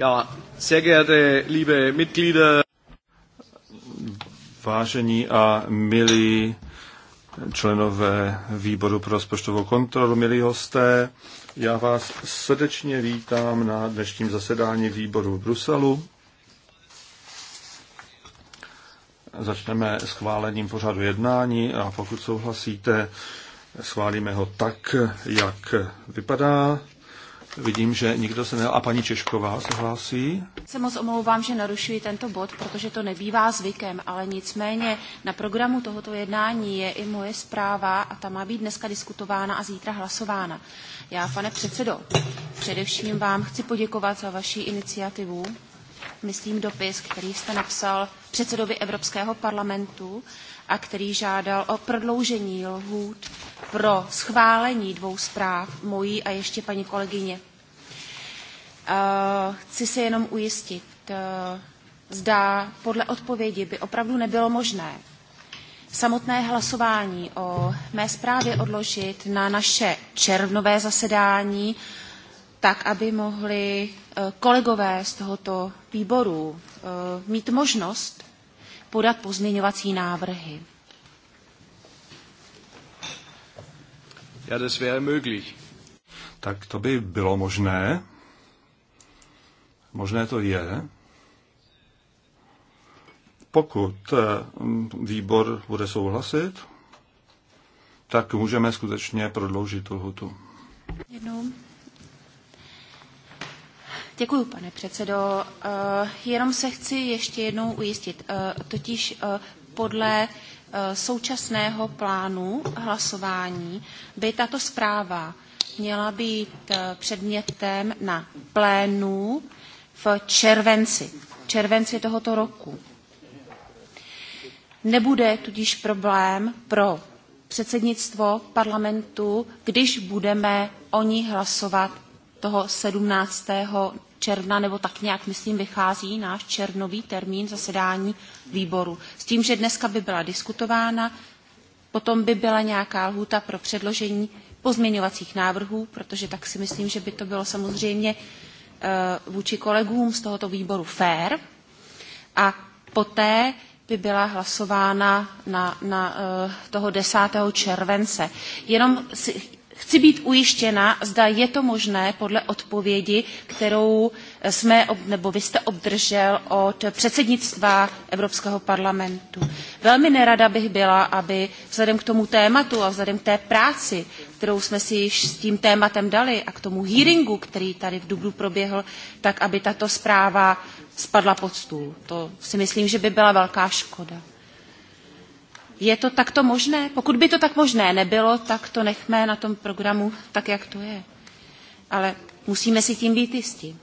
Ja, sehr geehrte liebe Mitglieder. Vážení a milí členové výboru pro rozpočtovou kontrolu, milí hosté, já vás srdečně vítám na dnešním zasedání výboru v Bruselu. Začneme schválením pořadu jednání a pokud souhlasíte, schválíme ho tak, jak vypadá. Vidím, že nikdo se ne... A paní Češková se hlásí. Se moc omlouvám, že narušuji tento bod, protože to nebývá zvykem, ale nicméně na programu tohoto jednání je i moje zpráva a ta má být dneska diskutována a zítra hlasována. Já, pane předsedo, především vám chci poděkovat za vaši iniciativu myslím, dopis, který jste napsal předsedovi Evropského parlamentu a který žádal o prodloužení lhůt pro schválení dvou zpráv, mojí a ještě paní kolegyně. Eh, chci se jenom ujistit, eh, zda podle odpovědi by opravdu nebylo možné samotné hlasování o mé zprávě odložit na naše červnové zasedání, tak, aby mohli kolegové z tohoto výboru eh, mít možnost podat pozměňovací návrhy. Ja, das wäre möglich. Tak to by bylo možné. Možné to je. Pokud eh, výbor bude souhlasit, tak můžeme skutečně prodloužit tu hutu. Jednou. Děkuji, pane předsedo. Eh, jenom se chci ještě jednou ujistit. Eh, totiž eh, podle současného plánu hlasování by tato zpráva měla být předmětem na plénu v červenci, červenci tohoto roku. Nebude tudíž problém pro předsednictvo parlamentu, když budeme o ní hlasovat toho 17 června, nebo tak nějak, myslím, vychází náš červnový termín zasedání výboru. S tím, že dneska by byla diskutována, potom by byla nějaká lhůta pro předložení pozměňovacích návrhů, protože tak si myslím, že by to bylo samozřejmě eh, vůči kolegům z tohoto výboru fair. A poté by byla hlasována na, na eh, toho 10. července. Jenom si Chci být ujištěna, zda je to možné podle odpovědi, kterou jsme, nebo vy jste obdržel od předsednictva Evropského parlamentu. Velmi nerada bych byla, aby vzhledem k tomu tématu a vzhledem k té práci, kterou jsme si již s tím tématem dali a k tomu hearingu, který tady v Dubnu proběhl, tak aby tato zpráva spadla pod stůl. To si myslím, že by byla velká škoda. Je to takto možné? Pokud by to tak možné nebylo, tak to nechme na tom programu tak, jak to je. Ale musíme si tím být jistí.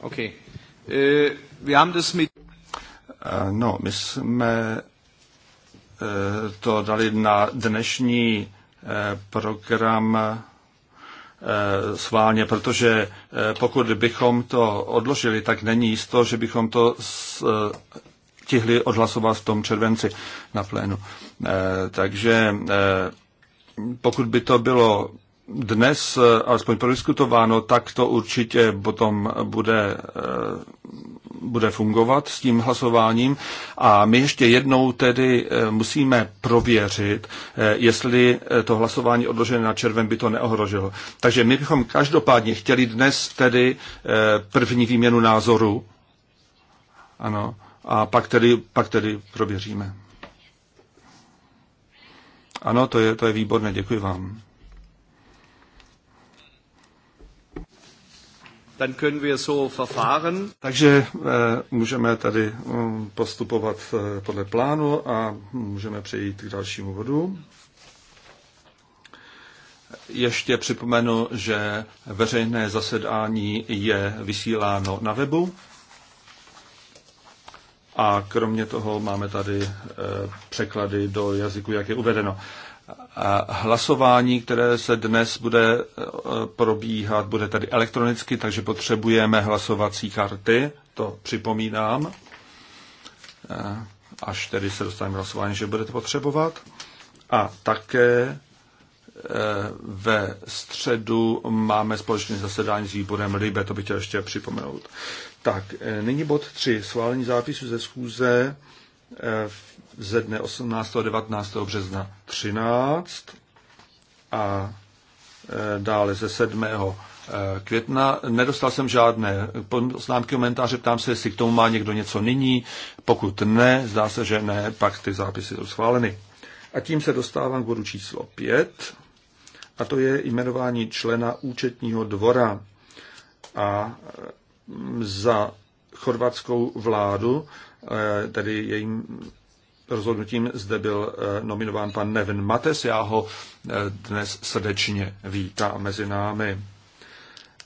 Okay. Uh, eh, wir haben das mit eh, No, my jsme Eh, to dali na dnešní eh, program eh, sválně, protože pokud bychom to odložili, tak není jisto, že bychom to tihli odhlasovat v tom červenci na plénu. Takže pokud by to bylo dnes alespoň prodiskutováno, tak to určitě potom bude bude fungovat s tím hlasováním a my ještě jednou tedy eh, musíme prověřit, eh, jestli eh, to hlasování odložené na červen by to neohrožilo. Takže my bychom každopádně chtěli dnes tedy první výměnu názoru. Ano. A pak tedy, pak tedy prověříme. Ano, to je, to je výborné, děkuji vám. Dann können wir so verfahren. Takže eh, můžeme tady hm, postupovat eh, podle plánu a můžeme přejít k dalšímu bodu. Ještě připomenu, že veřejné zasedání je vysíláno na webu. A kromě toho máme tady eh, překlady do jazyku, jak je uvedeno. Hlasování, které se dnes bude e, probíhat, bude tady elektronicky, takže potřebujeme hlasovací karty, to připomínám, e, až tedy se dostaneme hlasování, že budete potřebovat. A také e, ve středu máme společné zasedání s výborem Libe, to bych chtěl ještě připomenout. Tak, nyní bod 3, schválení zápisu ze schůze v ze dne 18. a 19. března 13 a e, dále ze 7. E, května. Nedostal jsem žádné poznámky, komentáře, ptám se, jestli k tomu má někdo něco nyní. Pokud ne, zdá se, že ne, pak ty zápisy jsou schváleny. A tím se dostávám k bodu číslo 5, a to je jmenování člena účetního dvora. A e, za chorvatskou vládu, tedy jejím rozhodnutím zde byl eh, nominován pan Nevin Mates. Já ho eh, dnes srdečně vítám mezi námi.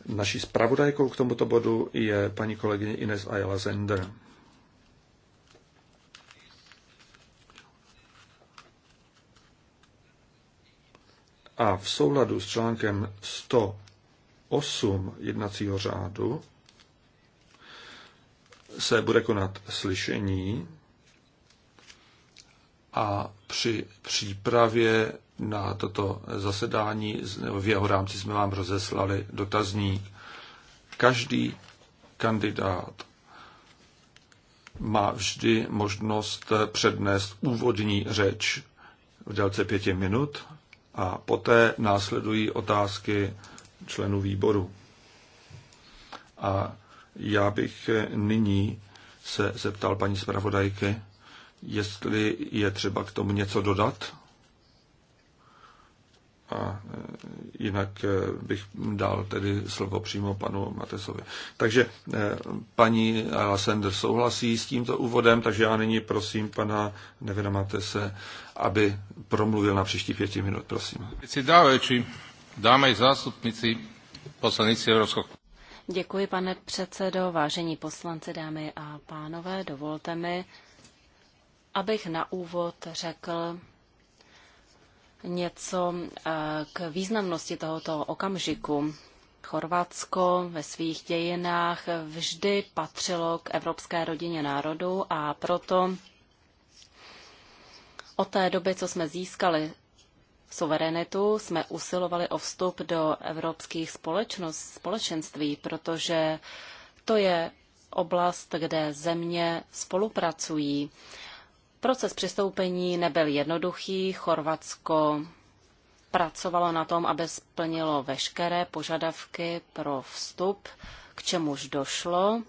Naší zpravodajkou k tomuto bodu je paní kolegyně Ines Ayala Zender. A v souladu s článkem 108 jednacího řádu se bude konat slyšení a při přípravě na toto zasedání v jeho rámci jsme vám rozeslali dotazník. Každý kandidát má vždy možnost přednést úvodní řeč v délce pěti minut a poté následují otázky členů výboru. A já bych nyní se zeptal paní zpravodajky, jestli je třeba k tomu něco dodat. A e, jinak e, bych dal tedy slovo přímo panu Matesovi. Takže e, paní Lassender souhlasí s tímto úvodem, takže já nyní prosím pana Nevina Matese, aby promluvil na příští pěti minut, prosím. Dámy zástupnici, poslanci Evropského Děkuji, pane předsedo, vážení poslanci, dámy a pánové, dovolte mi, abych na úvod řekl něco eh, k významnosti tohoto okamžiku. Chorvatsko ve svých dějinách vždy patřilo k evropské rodině národů a proto od té doby, co jsme získali suverenitu, jsme usilovali o vstup do evropských společenství, protože to je oblast, kde země spolupracují. Proces přistoupení nebyl jednoduchý. Chorvatsko pracovalo na tom, aby splnilo veškeré požadavky pro vstup, k čemuž došlo.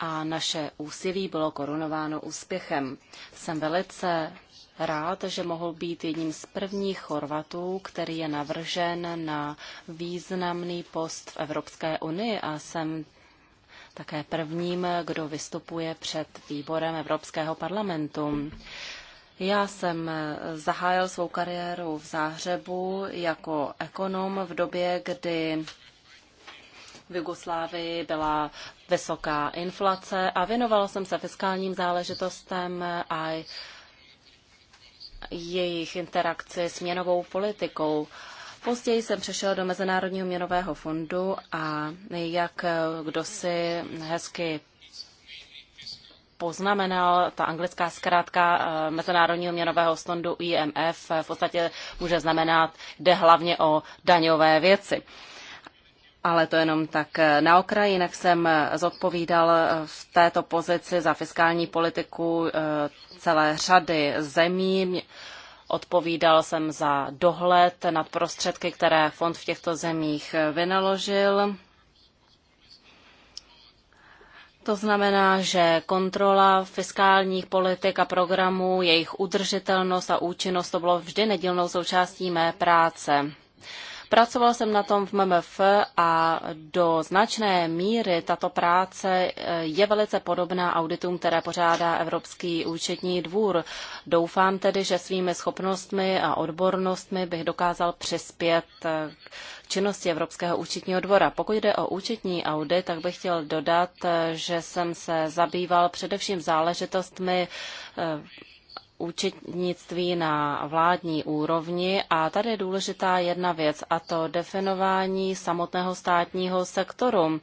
A naše úsilí bylo korunováno úspěchem. Jsem velice rád, že mohl být jedním z prvních Chorvatů, který je navržen na významný post v Evropské unii a jsem také prvním, kdo vystupuje před výborem Evropského parlamentu. Já jsem zahájil svou kariéru v Záhřebu jako ekonom v době, kdy v Jugoslávii byla vysoká inflace a věnoval jsem se fiskálním záležitostem a jejich interakci s měnovou politikou. Později jsem přešel do Mezinárodního měnového fondu a jak kdo si hezky poznamenal, ta anglická zkrátka eh, Mezinárodního měnového fondu IMF eh, v podstatě může znamenat, jde hlavně o daňové věci. Ale to jenom tak eh, na okraji, jinak jsem zodpovídal v této pozici za fiskální politiku celé řady zemí. Odpovídal jsem za dohled nad prostředky, které fond v těchto zemích vynaložil. To znamená, že kontrola fiskálních politik a programů, jejich udržitelnost a účinnost, to bylo vždy nedílnou součástí mé práce. Pracovala jsem na tom v MMF a do značné míry tato práce eh, je velice podobná auditům, které pořádá Evropský účetní dvůr. Doufám tedy, že svými schopnostmi a odbornostmi bych dokázal přispět eh, k činnosti Evropského účetního dvora. Pokud jde o účetní audit, tak bych chtěl dodat, eh, že jsem se zabýval především záležitostmi účetnictví na vládní úrovni a tady je důležitá jedna věc a to definování samotného státního sektoru.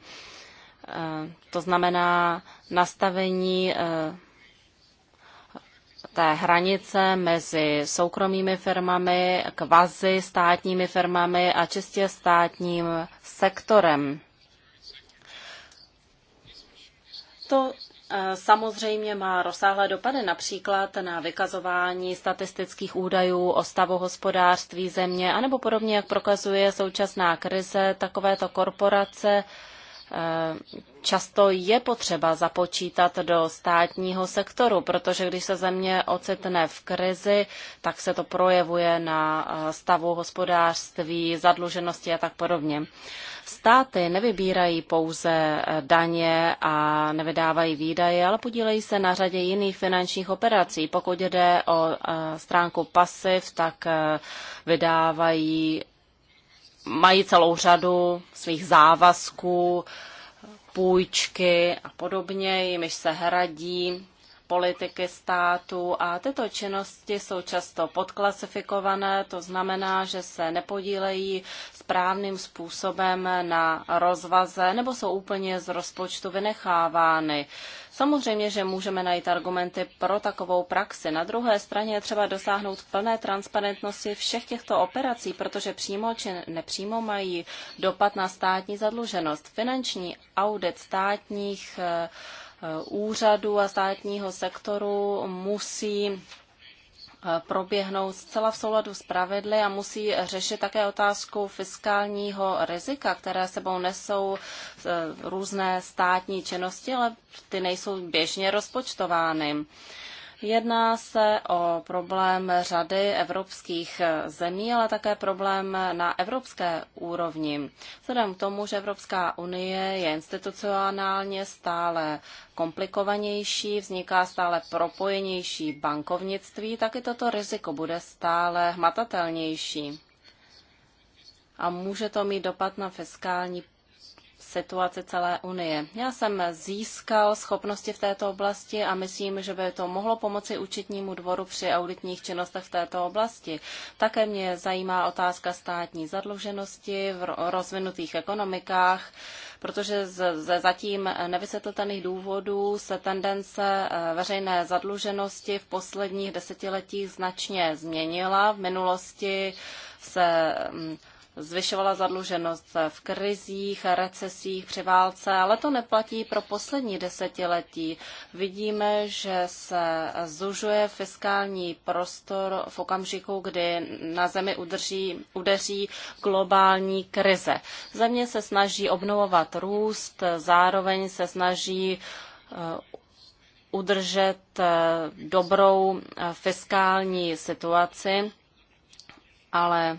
Eh, to znamená nastavení eh, té hranice mezi soukromými firmami, kvazi státními firmami a čistě státním sektorem. To samozřejmě má rozsáhlé dopady například na vykazování statistických údajů o stavu hospodářství země, anebo podobně, jak prokazuje současná krize, takovéto korporace Eh, často je potřeba započítat do státního sektoru, protože když se země ocitne v krizi, tak se to projevuje na eh, stavu hospodářství, zadluženosti a tak podobně. Státy nevybírají pouze eh, daně a nevydávají výdaje, ale podílejí se na řadě jiných finančních operací. Pokud jde o stránku pasiv, tak vydávají mají celou řadu svých závazků, půjčky a podobně, jimiž se hradí politiky státu a tyto činnosti jsou často podklasifikované, to znamená, že se nepodílejí správným způsobem na rozvaze nebo jsou úplně z rozpočtu vynechávány. Samozřejmě, že můžeme najít argumenty pro takovou praxi. Na druhé straně je třeba dosáhnout plné transparentnosti všech těchto operací, protože přímo či nepřímo mají dopad na státní zadluženost. Finanční audit státních uh, Eh, úřadů a státního sektoru musí eh, proběhnout zcela v souladu s pravidly a musí řešit také otázku fiskálního rizika, které sebou nesou eh, různé státní činnosti, ale ty nejsou běžně rozpočtovány. Jedná se o problém řady evropských zemí, ale také problém na evropské úrovni. Vzhledem k tomu, že Evropská unie je institucionálně stále komplikovanější, vzniká stále propojenější bankovnictví, tak i toto riziko bude stále hmatatelnější. A může to mít dopad na fiskální situaci celé Unie. Já jsem získal schopnosti v této oblasti a myslím, že by to mohlo pomoci účetnímu dvoru při auditních činnostech v této oblasti. Také mě zajímá otázka státní zadluženosti v rozvinutých ekonomikách, protože ze zatím nevysvětlitelných důvodů se tendence eh, veřejné zadluženosti v posledních desetiletích značně změnila. V minulosti se mm, zvyšovala zadluženost v krizích, recesích, při válce, ale to neplatí pro poslední desetiletí. Vidíme, že se zužuje fiskální prostor v okamžiku, kdy na zemi udrží, udeří globální krize. Země se snaží obnovovat růst, zároveň se snaží eh, udržet eh, dobrou eh, fiskální situaci, ale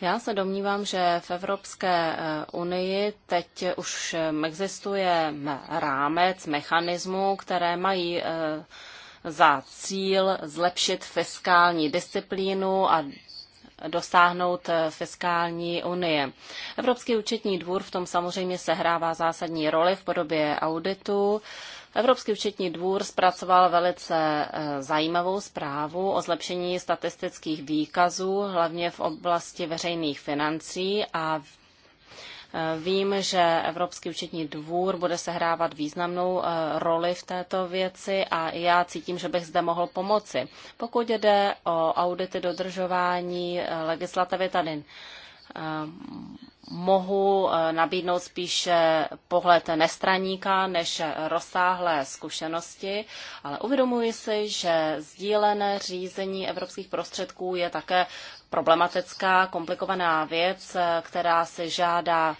já se domnívám, že v Evropské eh, unii teď už existuje rámec mechanismů, které mají eh, za cíl zlepšit fiskální disciplínu a dosáhnout eh, fiskální unie. Evropský účetní dvůr v tom samozřejmě sehrává zásadní roli v podobě auditu Evropský účetní dvůr zpracoval velice eh, zajímavou zprávu o zlepšení statistických výkazů, hlavně v oblasti veřejných financí a eh, Vím, že Evropský účetní dvůr bude sehrávat významnou eh, roli v této věci a já cítím, že bych zde mohl pomoci. Pokud jde o audity dodržování legislativy, tady Eh, mohu eh, nabídnout spíše pohled nestraníka než rozsáhlé zkušenosti, ale uvědomuji si, že sdílené řízení evropských prostředků je také problematická, komplikovaná věc, eh, která se žádá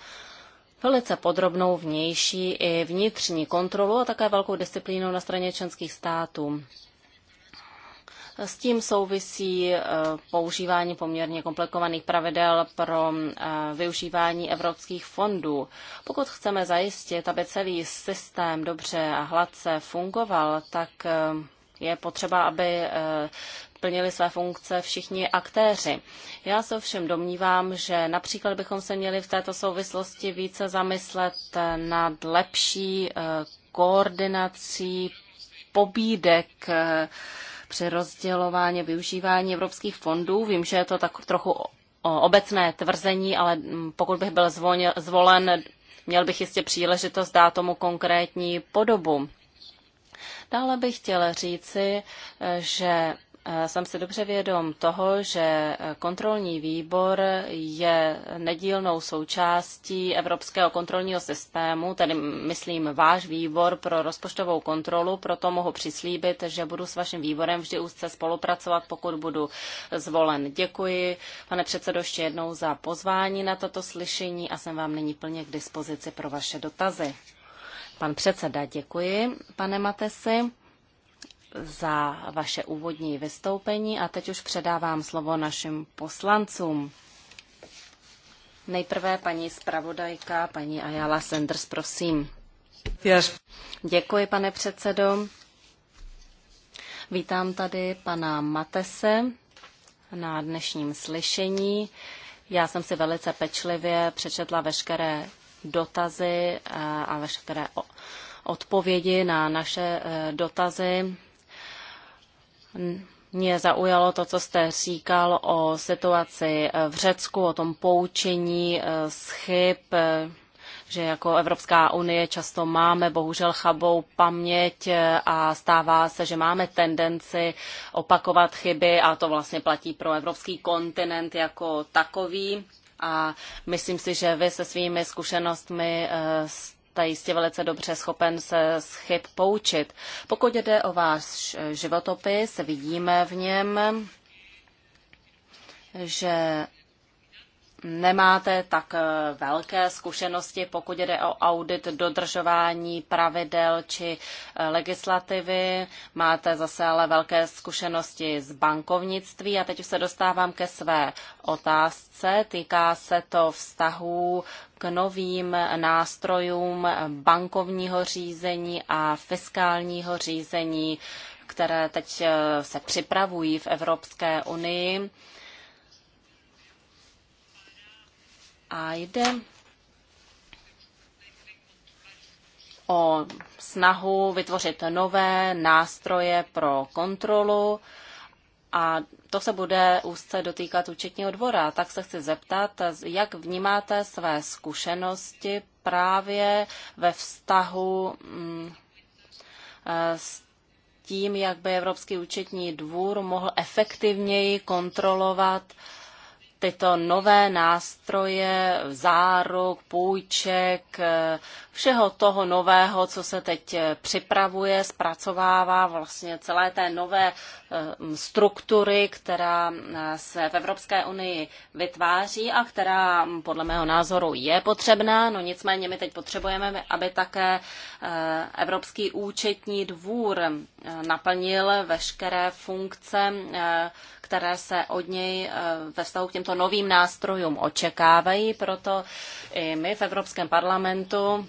velice podrobnou vnější i vnitřní kontrolu a také velkou disciplínu na straně členských států. S tím souvisí eh, používání poměrně komplikovaných pravidel pro eh, využívání evropských fondů. Pokud chceme zajistit, aby celý systém dobře a hladce fungoval, tak eh, je potřeba, aby plnili své funkce všichni aktéři. Já se ovšem domnívám, že například bychom se měli v této souvislosti více zamyslet nad lepší koordinací pobídek přerozdělování, rozdělování využívání evropských fondů. Vím, že je to tak trochu obecné tvrzení, ale mm, pokud bych byl zvolen, měl bych jistě příležitost dát tomu konkrétní podobu. Dále bych chtěl říci, eh, že Eh, jsem si dobře vědom toho, že eh, kontrolní výbor je nedílnou součástí Evropského kontrolního systému, tedy myslím váš výbor pro rozpočtovou kontrolu, proto mohu přislíbit, že budu s vaším výborem vždy úzce spolupracovat, pokud budu zvolen. Děkuji, pane předsedo, ještě jednou za pozvání na toto slyšení a jsem vám nyní plně k dispozici pro vaše dotazy. Pan předseda, děkuji, pane Matesi za vaše úvodní vystoupení a teď už předávám slovo našim poslancům. Nejprve paní zpravodajka, paní Ayala Sanders, prosím. Yes. Děkuji, pane předsedo. Vítám tady pana Matese na dnešním slyšení. Já jsem si velice pečlivě přečetla veškeré dotazy eh, a veškeré odpovědi na naše eh, dotazy mě zaujalo to, co jste říkal o situaci v Řecku, o tom poučení eh, z chyb, eh, že jako Evropská unie často máme bohužel chabou paměť eh, a stává se, že máme tendenci opakovat chyby a to vlastně platí pro evropský kontinent jako takový. A myslím si, že vy se svými zkušenostmi z jste jistě velice dobře schopen se z chyb poučit. Pokud jde o váš životopis, vidíme v něm, že nemáte tak eh, velké zkušenosti, pokud jde o audit dodržování pravidel či eh, legislativy. Máte zase ale velké zkušenosti z bankovnictví a teď už se dostávám ke své otázce. Týká se to vztahů k novým nástrojům bankovního řízení a fiskálního řízení, které teď eh, se připravují v Evropské unii. A jde o snahu vytvořit nové nástroje pro kontrolu a to se bude úzce dotýkat účetního dvora. Tak se chci zeptat, jak vnímáte své zkušenosti právě ve vztahu mm, s tím, jak by Evropský účetní dvůr mohl efektivněji kontrolovat uh, tyto nové nástroje, záruk, půjček, eh, všeho toho nového, co se teď eh, připravuje, zpracovává vlastně celé té nové eh, struktury, která se v Evropské unii vytváří a která podle mého názoru je potřebná. No nicméně my teď potřebujeme, aby také Evropský účetní dvůr naplnil veškeré funkce, které se od něj ve vztahu k těmto těmto novým nástrojům očekávají, proto i my v Evropském parlamentu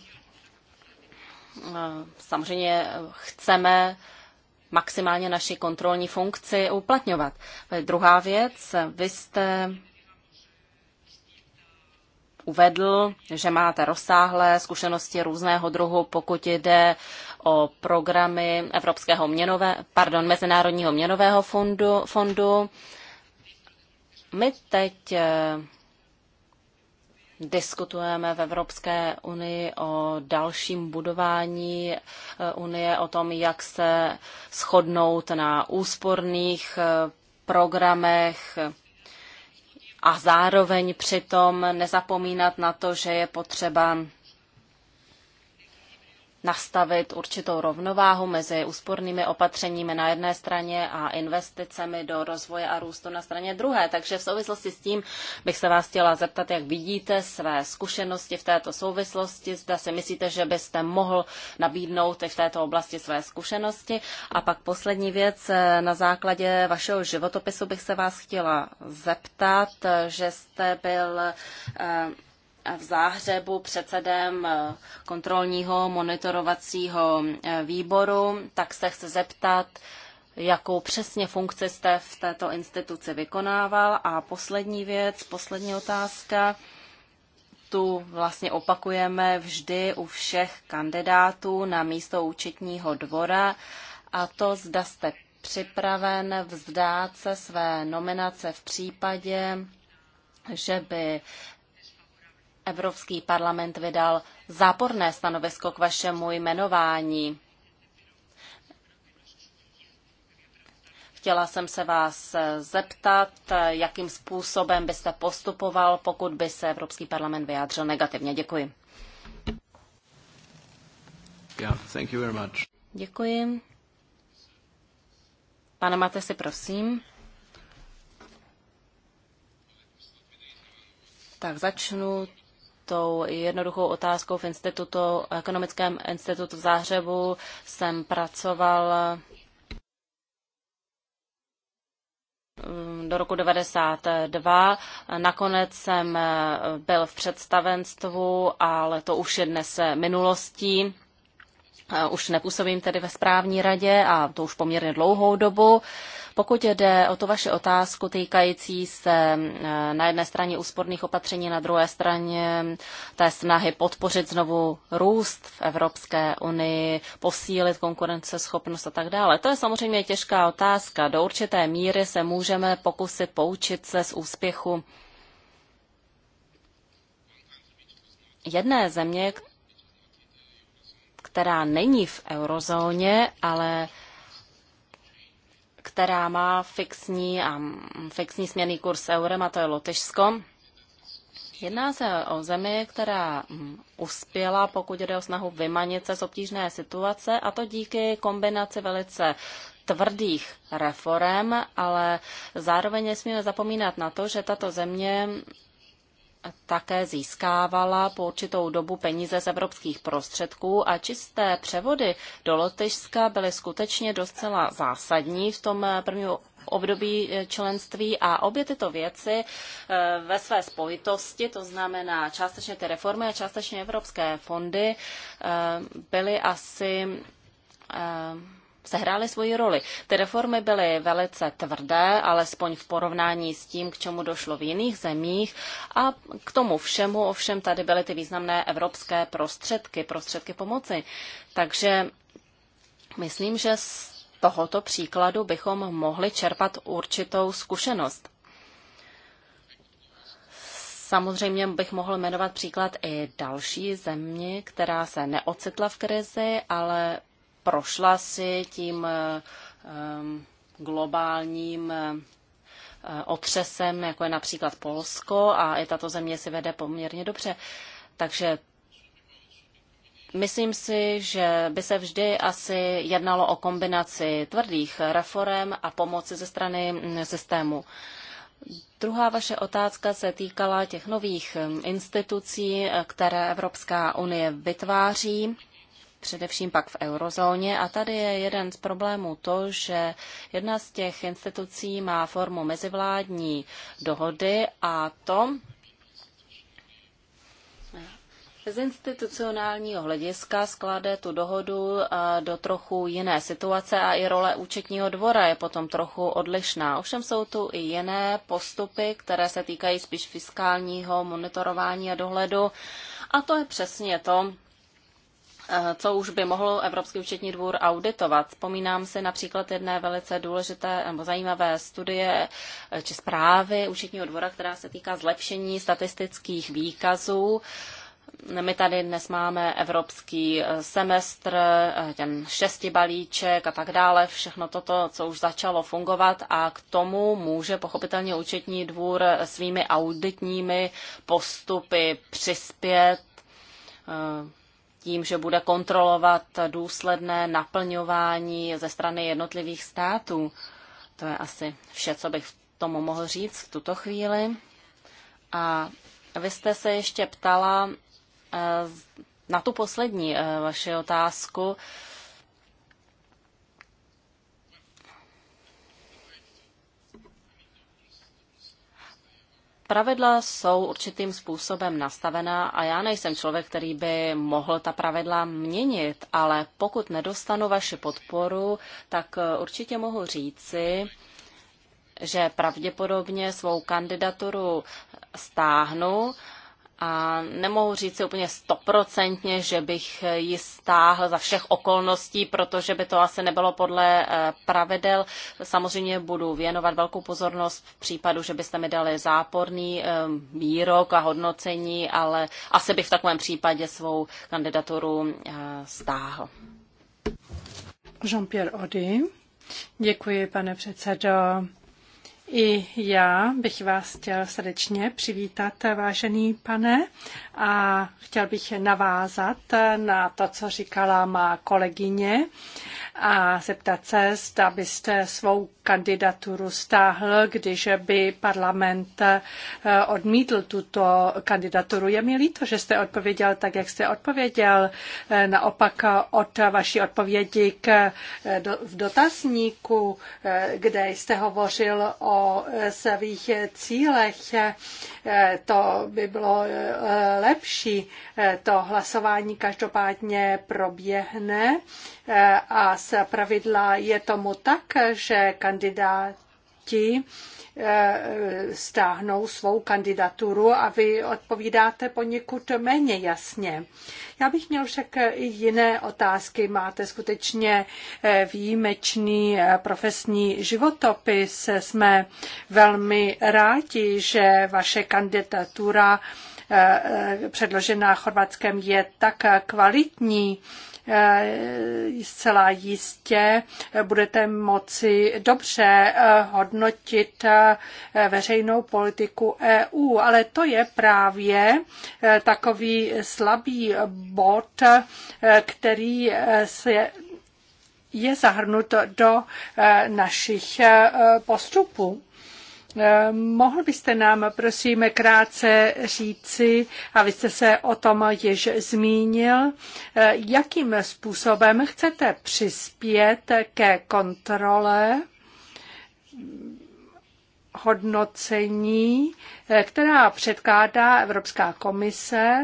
eh, samozřejmě chceme maximálně naši kontrolní funkci uplatňovat. Eh, druhá věc, vy jste uvedl, že máte rozsáhlé zkušenosti různého druhu, pokud jde o programy Evropského měnové, pardon, Mezinárodního měnového fondu, fondu my teď eh, diskutujeme v Evropské unii o dalším budování eh, unie, o tom, jak se shodnout na úsporných eh, programech a zároveň přitom nezapomínat na to, že je potřeba nastavit určitou rovnováhu mezi úspornými opatřeními na jedné straně a investicemi do rozvoje a růstu na straně druhé. Takže v souvislosti s tím bych se vás chtěla zeptat, jak vidíte své zkušenosti v této souvislosti. Zda si myslíte, že byste mohl nabídnout i v této oblasti své zkušenosti. A pak poslední věc. Na základě vašeho životopisu bych se vás chtěla zeptat, že jste byl eh, v Záhřebu předsedem eh, kontrolního monitorovacího eh, výboru, tak se chci zeptat, jakou přesně funkci jste v této instituci vykonával. A poslední věc, poslední otázka, tu vlastně opakujeme vždy u všech kandidátů na místo účetního dvora a to zda jste připraven vzdát se své nominace v případě, že by Evropský parlament vydal záporné stanovisko k vašemu jmenování. Chtěla jsem se vás zeptat, jakým způsobem byste postupoval, pokud by se Evropský parlament vyjádřil negativně. Děkuji. Yeah, thank you very much. Děkuji. Pane si prosím. Tak začnu tou jednoduchou otázkou v institutu, ekonomickém institutu v Záhřebu jsem pracoval mm, do roku 92. Nakonec jsem eh, byl v představenstvu, ale to už je dnes eh, minulostí. Už nepůsobím tedy ve správní radě a to už poměrně dlouhou dobu. Pokud jde o tu vaši otázku týkající se e, na jedné straně úsporných opatření, na druhé straně té snahy podpořit znovu růst v Evropské unii, posílit konkurenceschopnost a tak dále, to je samozřejmě těžká otázka. Do určité míry se můžeme pokusit poučit se z úspěchu jedné země, která není v eurozóně, ale která má fixní, a um, fixní směrný kurz eurem, a to je Lotyšsko. Jedná se o zemi, která mm, uspěla, pokud jde o snahu vymanit se z obtížné situace, a to díky kombinaci velice tvrdých reform, ale zároveň nesmíme zapomínat na to, že tato země také získávala po určitou dobu peníze z evropských prostředků a čisté převody do Lotyšska byly skutečně docela zásadní v tom eh, prvním období eh, členství a obě tyto věci eh, ve své spojitosti, to znamená částečně ty reformy a částečně evropské fondy, byly asi sehrály svoji roli. Ty reformy byly velice tvrdé, alespoň v porovnání s tím, k čemu došlo v jiných zemích a k tomu všemu ovšem tady byly ty významné evropské prostředky, prostředky pomoci. Takže myslím, že z tohoto příkladu bychom mohli čerpat určitou zkušenost. Samozřejmě bych mohl jmenovat příklad i další země, která se neocitla v krizi, ale prošla si tím eh, globálním eh, otřesem, jako je například Polsko, a i tato země si vede poměrně dobře. Takže myslím si, že by se vždy asi jednalo o kombinaci tvrdých reform a pomoci ze strany mm, systému. Druhá vaše otázka se týkala těch nových institucí, eh, které Evropská unie vytváří především pak v eurozóně. A tady je jeden z problémů to, že jedna z těch institucí má formu mezivládní dohody a to z institucionálního hlediska skládá tu dohodu eh, do trochu jiné situace a i role účetního dvora je potom trochu odlišná. Ovšem jsou tu i jiné postupy, které se týkají spíš fiskálního monitorování a dohledu. A to je přesně to, Eh, co už by mohl Evropský účetní dvůr auditovat. Vzpomínám si například jedné velice důležité nebo zajímavé studie eh, či zprávy účetního dvora, která se týká zlepšení statistických výkazů. My tady dnes máme evropský eh, semestr, ten šesti balíček a tak dále, všechno toto, co už začalo fungovat a k tomu může pochopitelně účetní dvůr svými auditními postupy přispět tím, že bude kontrolovat důsledné naplňování ze strany jednotlivých států. To je asi vše, co bych tomu mohl říct v tuto chvíli. A vy jste se ještě ptala eh, na tu poslední eh, vaši otázku, Pravidla jsou určitým způsobem nastavená a já nejsem člověk, který by mohl ta pravidla měnit, ale pokud nedostanu vaši podporu, tak eh, určitě mohu říci, že pravděpodobně svou kandidaturu stáhnu a nemohu říct si úplně stoprocentně, že bych ji stáhl za všech okolností, protože by to asi nebylo podle eh, pravidel. Samozřejmě budu věnovat velkou pozornost v případu, že byste mi dali záporný eh, výrok a hodnocení, ale asi bych v takovém případě svou kandidaturu eh, stáhl. Jean-Pierre Audi. Děkuji, pane předsedo. I já bych vás chtěl srdečně přivítat, vážený pane, a chtěl bych navázat na to, co říkala má kolegyně a zeptat se, zda byste svou kandidaturu stáhl, když by parlament eh, odmítl tuto kandidaturu. Je mi líto, že jste odpověděl tak, jak jste odpověděl. Eh, naopak od vaší odpovědi k, eh, v dotazníku, kde jste hovořil o o svých cílech, to by bylo lepší. To hlasování každopádně proběhne a z pravidla je tomu tak, že kandidát proti, eh, stáhnou svou kandidaturu a vy odpovídáte poněkud méně jasně. Já bych měl však i jiné otázky. Máte skutečně eh, výjimečný eh, profesní životopis. Jsme velmi rádi, že vaše kandidatura předložená Chorvatskem je tak kvalitní Eh, zcela jistě budete moci dobře eh, hodnotit eh, veřejnou politiku EU, ale to je právě takový slabý bod, který se je zahrnut do našich postupů. Eh, mohl byste nám prosím krátce říci, a vy jste se o tom již zmínil, eh, jakým způsobem chcete přispět ke kontrole hodnocení, eh, která předkládá Evropská komise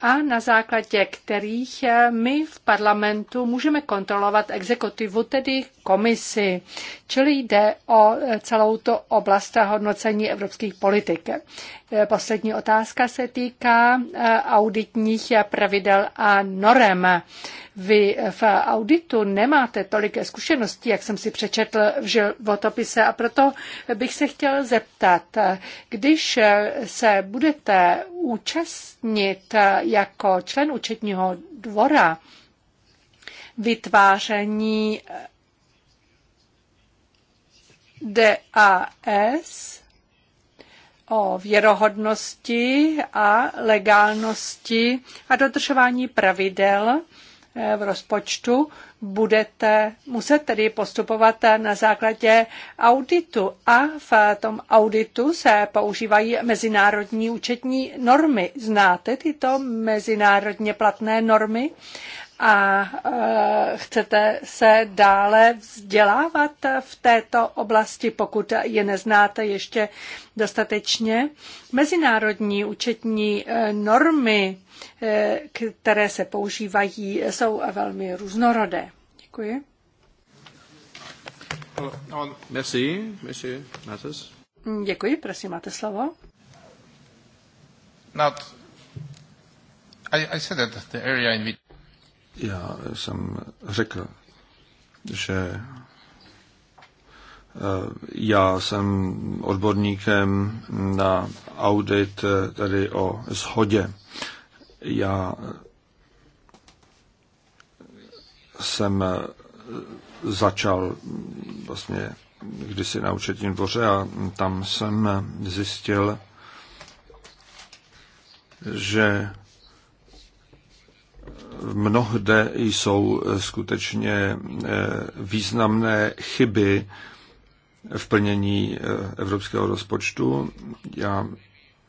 a na základě kterých eh, my v parlamentu můžeme kontrolovat exekutivu, tedy komisi. Čili jde o eh, celou tu oblast hodnocení evropských politik. Eh, poslední otázka se týká auditních pravidel a norem. Vy v auditu nemáte tolik zkušeností, jak jsem si přečetl v životopise a proto bych se chtěl zeptat, když se budete účastnit jako člen účetního dvora vytváření eh, DAS o věrohodnosti a legálnosti a dodržování pravidel Eh, v rozpočtu, budete muset tedy postupovat na základě auditu a v tom auditu se používají mezinárodní účetní normy. Znáte tyto mezinárodně platné normy? a e, chcete se dále vzdělávat v této oblasti, pokud je neznáte ještě dostatečně. Mezinárodní účetní e, normy, e, které se používají, jsou velmi různorodé. Děkuji. Oh, Merci, Děkuji, prosím, máte slovo. Not, I, I said that the area in which já jsem řekl, že eh, já jsem odborníkem na audit eh, tedy o shodě. Já jsem eh, začal vlastně kdysi na účetním dvoře a tam jsem zjistil, že mnohde jsou eh, skutečně eh, významné chyby v plnění eh, evropského rozpočtu. Já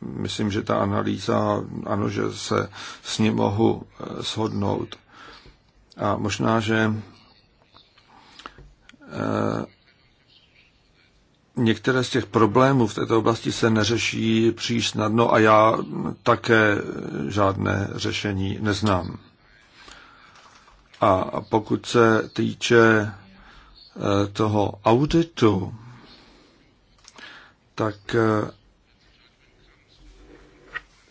myslím, že ta analýza, ano, že se s ní mohu shodnout. A možná, že některé z těch problémů v této oblasti se neřeší příliš snadno a já také žádné řešení neznám. A pokud se týče eh, toho auditu, tak eh,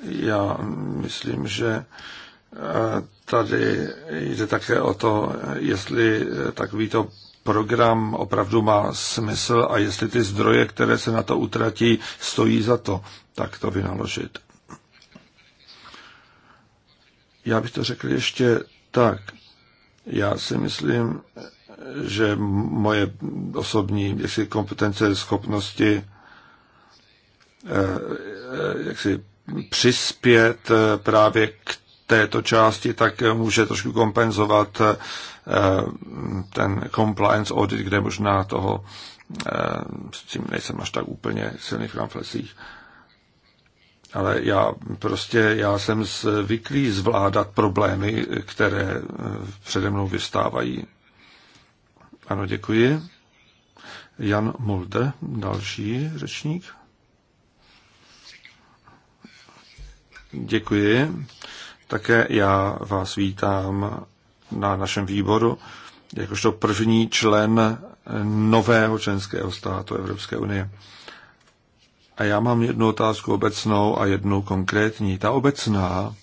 já myslím, že eh, tady jde také o to, jestli takovýto program opravdu má smysl a jestli ty zdroje, které se na to utratí, stojí za to, tak to vynaložit. Já bych to řekl ještě tak. Já si myslím, že moje osobní jaksi, kompetence, schopnosti eh, eh, jaksi, přispět eh, právě k této části, tak může trošku kompenzovat ten compliance audit, kde možná toho s tím nejsem až tak úplně silný v kramflecích ale já prostě já jsem zvyklý zvládat problémy, které eh, přede mnou vystávají. Ano, děkuji. Jan Mulde, další řečník. Děkuji. Také já vás vítám na našem výboru jakožto první člen nového členského státu Evropské unie. A já mám jednu otázku obecnou a jednu konkrétní. Ta obecná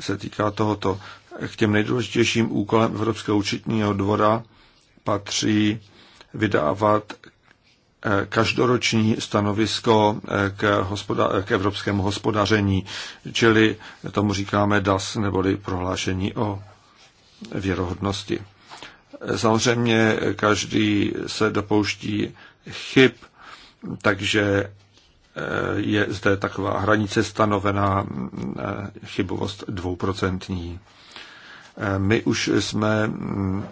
se týká tohoto. K těm nejdůležitějším úkolem Evropského účetního dvora patří vydávat eh, každoroční stanovisko eh, k, hospoda- eh, k evropskému hospodaření, čili tomu říkáme DAS neboli prohlášení o věrohodnosti. Samozřejmě každý se dopouští chyb, takže eh, je zde taková hranice stanovená eh, chybovost dvouprocentní. Eh, my už jsme mm,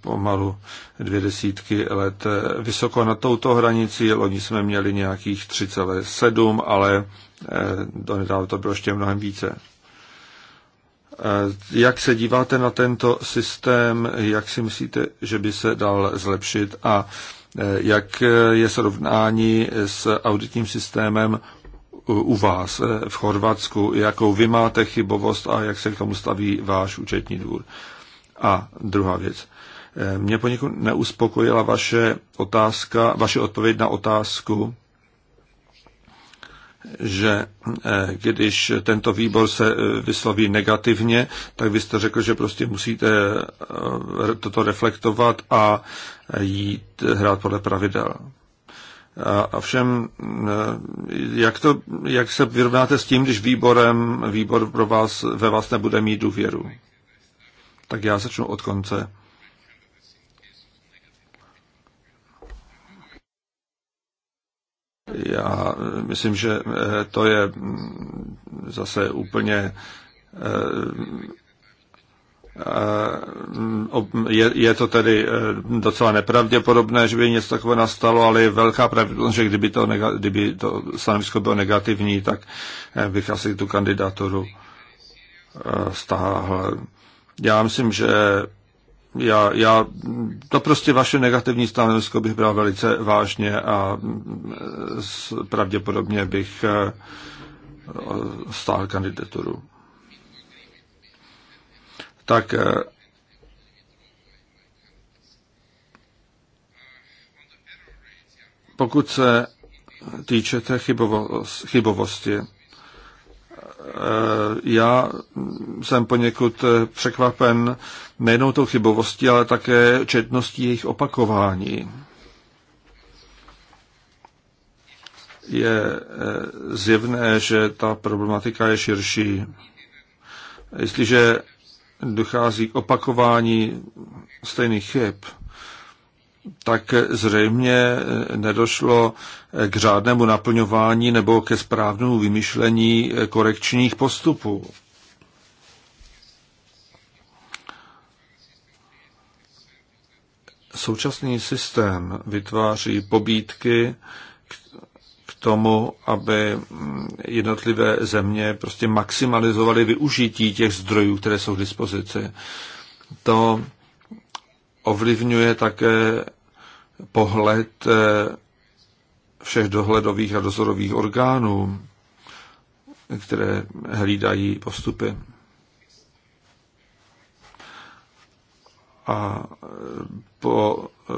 pomalu dvě desítky let vysoko na touto hranici. Loni jsme měli nějakých 3,7, ale do to bylo ještě mnohem více. Jak se díváte na tento systém? Jak si myslíte, že by se dal zlepšit? A Eh, jak eh, je srovnání s auditním systémem u vás eh, v Chorvatsku, jakou vy máte chybovost a jak se k tomu staví váš účetní dvůr. A druhá věc. Mě poněkud neuspokojila vaše otázka, vaše odpověď na otázku, že eh, když tento výbor se eh, vysloví negativně, tak vy jste řekl, že prostě musíte eh, toto reflektovat a jít hrát podle pravidel. A všem, jak, to, jak se vyrovnáte s tím, když výborem, výbor pro vás, ve vás nebude mít důvěru? Tak já začnu od konce. já eh, myslím, že eh, to je mm, zase úplně eh, je, je to tedy docela nepravděpodobné, že by něco takové nastalo, ale je velká pravděpodobnost, že kdyby to, nega, kdyby to stanovisko bylo negativní, tak bych asi tu kandidaturu stáhl. Já myslím, že já, já to prostě vaše negativní stanovisko bych bral velice vážně a mm, pravděpodobně bych eh, stál kandidaturu. Tak eh, pokud se týče té chybovosti, Eh, já jsem poněkud eh, překvapen nejenom tou chybovostí, ale také četností jejich opakování. Je eh, zjevné, že ta problematika je širší. Jestliže dochází k opakování stejných chyb, tak zřejmě nedošlo k řádnému naplňování nebo ke správnému vymyšlení korekčních postupů. Současný systém vytváří pobídky k tomu, aby jednotlivé země prostě maximalizovaly využití těch zdrojů, které jsou k dispozici. To ovlivňuje také pohled eh, všech dohledových a dozorových orgánů, které hlídají postupy. A eh, po eh,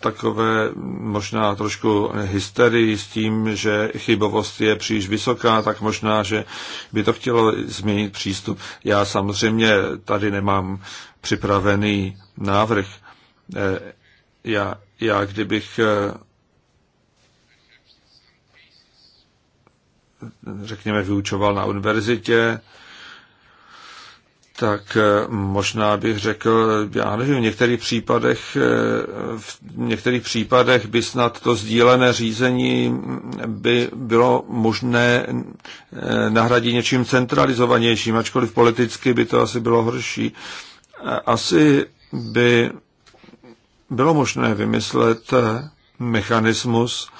takové možná trošku hysterii s tím, že chybovost je příliš vysoká, tak možná, že by to chtělo změnit přístup. Já samozřejmě tady nemám připravený návrh. Eh, já, já kdybych eh, řekněme vyučoval na univerzitě, tak eh, možná bych řekl, já nevím, v některých případech, v některých případech by snad to sdílené řízení by bylo možné nahradit něčím centralizovanějším, ačkoliv politicky by to asi bylo horší. Asi by bylo možné vymyslet mechanismus,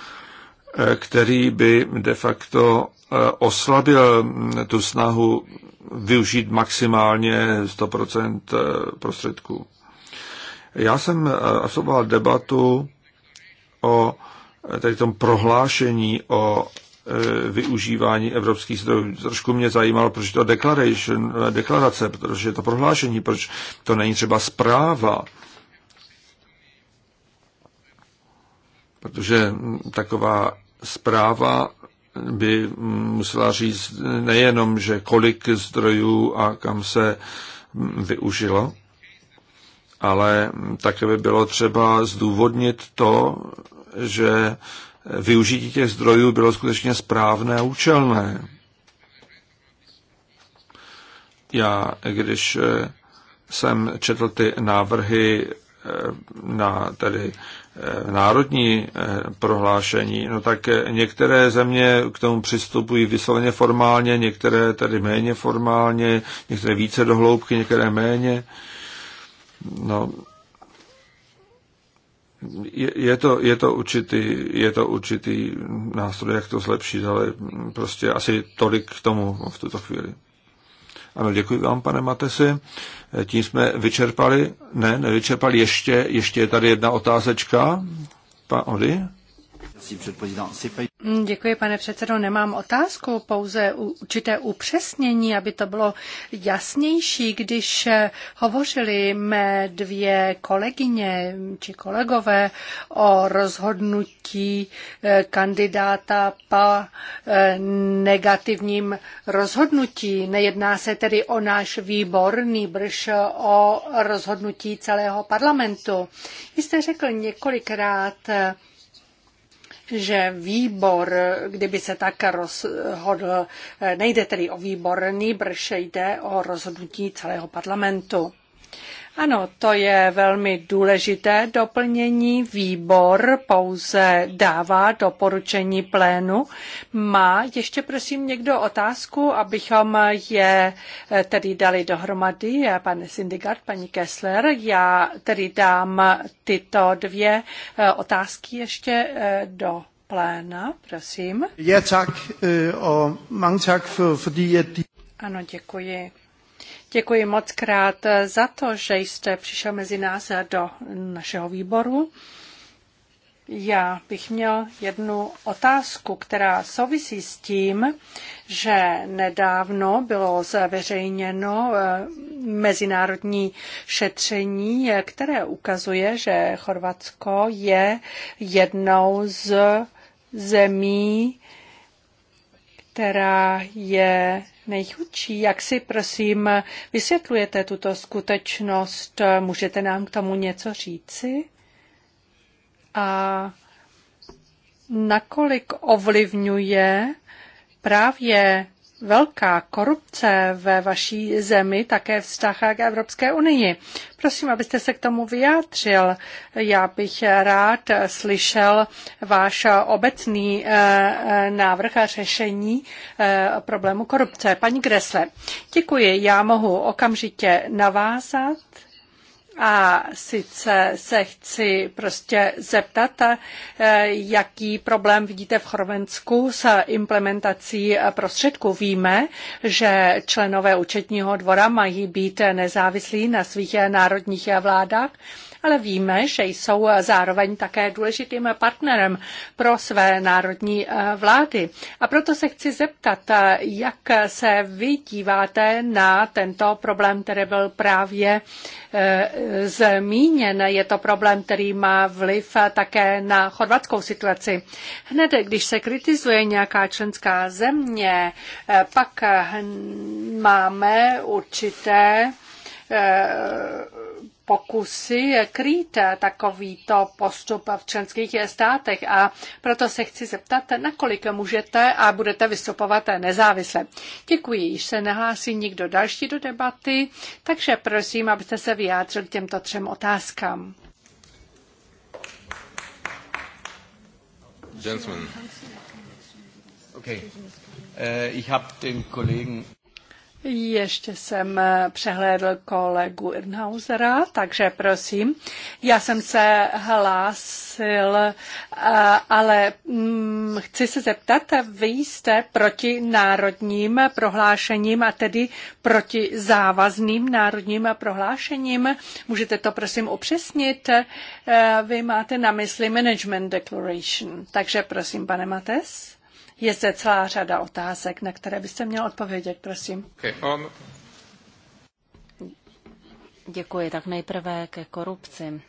který by de facto eh, oslabil tu snahu využít maximálně 100% eh, prostředků. Já jsem eh, absolvoval debatu o tady tom prohlášení o Eh, využívání evropských zdrojů. Trošku mě zajímalo, proč to declaration, eh, deklarace, protože to prohlášení, proč to není třeba zpráva. Protože hm, taková zpráva by hm, musela říct nejenom, že kolik zdrojů a kam se hm, využilo, ale také by bylo třeba zdůvodnit to, že využití těch zdrojů bylo skutečně správné a účelné. Já, když eh, jsem četl ty návrhy eh, na tedy eh, národní prohlášení, no tak některé země k tomu přistupují vysloveně formálně, některé tedy méně formálně, některé více dohloubky, některé méně. No, je to, je, to určitý, je to určitý nástroj, jak to zlepšit, ale prostě asi tolik k tomu v tuto chvíli. Ano, děkuji vám, pane Matesi. Tím jsme vyčerpali, ne, nevyčerpali, ještě, ještě je tady jedna otázečka. Pan Ody? Děkuji, pane předsedo. Nemám otázku, pouze určité upřesnění, aby to bylo jasnější, když eh, hovořili mé dvě kolegyně či kolegové o rozhodnutí eh, kandidáta po eh, negativním rozhodnutí. Nejedná se tedy o náš výbor, nýbrž o rozhodnutí celého parlamentu. Vy jste řekl několikrát, že výbor, kdyby se tak rozhodl, nejde tedy o výbor, nýbrž jde o rozhodnutí celého parlamentu. Ano, to je velmi důležité doplnění. Výbor pouze dává doporučení plénu. Má ještě prosím někdo otázku, abychom je eh, tedy dali dohromady, pane Syndigard, paní Kessler. Já tedy dám tyto dvě eh, otázky ještě eh, do pléna, prosím. Ja, tak. O, mange tak, for, fordi at... Ano, děkuji. Děkuji moc krát za to, že jste přišel mezi nás do našeho výboru. Já bych měl jednu otázku, která souvisí s tím, že nedávno bylo zveřejněno eh, mezinárodní šetření, které ukazuje, že Chorvatsko je jednou z zemí, která je nejchudší. Jak si prosím vysvětlujete tuto skutečnost? Můžete nám k tomu něco říci? A nakolik ovlivňuje právě velká korupce ve vaší zemi, také vztah k Evropské unii. Prosím, abyste se k tomu vyjádřil. Já bych rád slyšel váš obecný eh, eh, návrh a řešení eh, problému korupce. Paní Gresle, děkuji. Já mohu okamžitě navázat a sice se chci prostě zeptat, eh, jaký problém vidíte v Chorvatsku s implementací prostředků. Víme, že členové účetního dvora mají být nezávislí na svých národních vládách ale víme, že jsou zároveň také důležitým partnerem pro své národní eh, vlády. A proto se chci zeptat, eh, jak se vy díváte na tento problém, který byl právě eh, zmíněn. Je to problém, který má vliv také na chorvatskou situaci. Hned, když se kritizuje nějaká členská země, pak hm, máme určité pokusy krýt takovýto postup v členských státech a proto se chci zeptat, nakolik můžete a budete vystupovat nezávisle. Děkuji, již se nehlásí nikdo další do debaty, takže prosím, abyste se vyjádřil k těmto třem otázkám. Gentlemen. Okay. Uh, ich habe den Kollegen ještě jsem eh, přehlédl kolegu Irnhausera, takže prosím. Já jsem se hlásil, eh, ale mm, chci se zeptat, vy jste proti národním prohlášením a tedy proti závazným národním prohlášením. Můžete to prosím upřesnit? Eh, vy máte na mysli Management Declaration, takže prosím, pane Mates. Je zde celá řada otázek, na které byste měl odpovědět, prosím. Okay, Děkuji. Tak nejprve ke korupci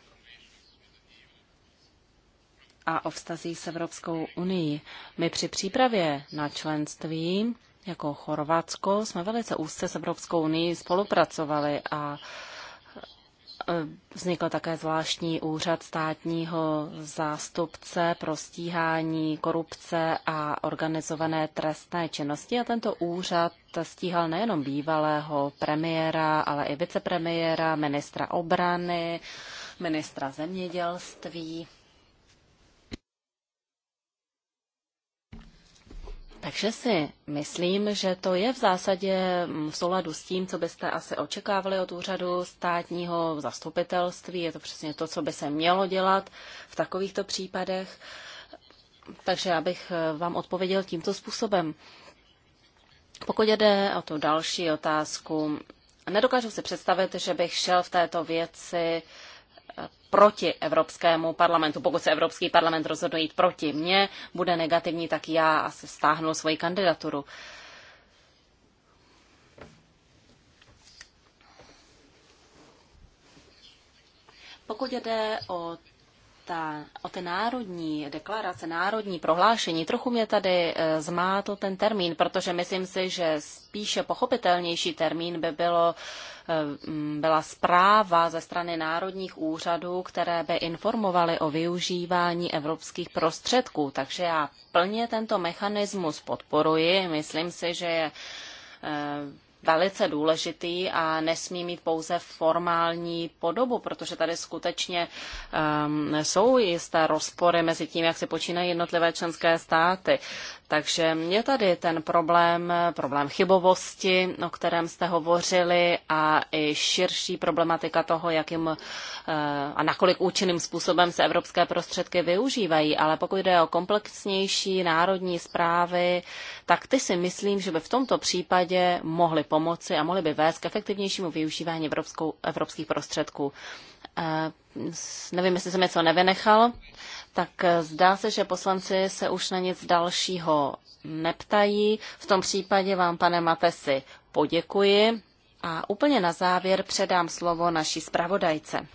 a o vztazí s Evropskou unii. My při přípravě na členství jako Chorvatsko jsme velice úzce s Evropskou unii spolupracovali a Eh, vznikl také zvláštní úřad státního zástupce pro stíhání korupce a organizované trestné činnosti a tento úřad stíhal nejenom bývalého premiéra, ale i vicepremiéra, ministra obrany, ministra zemědělství Takže si myslím, že to je v zásadě v souladu s tím, co byste asi očekávali od úřadu státního zastupitelství. Je to přesně to, co by se mělo dělat v takovýchto případech. Takže já bych eh, vám odpověděl tímto způsobem. Pokud jde o tu další otázku, nedokážu si představit, že bych šel v této věci uh, proti Evropskému parlamentu. Pokud se Evropský parlament rozhodne jít proti mně, bude negativní, tak já asi stáhnu svoji kandidaturu. Pokud jde o ta, o ty národní deklarace, národní prohlášení, trochu mě tady e, zmátl ten termín, protože myslím si, že spíše pochopitelnější termín by bylo, e, byla zpráva ze strany národních úřadů, které by informovaly o využívání evropských prostředků. Takže já plně tento mechanismus podporuji. Myslím si, že je e, velice důležitý a nesmí mít pouze formální podobu, protože tady skutečně um, jsou jisté rozpory mezi tím, jak si počínají jednotlivé členské státy. Takže mě tady ten problém, problém chybovosti, o kterém jste hovořili, a i širší problematika toho, jakým eh, a nakolik účinným způsobem se evropské prostředky využívají. Ale pokud jde o komplexnější národní zprávy, tak ty si myslím, že by v tomto případě mohly pomoci a mohly by vést k efektivnějšímu využívání evropskou, evropských prostředků. Eh, nevím, jestli jsem něco nevynechal tak eh, zdá se, že poslanci se už na nic dalšího neptají. V tom případě vám, pane Matesi, poděkuji a úplně na závěr předám slovo naší zpravodajce.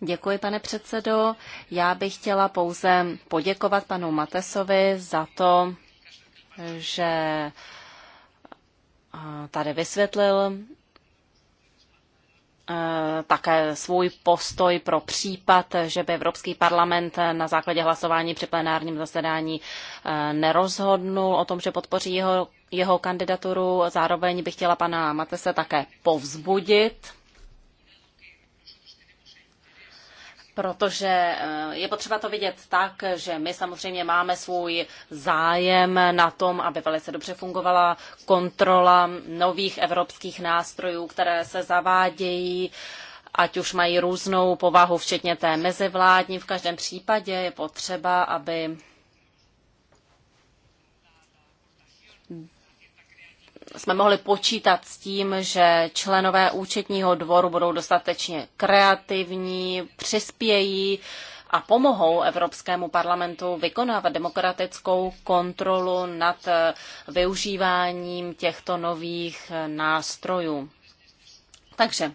Děkuji, pane předsedo. Já bych chtěla pouze poděkovat panu Matesovi za to, že eh, tady vysvětlil Eh, také svůj postoj pro případ, že by Evropský parlament na základě hlasování při plenárním zasedání eh, nerozhodnul o tom, že podpoří jeho, jeho kandidaturu. Zároveň bych chtěla pana Matese také povzbudit protože eh, je potřeba to vidět tak, že my samozřejmě máme svůj zájem na tom, aby velice dobře fungovala kontrola nových evropských nástrojů, které se zavádějí, ať už mají různou povahu, včetně té mezivládní. V každém případě je potřeba, aby jsme mohli počítat s tím, že členové účetního dvoru budou dostatečně kreativní, přispějí a pomohou Evropskému parlamentu vykonávat demokratickou kontrolu nad využíváním těchto nových nástrojů. Takže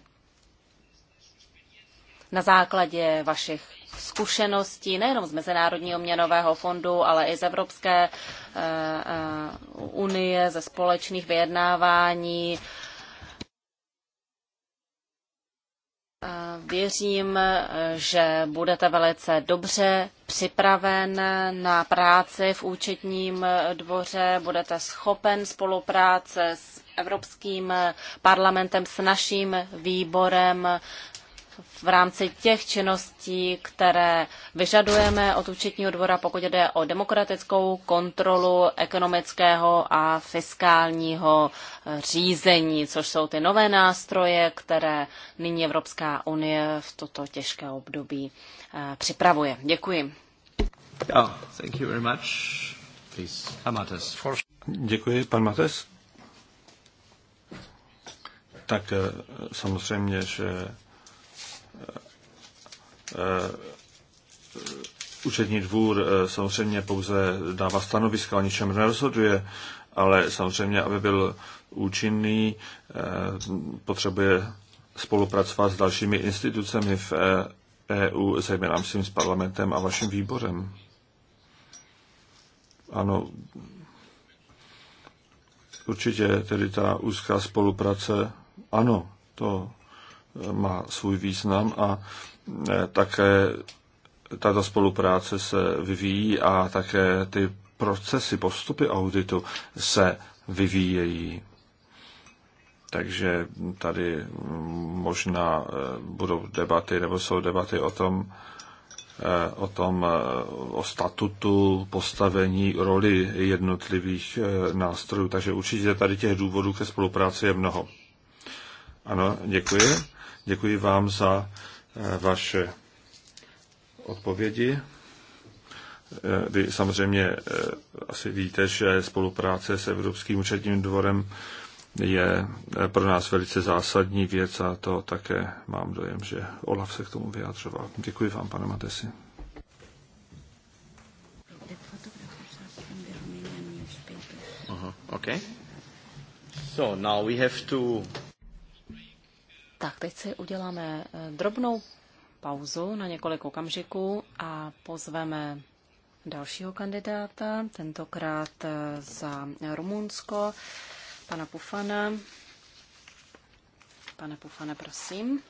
na základě vašich zkušeností nejenom z Mezinárodního měnového fondu, ale i z Evropské eh, eh, unie, ze společných vyjednávání. Eh, věřím, že budete velice dobře připraven na práci v účetním dvoře, budete schopen spolupráce s Evropským parlamentem, s naším výborem v rámci těch činností, které vyžadujeme od účetního dvora, pokud jde o demokratickou kontrolu ekonomického a fiskálního řízení, což jsou ty nové nástroje, které nyní Evropská unie v toto těžké období eh, připravuje. Děkuji. Oh, thank you very much. Děkuji, pan Mates. Tak eh, samozřejmě, že Eh, eh, účetní dvůr eh, samozřejmě pouze dává stanoviska, o ničem nerozhoduje, ale samozřejmě, aby byl účinný, potřebuje spolupracovat s dalšími institucemi v EU, e zejména s parlamentem a vaším výborem. Ano, určitě tedy ta úzká spolupráce, ano, to má svůj význam a e, také tato spolupráce se vyvíjí a také ty procesy, postupy auditu se vyvíjejí. Takže tady možná e, budou debaty, nebo jsou debaty o tom, e, o tom, o statutu, postavení, roli jednotlivých nástrojů. Takže určitě tady těch důvodů ke spolupráci je mnoho. Ano, děkuji. Děkuji vám za eh, vaše odpovědi. Eh, vy samozřejmě eh, asi víte, že spolupráce s Evropským účetním dvorem je pro nás velice zásadní věc a to také mám dojem, že Olaf se k tomu vyjadřoval. Děkuji vám, pane Matesi. Aha, okay. So now we have to tak, teď si uděláme eh, drobnou pauzu na několik okamžiků a pozveme dalšího kandidáta, tentokrát eh, za Rumunsko, pana Pufana. Pane Pufane, prosím.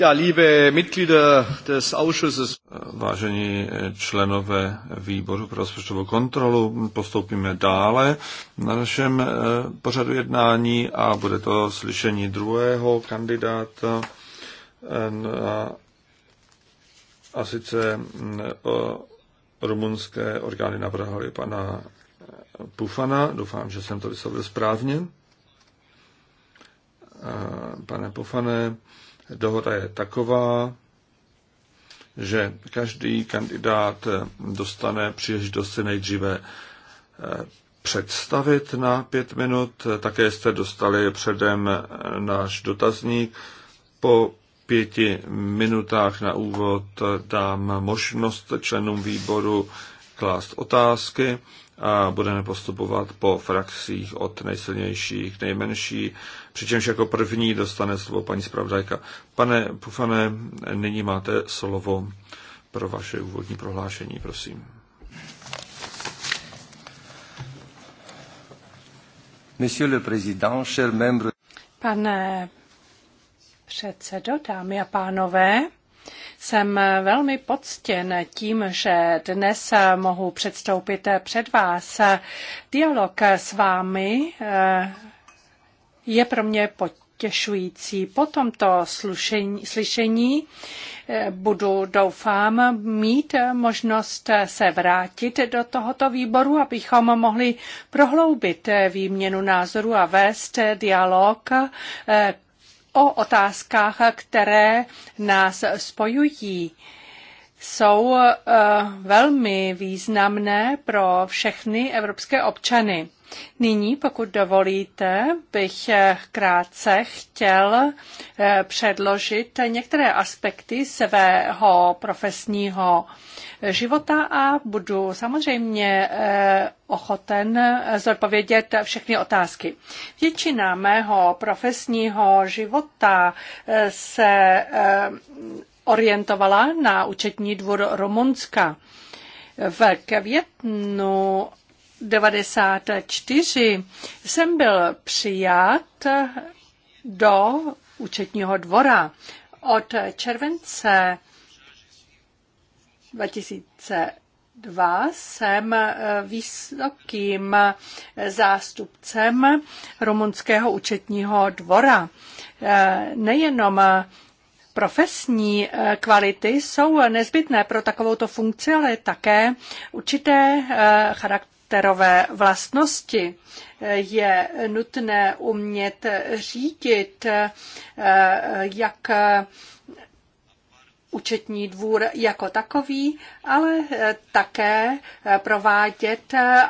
Ja, liebe Mitglieder des Ausschusses. Vážení členové výboru pro rozpočtovou kontrolu, postoupíme dále na našem eh, pořadu jednání a bude to slyšení druhého kandidáta eh, a sice mm, rumunské orgány navrhly pana eh, Pufana. Doufám, že jsem to vyslovil správně. Pane Pufane, Dohoda je taková, že každý kandidát dostane příležitost se nejdříve eh, představit na pět minut. Také jste dostali předem eh, náš dotazník. Po pěti minutách na úvod eh, dám možnost členům výboru klást otázky a budeme postupovat po frakcích od nejsilnějších k nejmenší přičemž jako první dostane slovo paní zpravodajka. Pane Pufane, nyní máte slovo pro vaše úvodní prohlášení, prosím. Monsieur le Président, cher membre... Pane předsedo, dámy a pánové, jsem velmi poctěn tím, že dnes mohu předstoupit před vás. Dialog s vámi eh, je pro mě potěšující. Po tomto slušení, slyšení eh, budu, doufám, mít možnost eh, se vrátit do tohoto výboru, abychom mohli prohloubit eh, výměnu názorů a vést dialog o otázkách, které nás spojují jsou eh, velmi významné pro všechny evropské občany. Nyní, pokud dovolíte, bych eh, krátce chtěl eh, předložit některé aspekty svého profesního života a budu samozřejmě ochoten zodpovědět všechny otázky. Většina mého profesního života se orientovala na účetní dvůr Rumunska. V květnu 94 jsem byl přijat do účetního dvora. Od července 2002 jsem vysokým zástupcem rumunského účetního dvora. Nejenom profesní eh, kvality jsou nezbytné pro takovouto funkci, ale také určité eh, charakterové vlastnosti. Eh, je nutné umět řídit, jak účetní dvůr jako takový, ale také provádět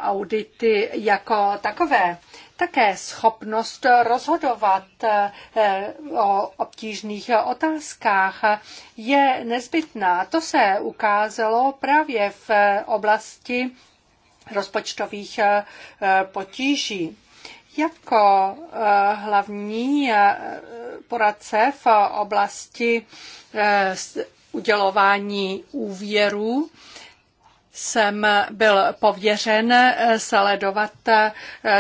audity jako takové také schopnost rozhodovat eh, o obtížných otázkách je nezbytná. To se ukázalo právě v oblasti rozpočtových eh, potíží. Jako eh, hlavní poradce v oblasti udělování úvěrů jsem byl pověřen eh, sledovat eh,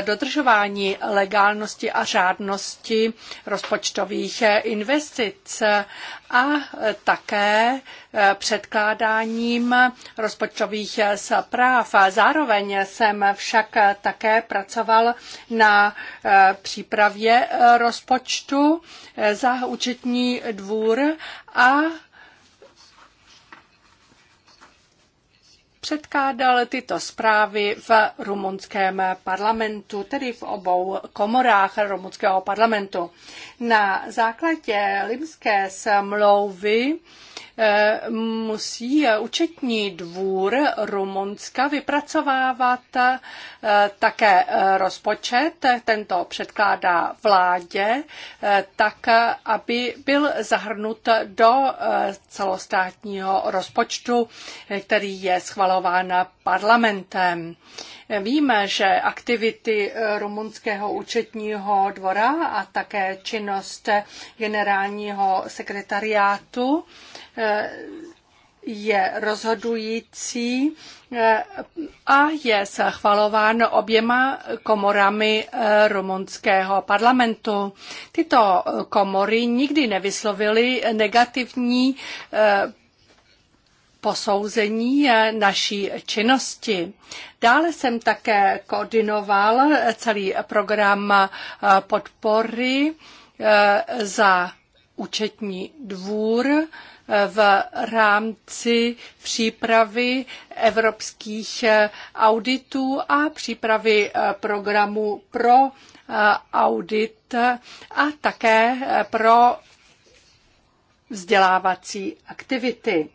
dodržování legálnosti a řádnosti rozpočtových eh, investic a také předkládáním rozpočtových zpráv. Zároveň jsem však také pracoval na přípravě rozpočtu za účetní dvůr a předkládal tyto zprávy v rumunském parlamentu, tedy v obou komorách rumunského parlamentu. Na základě limské smlouvy Eh, musí eh, účetní dvůr Rumunska vypracovávat eh, také rozpočet. Tento předkládá vládě tak, aby byl zahrnut do celostátního rozpočtu, který je schvalován parlamentem. Víme, že aktivity eh, rumunského účetního dvora a také činnost generálního sekretariátu eh, je rozhodující eh, a je schvalován oběma komorami rumunského parlamentu. Tyto komory nikdy nevyslovily negativní posouzení naší činnosti. Dále jsem také koordinoval celý program podpory eh, za účetní dvůr eh, v rámci přípravy evropských eh, auditů a přípravy programu pro audit a také pro vzdělávací aktivity.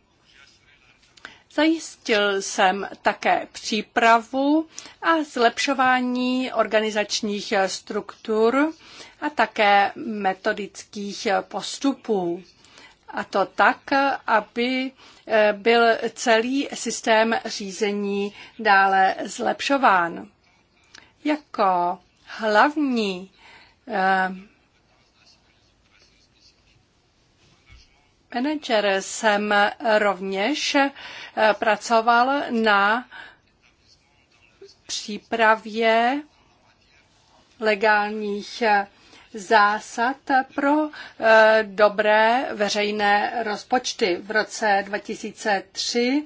Zajistil jsem také přípravu a zlepšování organizačních struktur a také metodických postupů. A to tak, aby eh, byl celý systém řízení dále zlepšován. Jako hlavní eh, manager jsem rovněž eh, pracoval na přípravě legálních eh, zásad pro eh, dobré veřejné rozpočty. V roce 2003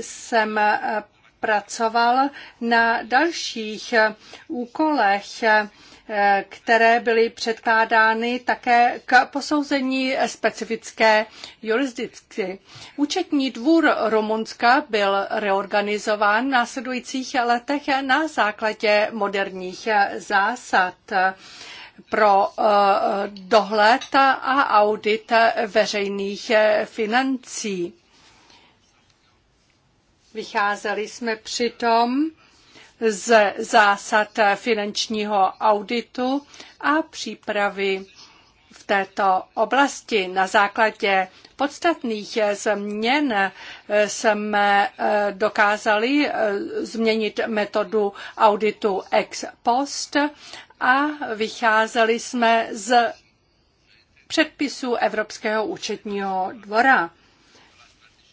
jsem pracoval na dalších úkolech Eh, které byly předkládány také k posouzení specifické jurisdikci. Účetní dvůr Rumunska byl reorganizován v následujících letech na základě moderních zásad pro eh, dohled a audit veřejných financí. Vycházeli jsme přitom z zásad finančního auditu a přípravy v této oblasti. Na základě podstatných změn jsme eh, dokázali eh, změnit metodu auditu ex post a vycházeli jsme z předpisů Evropského účetního dvora.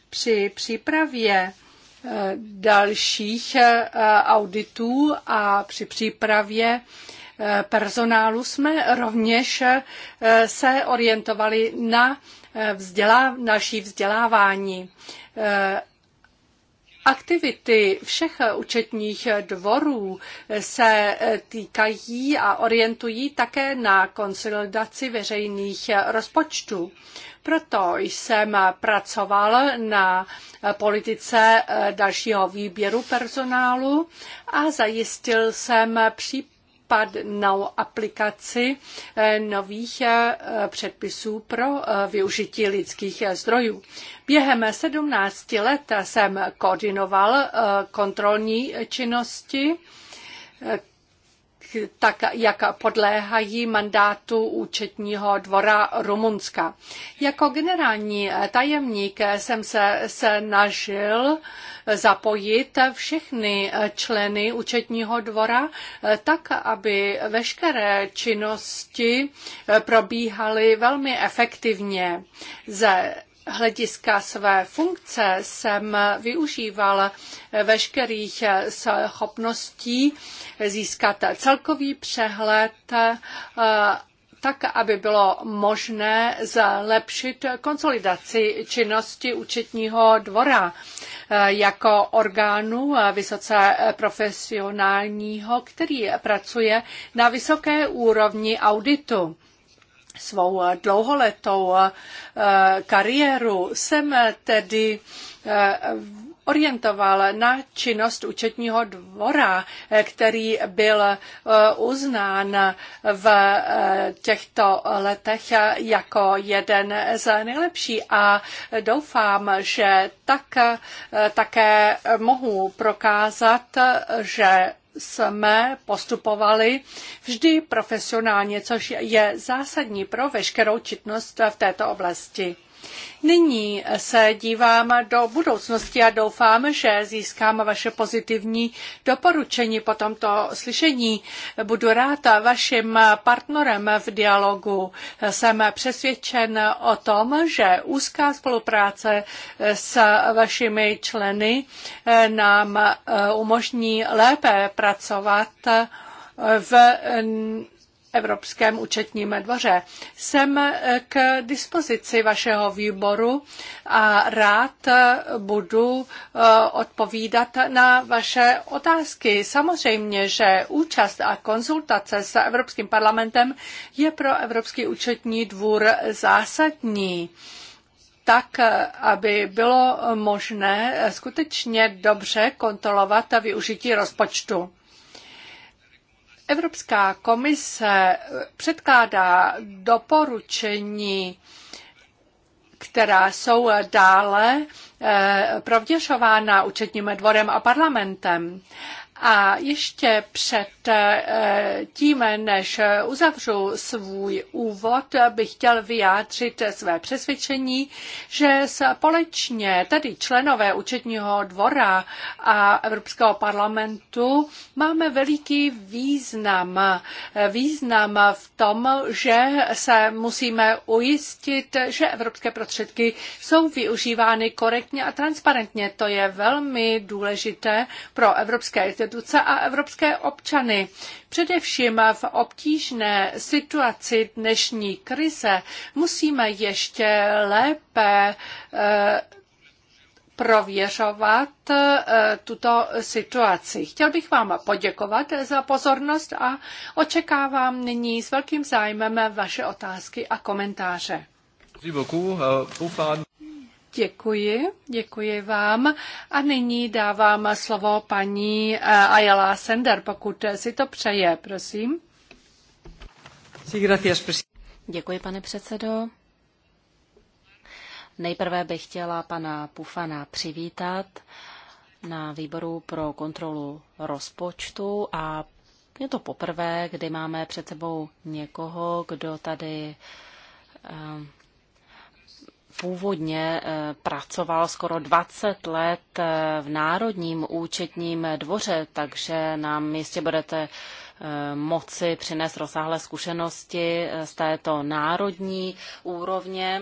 Při přípravě Eh, dalších eh, auditů a při přípravě eh, personálu jsme rovněž se orientovali na vzdělá, další vzdělávání Aktivity všech účetních dvorů se týkají a orientují také na konsolidaci veřejných rozpočtů. Proto jsem pracoval na politice dalšího výběru personálu a zajistil jsem příp případnou aplikaci eh, nových eh, předpisů pro eh, využití lidských zdrojů. Během 17 let jsem koordinoval kontrolní činnosti tak jak podléhají mandátu účetního dvora Rumunska. Jako generální tajemník jsem se snažil zapojit všechny členy účetního dvora tak, aby veškeré činnosti probíhaly velmi efektivně. Ze hlediska své funkce jsem využíval veškerých schopností získat celkový přehled eh, tak, aby bylo možné zlepšit konsolidaci činnosti účetního dvora eh, jako orgánu vysoce profesionálního, který pracuje na vysoké úrovni auditu svou eh, dlouholetou eh, eh, kariéru jsem tedy orientoval na činnost účetního dvora, který byl uznán v těchto letech jako jeden z nejlepší a doufám, že tak také mohu prokázat, že jsme postupovali vždy profesionálně, což je zásadní pro veškerou činnost v této oblasti. Nyní se dívám do budoucnosti a doufám, že získám vaše pozitivní doporučení po tomto slyšení. Budu rád vašim partnerem v dialogu. Jsem přesvědčen o tom, že úzká spolupráce s vašimi členy nám eh, umožní lépe pracovat v Evropském účetním dvoře. Jsem eh, k dispozici vašeho výboru a rád eh, budu eh, odpovídat na vaše otázky. Samozřejmě, že účast a konzultace s Evropským parlamentem je pro Evropský účetní dvůr zásadní tak, aby bylo možné skutečně dobře kontrolovat využití rozpočtu. Evropská komise předkládá doporučení která jsou dále eh, prověřována účetním dvorem a parlamentem. A ještě před eh, tím, než uzavřu svůj úvod, bych chtěl vyjádřit své přesvědčení, že společně tedy členové účetního dvora a Evropského parlamentu máme veliký význam. Význam v tom, že se musíme ujistit, že evropské prostředky jsou využívány korektně a transparentně. To je velmi důležité pro evropské instituce a evropské občany. Především v obtížné situaci dnešní krize musíme ještě lépe eh, prověřovat eh, tuto situaci. Chtěl bych vám poděkovat za pozornost a očekávám nyní s velkým zájmem vaše otázky a komentáře. Děkuji, děkuji vám. A nyní dávám slovo paní eh, Ayala Sender, pokud si to přeje, prosím. Děkuji, pane předsedo. Nejprve bych chtěla pana Pufana přivítat na výboru pro kontrolu rozpočtu a je to poprvé, kdy máme před sebou někoho, kdo tady eh, původně eh, pracoval skoro 20 let eh, v Národním účetním dvoře, takže nám jistě budete eh, moci přinést rozsáhlé zkušenosti z této národní úrovně.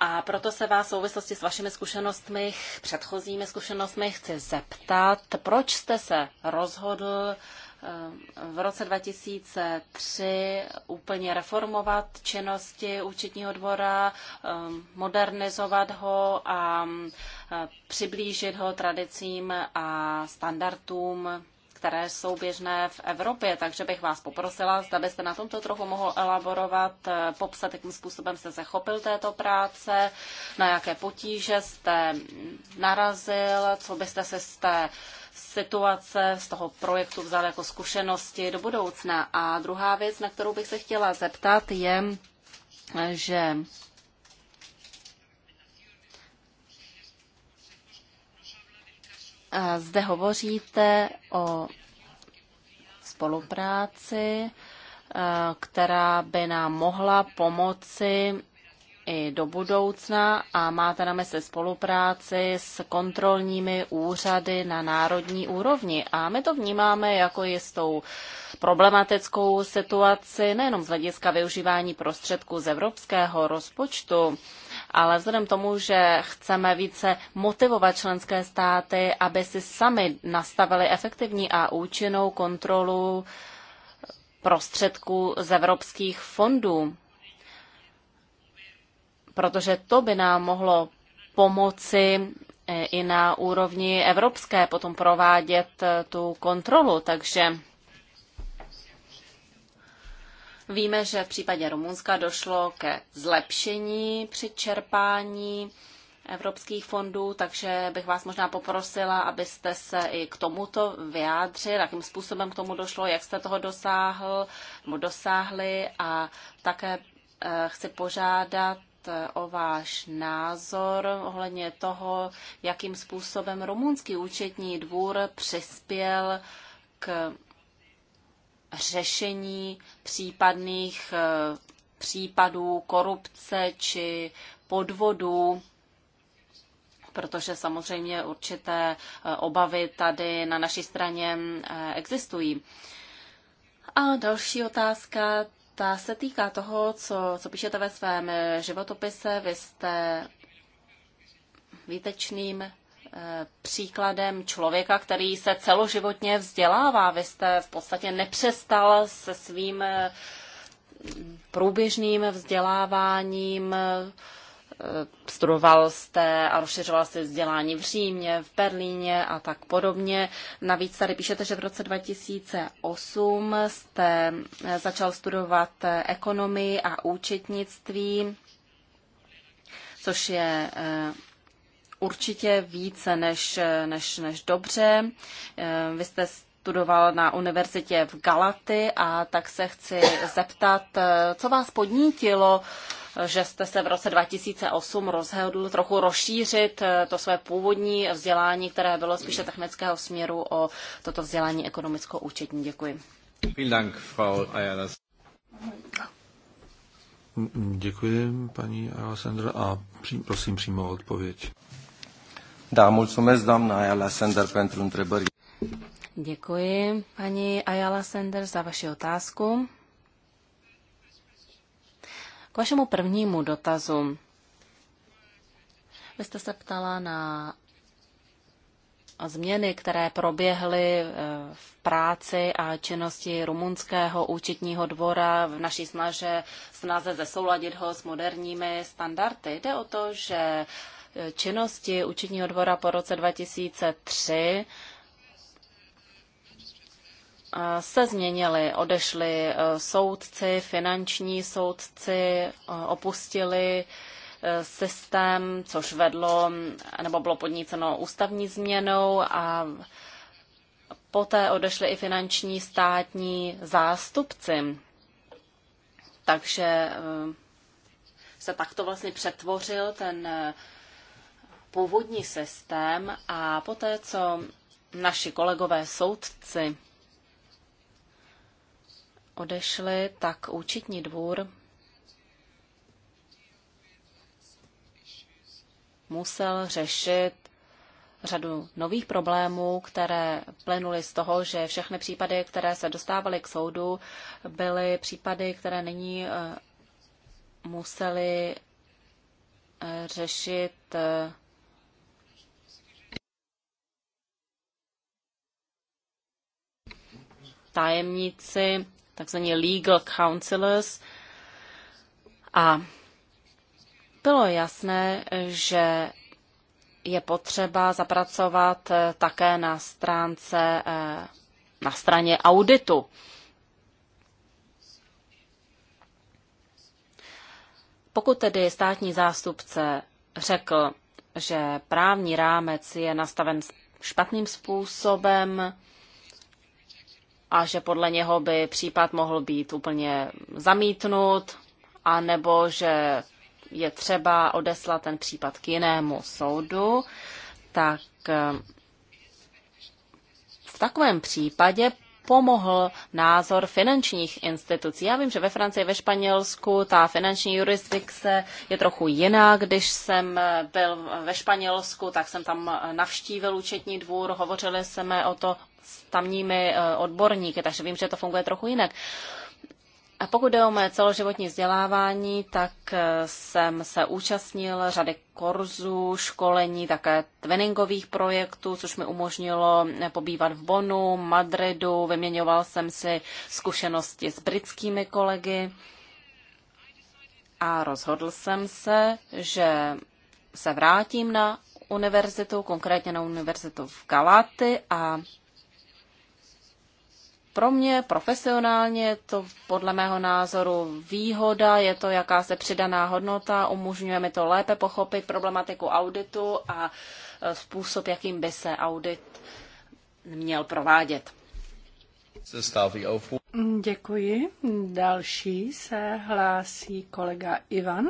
A proto se vás v souvislosti s vašimi zkušenostmi, předchozími zkušenostmi chci zeptat, proč jste se rozhodl v roce 2003 úplně reformovat činnosti účetního dvora, um, modernizovat ho a um, přiblížit ho tradicím a standardům které jsou běžné v Evropě, takže bych vás poprosila, zda byste na tomto trochu mohl elaborovat, eh, popsat, jakým způsobem jste se chopil této práce, na jaké potíže jste narazil, co byste se z té situace, z toho projektu vzal jako zkušenosti do budoucna. A druhá věc, na kterou bych se chtěla zeptat, je, eh, že Zde hovoříte o spolupráci, která by nám mohla pomoci i do budoucna a máte na mysli spolupráci s kontrolními úřady na národní úrovni. A my to vnímáme jako jistou problematickou situaci nejenom z hlediska využívání prostředků z evropského rozpočtu, ale vzhledem tomu, že chceme více motivovat členské státy, aby si sami nastavili efektivní a účinnou kontrolu prostředků z evropských fondů, protože to by nám mohlo pomoci eh, i na úrovni evropské potom provádět eh, tu kontrolu. Takže Víme, že v případě Rumunska došlo ke zlepšení při čerpání evropských fondů, takže bych vás možná poprosila, abyste se i k tomuto vyjádřil, jakým způsobem k tomu došlo, jak jste toho dosáhl, nebo dosáhli a také eh, chci požádat eh, o váš názor ohledně toho, jakým způsobem rumunský účetní dvůr přispěl k řešení případných eh, případů korupce či podvodů, protože samozřejmě určité eh, obavy tady na naší straně eh, existují. A další otázka, ta se týká toho, co, co píšete ve svém životopise. Vy jste výtečným Eh, příkladem člověka, který se celoživotně vzdělává. Vy jste v podstatě nepřestal se svým eh, průběžným vzděláváním. Eh, studoval jste a rozšiřoval jste vzdělání v Římě, v Berlíně a tak podobně. Navíc tady píšete, že v roce 2008 jste začal studovat ekonomii a účetnictví, což je určitě více než, než, než dobře. Eh, vy jste studoval na univerzitě v Galaty a tak se chci zeptat, eh, co vás podnítilo, eh, že jste se v roce 2008 rozhodl trochu rozšířit to své původní vzdělání, které bylo spíše technického směru o toto vzdělání ekonomicko-účetní. Děkuji. Děkuji, paní Alessandra, a prosím přímou odpověď. Da, mulțumesc, doamna Ayala Sender, pentru întrebări. Děkuji, paní Ayala Sender, za vaši otázku. K vašemu prvnímu dotazu. Vy jste se ptala na změny, které proběhly eh, v práci a činnosti rumunského účetního dvora v naší snaze, snaze zesouladit ho s moderními standardy. Jde o to, že činnosti účetního dvora po roce 2003 se změnily. Odešli eh, soudci, finanční soudci, eh, opustili eh, systém, což vedlo, nebo bylo podníceno ústavní změnou a poté odešli i finanční státní zástupci. Takže se takto vlastně přetvořil ten původní systém a poté, co naši kolegové soudci odešli, tak účetní dvůr musel řešit řadu nových problémů, které plynuly z toho, že všechny případy, které se dostávaly k soudu, byly případy, které nyní eh, museli eh, řešit eh, tajemníci, takzvaní legal counselors. A bylo jasné, že je potřeba zapracovat eh, také na stránce, eh, na straně auditu. Pokud tedy státní zástupce řekl, že právní rámec je nastaven špatným způsobem, a že podle něho by případ mohl být úplně zamítnut, anebo že je třeba odeslat ten případ k jinému soudu, tak eh, v takovém případě pomohl názor finančních institucí. Já vím, že ve Francii, ve Španělsku ta finanční jurisdikce je trochu jiná. Když jsem byl ve Španělsku, tak jsem tam navštívil účetní dvůr, hovořili jsme o, to, s tamními e, odborníky, takže vím, že to funguje trochu jinak. A pokud jde o moje celoživotní vzdělávání, tak e, jsem se účastnil řady kurzů, školení, také twinningových projektů, což mi umožnilo e, pobývat v Bonu, Madridu, vyměňoval jsem si zkušenosti s britskými kolegy a rozhodl jsem se, že se vrátím na univerzitu, konkrétně na univerzitu v Galaty a pro mě profesionálně je to podle mého názoru výhoda, je to jakási přidaná hodnota, umožňuje mi to lépe pochopit problematiku auditu a e, způsob, jakým by se audit měl provádět. Děkuji. Další se hlásí kolega Ivan.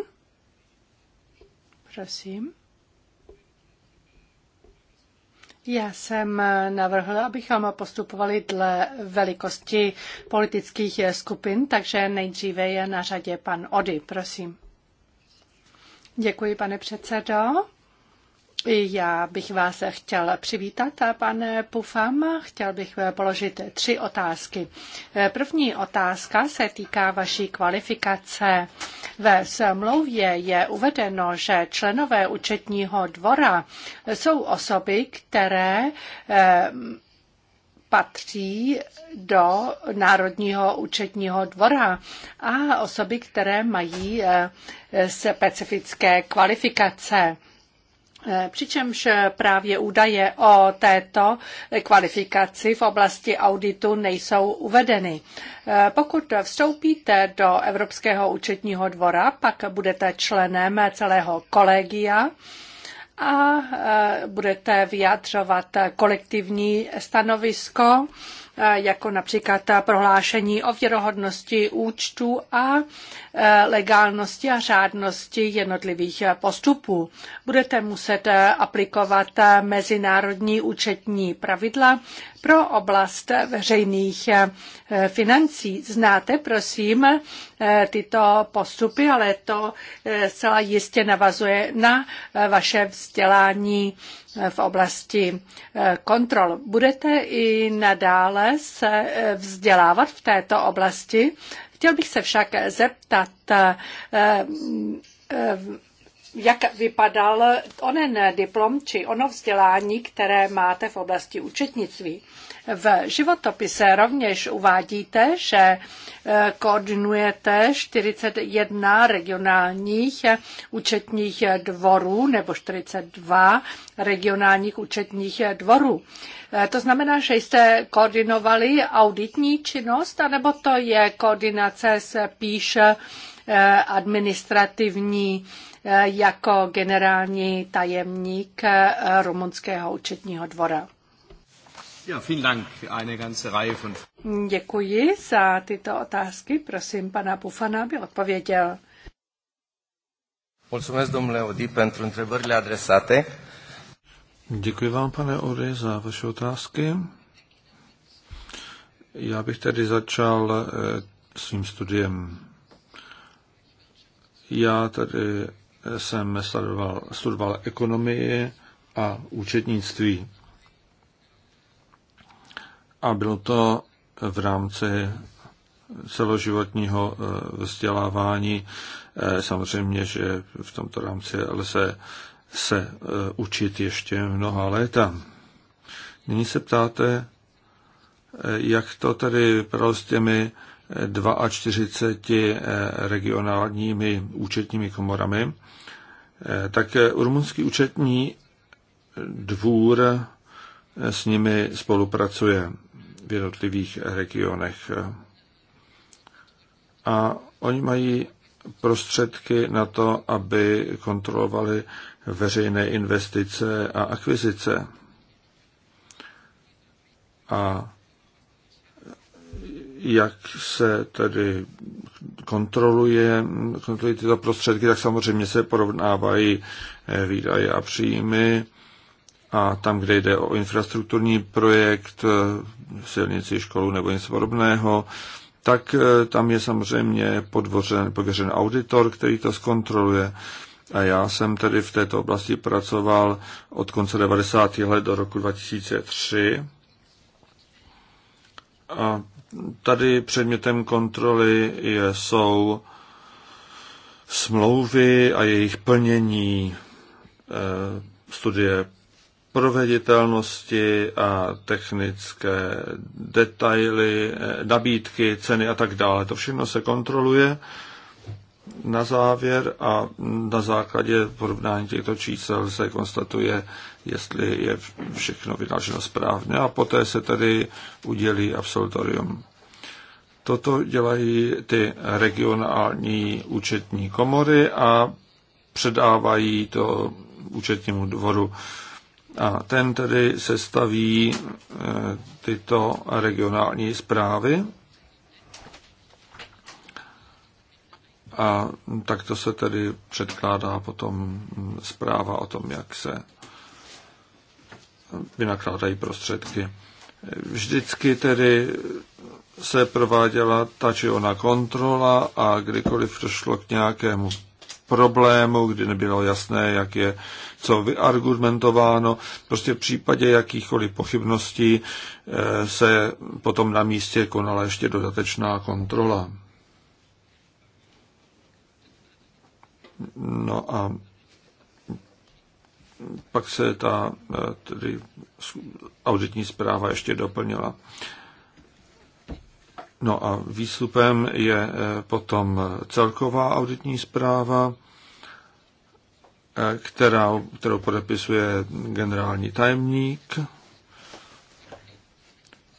Prosím. Já jsem navrhla, abychom postupovali dle velikosti politických skupin, takže nejdříve je na řadě pan Ody, prosím. Děkuji, pane předsedo. Já bych vás chtěl přivítat, pane Pufam. Chtěl bych položit tři otázky. První otázka se týká vaší kvalifikace. Ve smlouvě je uvedeno, že členové účetního dvora jsou osoby, které eh, patří do Národního účetního dvora a osoby, které mají eh, specifické kvalifikace. Eh, přičemž eh, právě údaje o této kvalifikaci v oblasti auditu nejsou uvedeny. Eh, pokud vstoupíte do Evropského účetního dvora, pak budete členem celého kolegia a budete vyjadřovat kolektivní stanovisko jako například prohlášení o věrohodnosti účtů a e, legálnosti a řádnosti jednotlivých postupů. Budete muset e, aplikovat e, mezinárodní účetní pravidla pro oblast veřejných financí. Znáte, prosím, Eh, tyto postupy, ale to eh, zcela jistě navazuje na eh, vaše vzdělání v oblasti kontrol. Budete i nadále se vzdělávat v této oblasti? Chtěl bych se však zeptat, jak vypadal onen diplom či ono vzdělání, které máte v oblasti účetnictví. V životopise rovněž uvádíte, že eh, koordinujete 41 eh, regionálních účetních dvorů nebo 42 regionálních účetních dvorů. To znamená, že jste koordinovali auditní činnost, anebo to je koordinace spíš eh, administrativní jako generální tajemník eh, rumunského účetního dvora. Děkuji za tyto otázky. Prosím pana Bufana, aby odpověděl. Děkuji vám, pane Ori, za vaše otázky. Já bych tedy začal eh, svým studiem. Já tady jsem studoval, studoval ekonomii a účetnictví. A bylo to v rámci celoživotního eh, vzdělávání. Eh, samozřejmě, že v tomto rámci lze se eh, učit ještě mnoha léta. Nyní se ptáte, jak to tady prostě s těmi 42 regionálními účetními komorami, eh, tak eh, rumunský účetní dvůr eh, s nimi spolupracuje v jednotlivých regionech. A oni mají prostředky na to, aby kontrolovali veřejné investice a akvizice. A jak se tedy kontroluje, kontroluje tyto prostředky, tak samozřejmě se porovnávají eh, výdaje a příjmy a tam, kde jde o infrastrukturní projekt, eh, silnici, školu nebo něco podobného, tak eh, tam je samozřejmě podvořen, pověřen auditor, který to zkontroluje. A já jsem tedy v této oblasti pracoval od konce 90. let do roku 2003. A Tady předmětem kontroly jsou smlouvy a jejich plnění, eh, studie proveditelnosti a technické detaily, eh, nabídky, ceny a tak dále. To všechno se kontroluje na závěr a na základě porovnání těchto čísel se konstatuje, jestli je všechno vynaloženo správně a poté se tedy udělí absolutorium. Toto dělají ty regionální účetní komory a předávají to účetnímu dvoru. A ten tedy sestaví eh, tyto regionální zprávy. A takto se tedy předkládá potom zpráva o tom, jak se vynakládají prostředky. Vždycky tedy se prováděla ta či ona kontrola a kdykoliv došlo k nějakému problému, kdy nebylo jasné, jak je co vyargumentováno. Prostě v případě jakýchkoliv pochybností eh, se potom na místě konala ještě dodatečná kontrola. No a pak se ta eh, tedy auditní zpráva ještě doplnila. No a výstupem je eh, potom celková auditní zpráva, eh, která, kterou podepisuje generální tajemník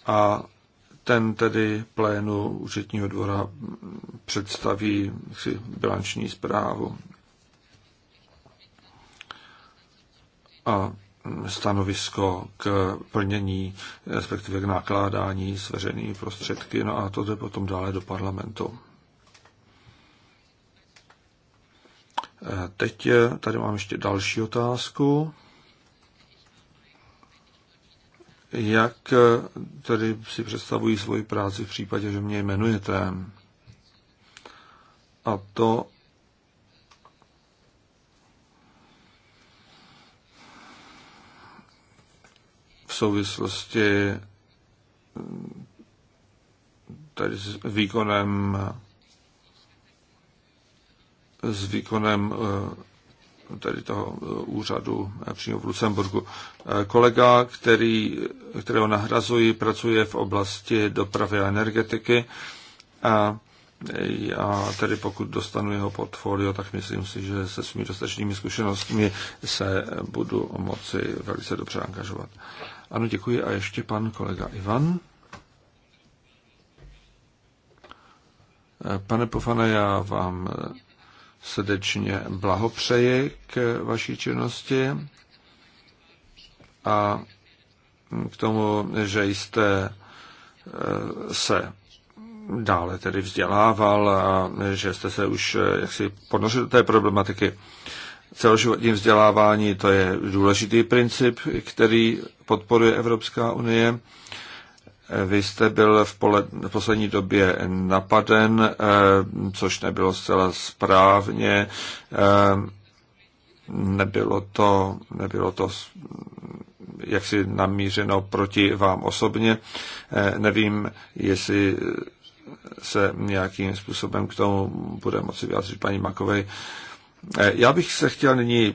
a ten tedy plénu účetního dvora představí si bilanční zprávu a stanovisko k plnění, respektive k nákládání s veřejnými prostředky, no a to jde potom dále do parlamentu. Teď tady mám ještě další otázku. Jak tedy si představují svoji práci v případě, že mě jmenujete? A to v souvislosti mm, tady s výkonem s výkonem eh, tady toho eh, úřadu eh, přímo v Lucemburgu. Kolega, který, kterého nahrazuji, pracuje v oblasti dopravy a energetiky a já tedy pokud dostanu jeho portfolio, tak myslím si, že se svými dostatečnými zkušenostmi se budu moci velice dobře angažovat. Ano, děkuji. A ještě pan kolega Ivan. Pane Pofane, já vám srdečně blahopřeji k vaší činnosti a k tomu, že jste eh, se dále tedy vzdělával a že jste se už eh, jaksi ponořil do té problematiky celoživotní vzdělávání, to je důležitý princip, který podporuje Evropská unie. Vy jste byl v, pole, v poslední době napaden, eh, což nebylo zcela správně. Eh, nebylo to, nebylo to jaksi namířeno proti vám osobně. Eh, nevím, jestli se nějakým způsobem k tomu bude moci vyjádřit paní Makovej. Eh, já bych se chtěl nyní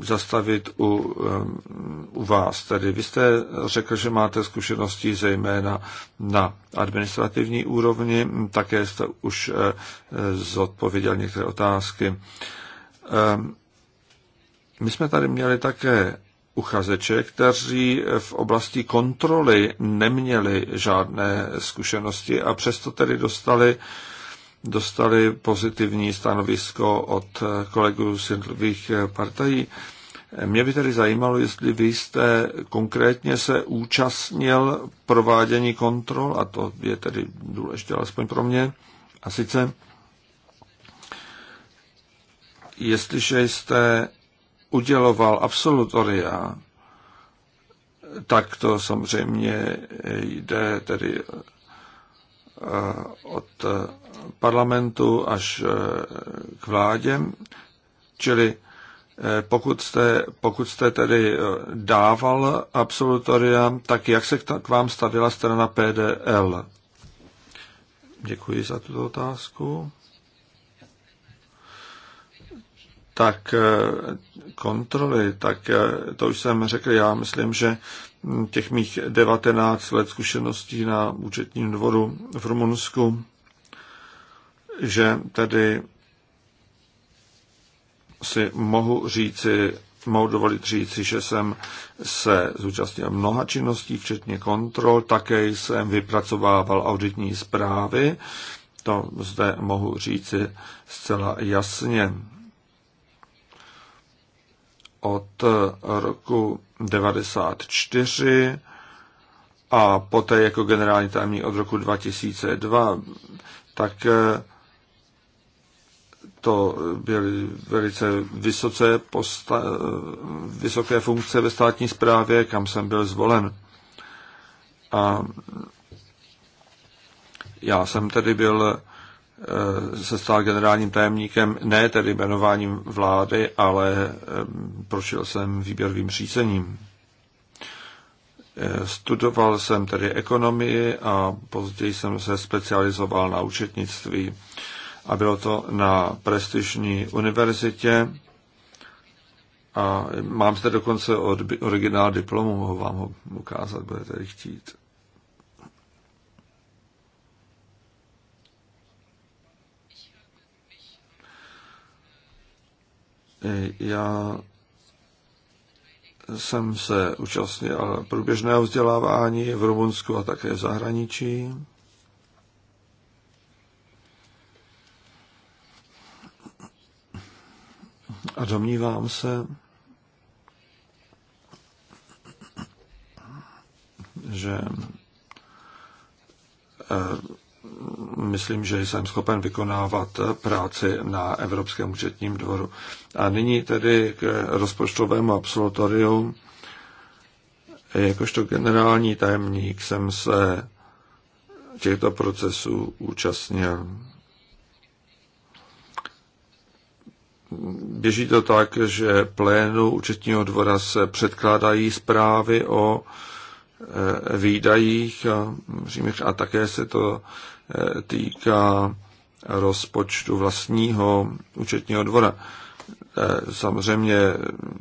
zastavit u, u vás. Tedy vy jste řekl, že máte zkušenosti zejména na administrativní úrovni, také jste už eh, zodpověděl některé otázky. My jsme tady měli také uchazeče, kteří v oblasti kontroly neměli žádné zkušenosti a přesto tedy dostali uh, dostali pozitivní stanovisko od kolegů z jednotlivých partají. Mě by tedy zajímalo, jestli vy jste konkrétně se účastnil provádění kontrol, a to je tedy důležité alespoň pro mě, a sice, jestliže jste uděloval absolutoria, tak to samozřejmě jde tedy eh, od parlamentu až eh, k vládě, čili eh, pokud jste, pokud jste tedy eh, dával absolutoria, tak jak se k vám stavila strana PDL? Děkuji za tuto otázku. Tak kontroly, tak to už jsem řekl, já myslím, že hm, těch mých 19 let zkušeností na účetním dvoru v Rumunsku že tedy si mohu říci, mohu dovolit říci, že jsem se zúčastnil mnoha činností, včetně kontrol, také jsem vypracovával auditní zprávy, to zde mohu říci zcela jasně. Od roku 94 a poté jako generální tajemník od roku 2002, tak eh, to byly velice vysoce posta, vysoké funkce ve státní správě, kam jsem byl zvolen. A já jsem tedy byl, e, se stal generálním tajemníkem, ne tedy jmenováním vlády, ale e, prošel jsem výběrovým řízením. E, studoval jsem tedy ekonomii a později jsem se specializoval na účetnictví a bylo to na prestižní univerzitě a mám zde dokonce od originál diplomu, mohu vám ho ukázat, budete chtít. Já jsem se účastnil průběžného vzdělávání v Rumunsku a také v zahraničí. A domnívám se, že eh, myslím, že jsem schopen vykonávat práci na Evropském účetním dvoru. A nyní tedy k rozpočtovému absolutoriu. Jakožto generální tajemník jsem se těchto procesů účastnil. běží to tak, že plénu účetního dvora se předkládají zprávy o eh, výdajích a a také se to eh, týká rozpočtu vlastního účetního dvora. Eh, samozřejmě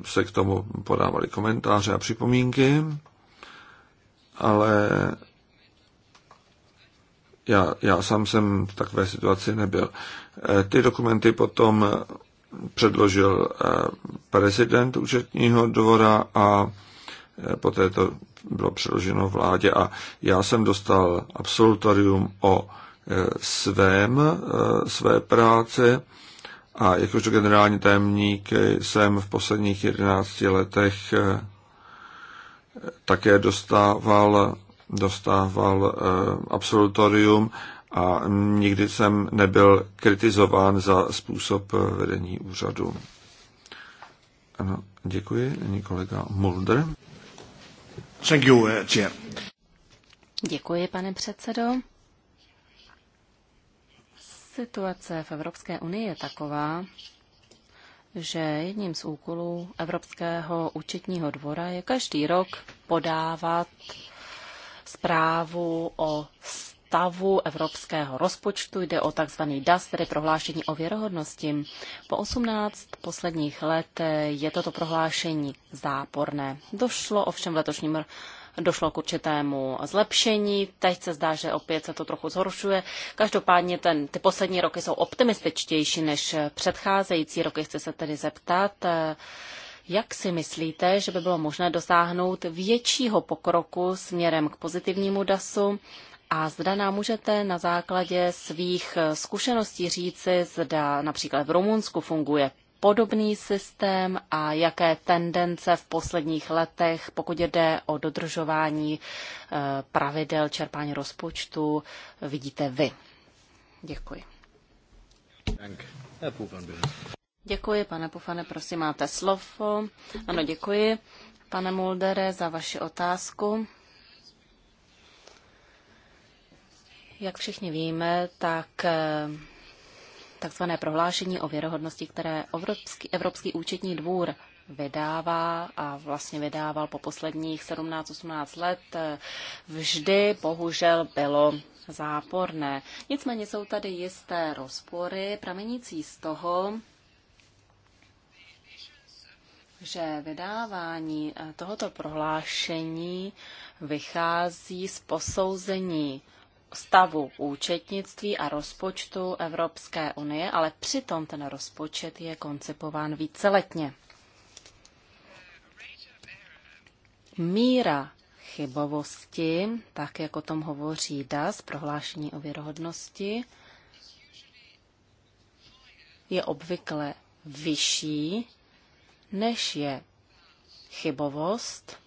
se k tomu podávaly komentáře a připomínky, ale já, já sám jsem v takové situaci nebyl. Ty dokumenty potom předložil eh, prezident účetního dvora a eh, poté to bylo předloženo vládě a já jsem dostal absolutorium o eh, svém, své práci a jakožto generální tajemník jsem v posledních 11 letech také dostával, dostával absolutorium a nikdy jsem nebyl kritizován za způsob eh, vedení úřadu. Ano, děkuji. Není kolega Mulder. Thank you, eh, chair. Děkuji, pane předsedo. Situace v Evropské unii je taková, že jedním z úkolů Evropského účetního dvora je každý rok podávat zprávu o stavu evropského rozpočtu. Jde o tzv. DAS, tedy prohlášení o věrohodnosti. Po 18 posledních let je toto prohlášení záporné. Došlo ovšem v letošním došlo k určitému zlepšení. Teď se zdá, že opět se to trochu zhoršuje. Každopádně ten, ty poslední roky jsou optimističtější než předcházející roky. Chci se tedy zeptat, jak si myslíte, že by bylo možné dosáhnout většího pokroku směrem k pozitivnímu DASu a zda nám můžete na základě svých eh, zkušeností říci, zda například v Rumunsku funguje podobný systém a jaké tendence v posledních letech, pokud jde o dodržování eh, pravidel čerpání rozpočtu, vidíte vy. Děkuji. Děkuji, pane Pufane, prosím, máte slovo. Ano, děkuji, pane Muldere, za vaši otázku. Jak všichni víme, tak eh, takzvané prohlášení o věrohodnosti, které Evropský, Evropský účetní dvůr vydává a vlastně vydával po posledních 17-18 let, eh, vždy bohužel bylo záporné. Nicméně jsou tady jisté rozpory, pramenící z toho, že vydávání eh, tohoto prohlášení vychází z posouzení stavu účetnictví a rozpočtu Evropské unie, ale přitom ten rozpočet je koncipován víceletně. Míra chybovosti, tak jak o tom hovoří DAS, prohlášení o věrohodnosti, je obvykle vyšší, než je chybovost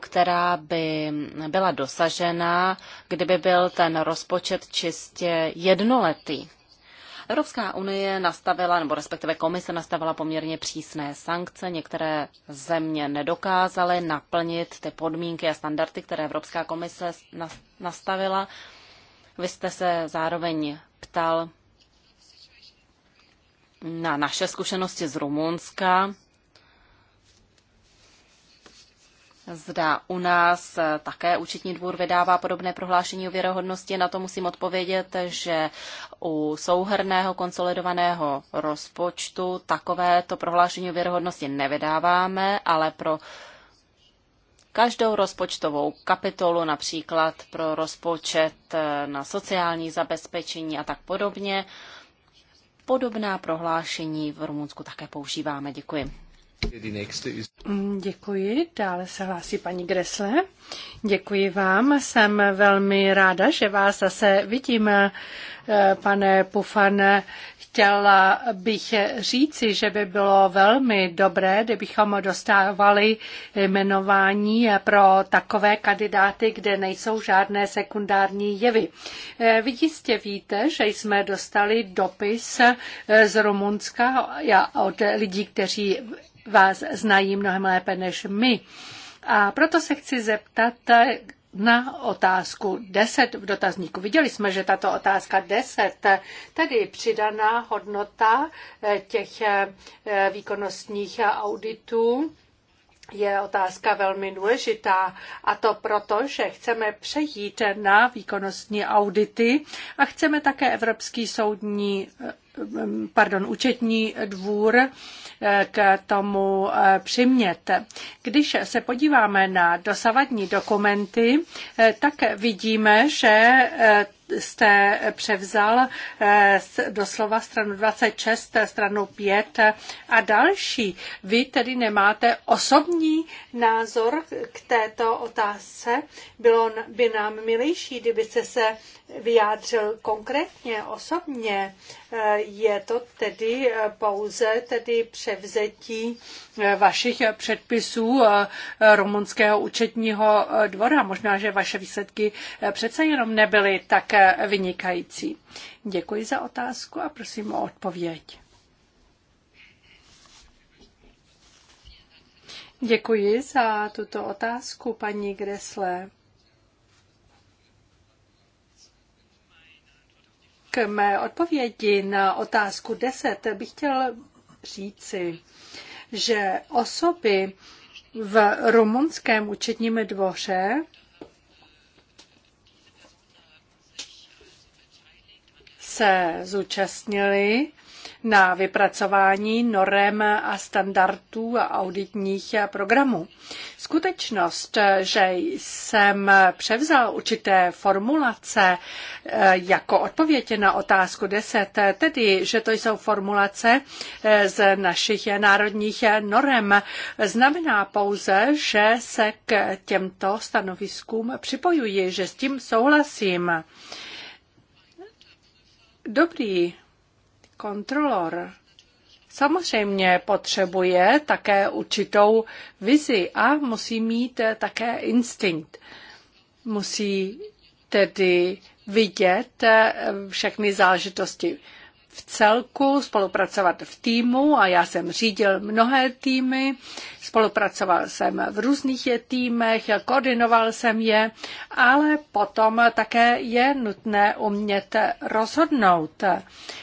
která by byla dosažena, kdyby byl ten rozpočet čistě jednoletý. Evropská unie nastavila, nebo respektive komise nastavila poměrně přísné sankce. Některé země nedokázaly naplnit ty podmínky a standardy, které Evropská komise nastavila. Vy jste se zároveň ptal na naše zkušenosti z Rumunska. Zda u nás eh, také účetní dvůr vydává podobné prohlášení o věrohodnosti. Na to musím odpovědět, že u souhrného konsolidovaného rozpočtu takovéto prohlášení o věrohodnosti nevydáváme, ale pro každou rozpočtovou kapitolu, například pro rozpočet eh, na sociální zabezpečení a tak podobně. Podobná prohlášení v Rumunsku také používáme. Děkuji. Děkuji. Dále se hlásí paní Gresle. Děkuji vám. Jsem velmi ráda, že vás zase vidím, eh, pane Pufan. Chtěla bych říci, že by bylo velmi dobré, kdybychom dostávali jmenování pro takové kandidáty, kde nejsou žádné sekundární jevy. Eh, vy jistě víte, že jsme dostali dopis eh, z Rumunska od lidí, kteří vás znají mnohem lépe než my. A proto se chci zeptat na otázku 10 v dotazníku. Viděli jsme, že tato otázka 10, tedy přidaná hodnota eh, těch eh, výkonnostních auditů, je otázka velmi důležitá a to proto, že chceme přejít na výkonnostní audity a chceme také Evropský soudní eh, pardon, účetní dvůr eh, k tomu eh, přimět. Když se podíváme na dosavadní dokumenty, eh, tak vidíme, že jste převzal eh, doslova stranu 26, eh, stranu 5 a další. Vy tedy nemáte osobní názor k této otázce. Bylo by nám milejší, kdybyste se vyjádřil konkrétně, osobně. Eh, je to tedy pouze tedy převzetí vašich předpisů rumunského účetního dvora. Možná, že vaše výsledky přece jenom nebyly tak vynikající. Děkuji za otázku a prosím o odpověď. Děkuji za tuto otázku, paní Gresle. K mé odpovědi na otázku 10 bych chtěl říci, že osoby v rumunském účetním dvoře se zúčastnili na vypracování norem a standardů a auditních programů. Skutečnost, že jsem převzal určité formulace eh, jako odpověď na otázku 10, tedy, že to jsou formulace eh, z našich národních norem, znamená pouze, že se k těmto stanoviskům připojuji, že s tím souhlasím. Dobrý kontrolor samozřejmě potřebuje také určitou vizi a musí mít také instinkt. Musí tedy vidět všechny záležitosti v celku, spolupracovat v týmu a já jsem řídil mnohé týmy, spolupracoval jsem v různých týmech, koordinoval jsem je, ale potom také je nutné umět rozhodnout.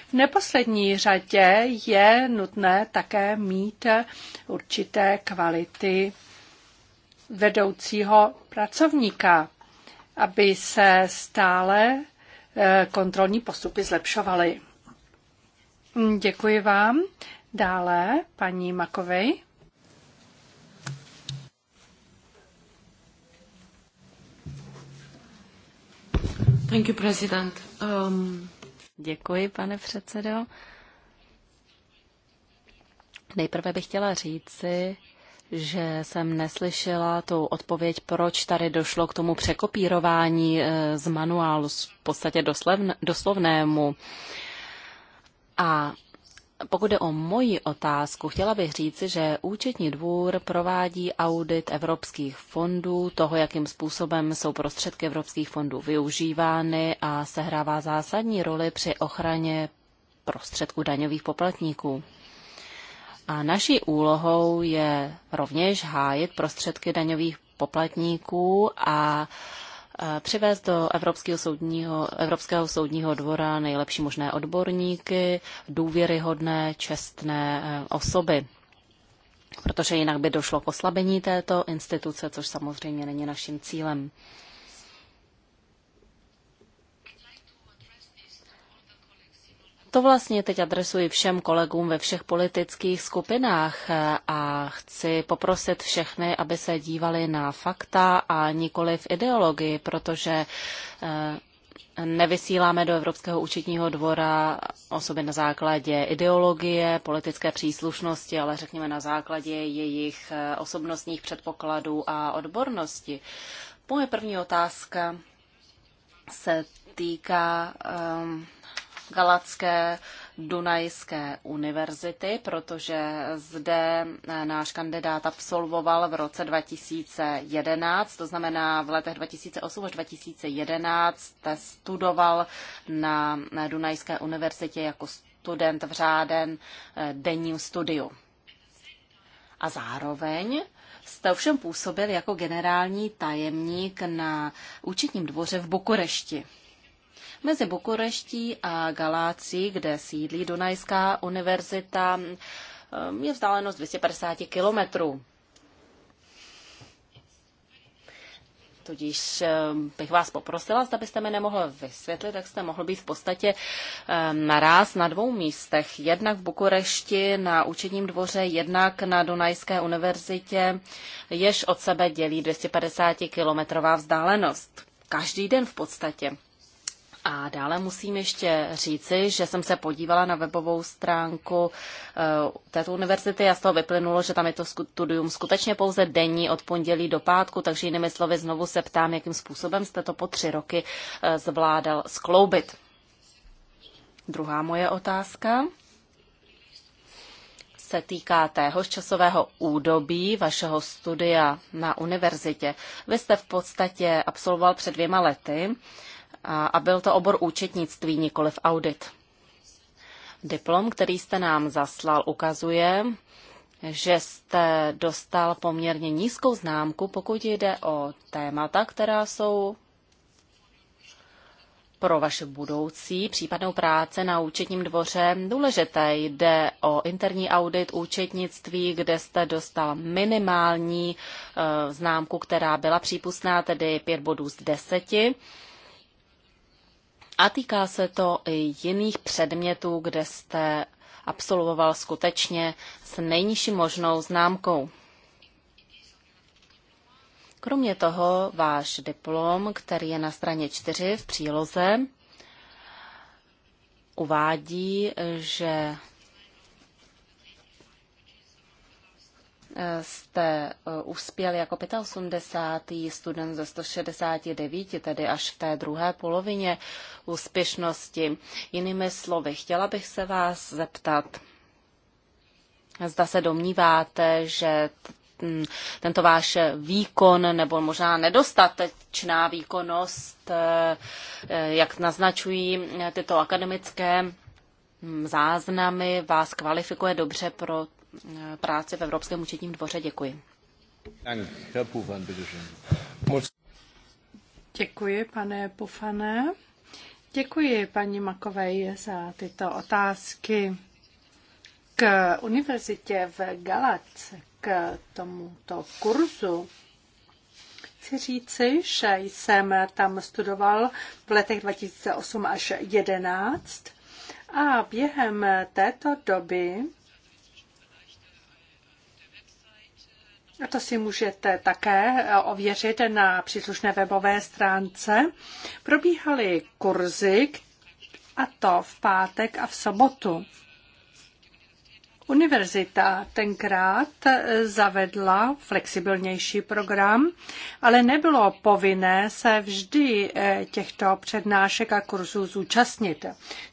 V neposlední řadě je nutné také mít určité kvality vedoucího pracovníka, aby se stále eh, kontrolní postupy zlepšovaly. Mm, děkuji vám. Dále paní Makovej. Thank you, president. Um... Děkuji, pane předsedo. Nejprve bych chtěla říci, že jsem neslyšela tu odpověď, proč tady došlo k tomu překopírování eh, z manuálu, v podstatě doslovnému. A pokud jde o moji otázku, chtěla bych říci, že účetní dvůr provádí audit evropských fondů, toho, jakým způsobem jsou prostředky evropských fondů využívány a sehrává zásadní roli při ochraně prostředků daňových poplatníků. A naší úlohou je rovněž hájit prostředky daňových poplatníků a Eh, přivést do Evropského soudního, Evropského soudního dvora nejlepší možné odborníky, důvěryhodné, čestné eh, osoby protože jinak by došlo k oslabení této instituce, což samozřejmě není naším cílem. To vlastně teď adresuji všem kolegům ve všech politických skupinách a chci poprosit všechny, aby se dívali na fakta a nikoli v ideologii, protože eh, nevysíláme do Evropského účetního dvora osoby na základě ideologie, politické příslušnosti, ale řekněme na základě jejich eh, osobnostních předpokladů a odbornosti. Moje první otázka se týká um, Galacké Dunajské univerzity, protože zde eh, náš kandidát absolvoval v roce 2011, to znamená v letech 2008 až 2011 studoval na Dunajské univerzitě jako student v řáden eh, denním studiu. A zároveň jste ovšem působil jako generální tajemník na účetním dvoře v Bukurešti mezi Bukureští a Galácií, kde sídlí Dunajská univerzita, eh, je vzdálenost 250 kilometrů. Tudíž eh, bych vás poprosila, zda byste mi nemohl vysvětlit, jak jste mohl být v podstatě eh, naraz na dvou místech. Jednak v Bukurešti na učením dvoře, jednak na Dunajské univerzitě, jež od sebe dělí 250 kilometrová vzdálenost. Každý den v podstatě. A dále musím ještě říci, že jsem se podívala na webovou stránku eh, této univerzity a z toho vyplynulo, že tam je to studium skutečně pouze denní od pondělí do pátku, takže jinými slovy znovu se ptám, jakým způsobem jste to po tři roky eh, zvládal skloubit. Druhá moje otázka se týká téhož časového údobí vašeho studia na univerzitě. Vy jste v podstatě absolvoval před dvěma lety a byl to obor účetnictví, nikoliv audit. Diplom, který jste nám zaslal, ukazuje, že jste dostal poměrně nízkou známku, pokud jde o témata, která jsou pro vaše budoucí případnou práce na účetním dvoře důležité. Jde o interní audit účetnictví, kde jste dostal minimální e, známku, která byla přípustná, tedy 5 bodů z 10. A týká se to i jiných předmětů, kde jste absolvoval skutečně s nejnižší možnou známkou. Kromě toho váš diplom, který je na straně 4 v příloze, uvádí, že jste eh, uspěl jako 85. student ze 169, tedy až v té druhé polovině úspěšnosti. Jinými slovy, chtěla bych se vás zeptat, zda se domníváte, že tento váš výkon nebo možná nedostatečná výkonnost, eh, eh, jak naznačují tyto akademické záznamy, vás kvalifikuje dobře pro Eh, práci v Evropském účetním dvoře. Děkuji. Děkuji, pane Pufane. Děkuji paní Makovej za tyto otázky k univerzitě v Galac, k tomuto kurzu chci říci, že jsem tam studoval v letech 2008 až 2011 a během této doby A to si můžete také eh, ověřit na příslušné webové stránce. Probíhaly kurzy, a to v pátek a v sobotu. Univerzita tenkrát eh, zavedla flexibilnější program, ale nebylo povinné se vždy eh, těchto přednášek a kurzů zúčastnit.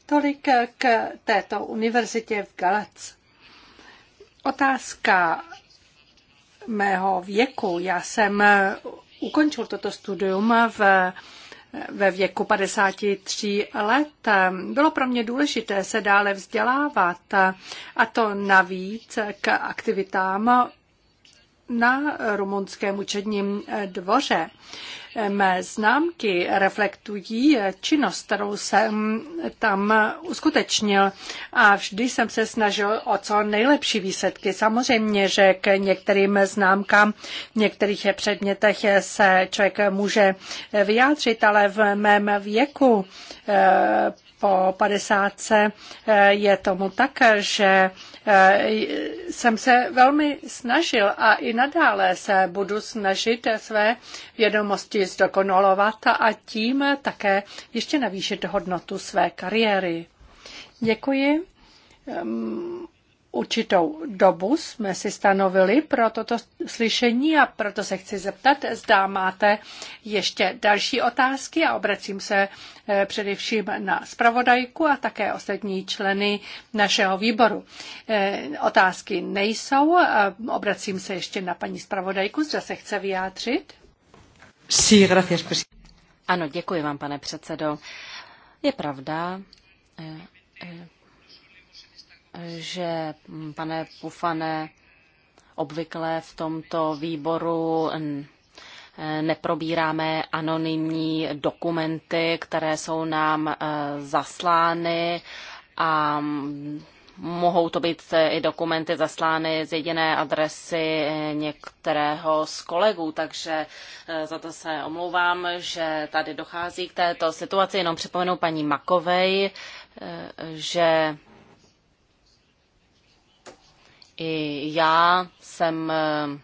Tolik k této univerzitě v Galac. Otázka mého věku. Já jsem ukončil toto studium v ve věku 53 let. Bylo pro mě důležité se dále vzdělávat a to navíc k aktivitám na rumunském učedním dvoře. Mé známky reflektují činnost, kterou jsem tam uskutečnil a vždy jsem se snažil o co nejlepší výsledky. Samozřejmě, že k některým známkám v některých předmětech se člověk může vyjádřit, ale v mém věku eh, po padesátce eh, je tomu tak, že eh, jsem se velmi snažil a i nadále se budu snažit své vědomosti zdokonalovat a tím také ještě navýšit hodnotu své kariéry. Děkuji. Ehm, Určitou dobu jsme si stanovili pro toto slyšení a proto se chci zeptat, zda máte ještě další otázky a obracím se eh, především na zpravodajku a také ostatní členy našeho výboru. Eh, otázky nejsou, obracím se ještě na paní zpravodajku, zda se chce vyjádřit. Sí, gracias, ano, děkuji vám, pane předsedo. Je pravda, eh, že, mm, pane Pufane, obvykle v tomto výboru e, neprobíráme anonymní dokumenty, které jsou nám e, zaslány a mm, mohou to být e, i dokumenty zaslány z jediné adresy některého z kolegů, takže za to se omlouvám, že tady dochází k této situaci. Jenom připomenu paní Makovej, že i já jsem eh,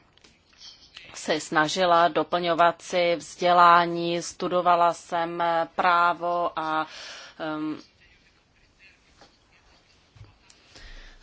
se snažila doplňovat si vzdělání, studovala jsem eh, právo a um,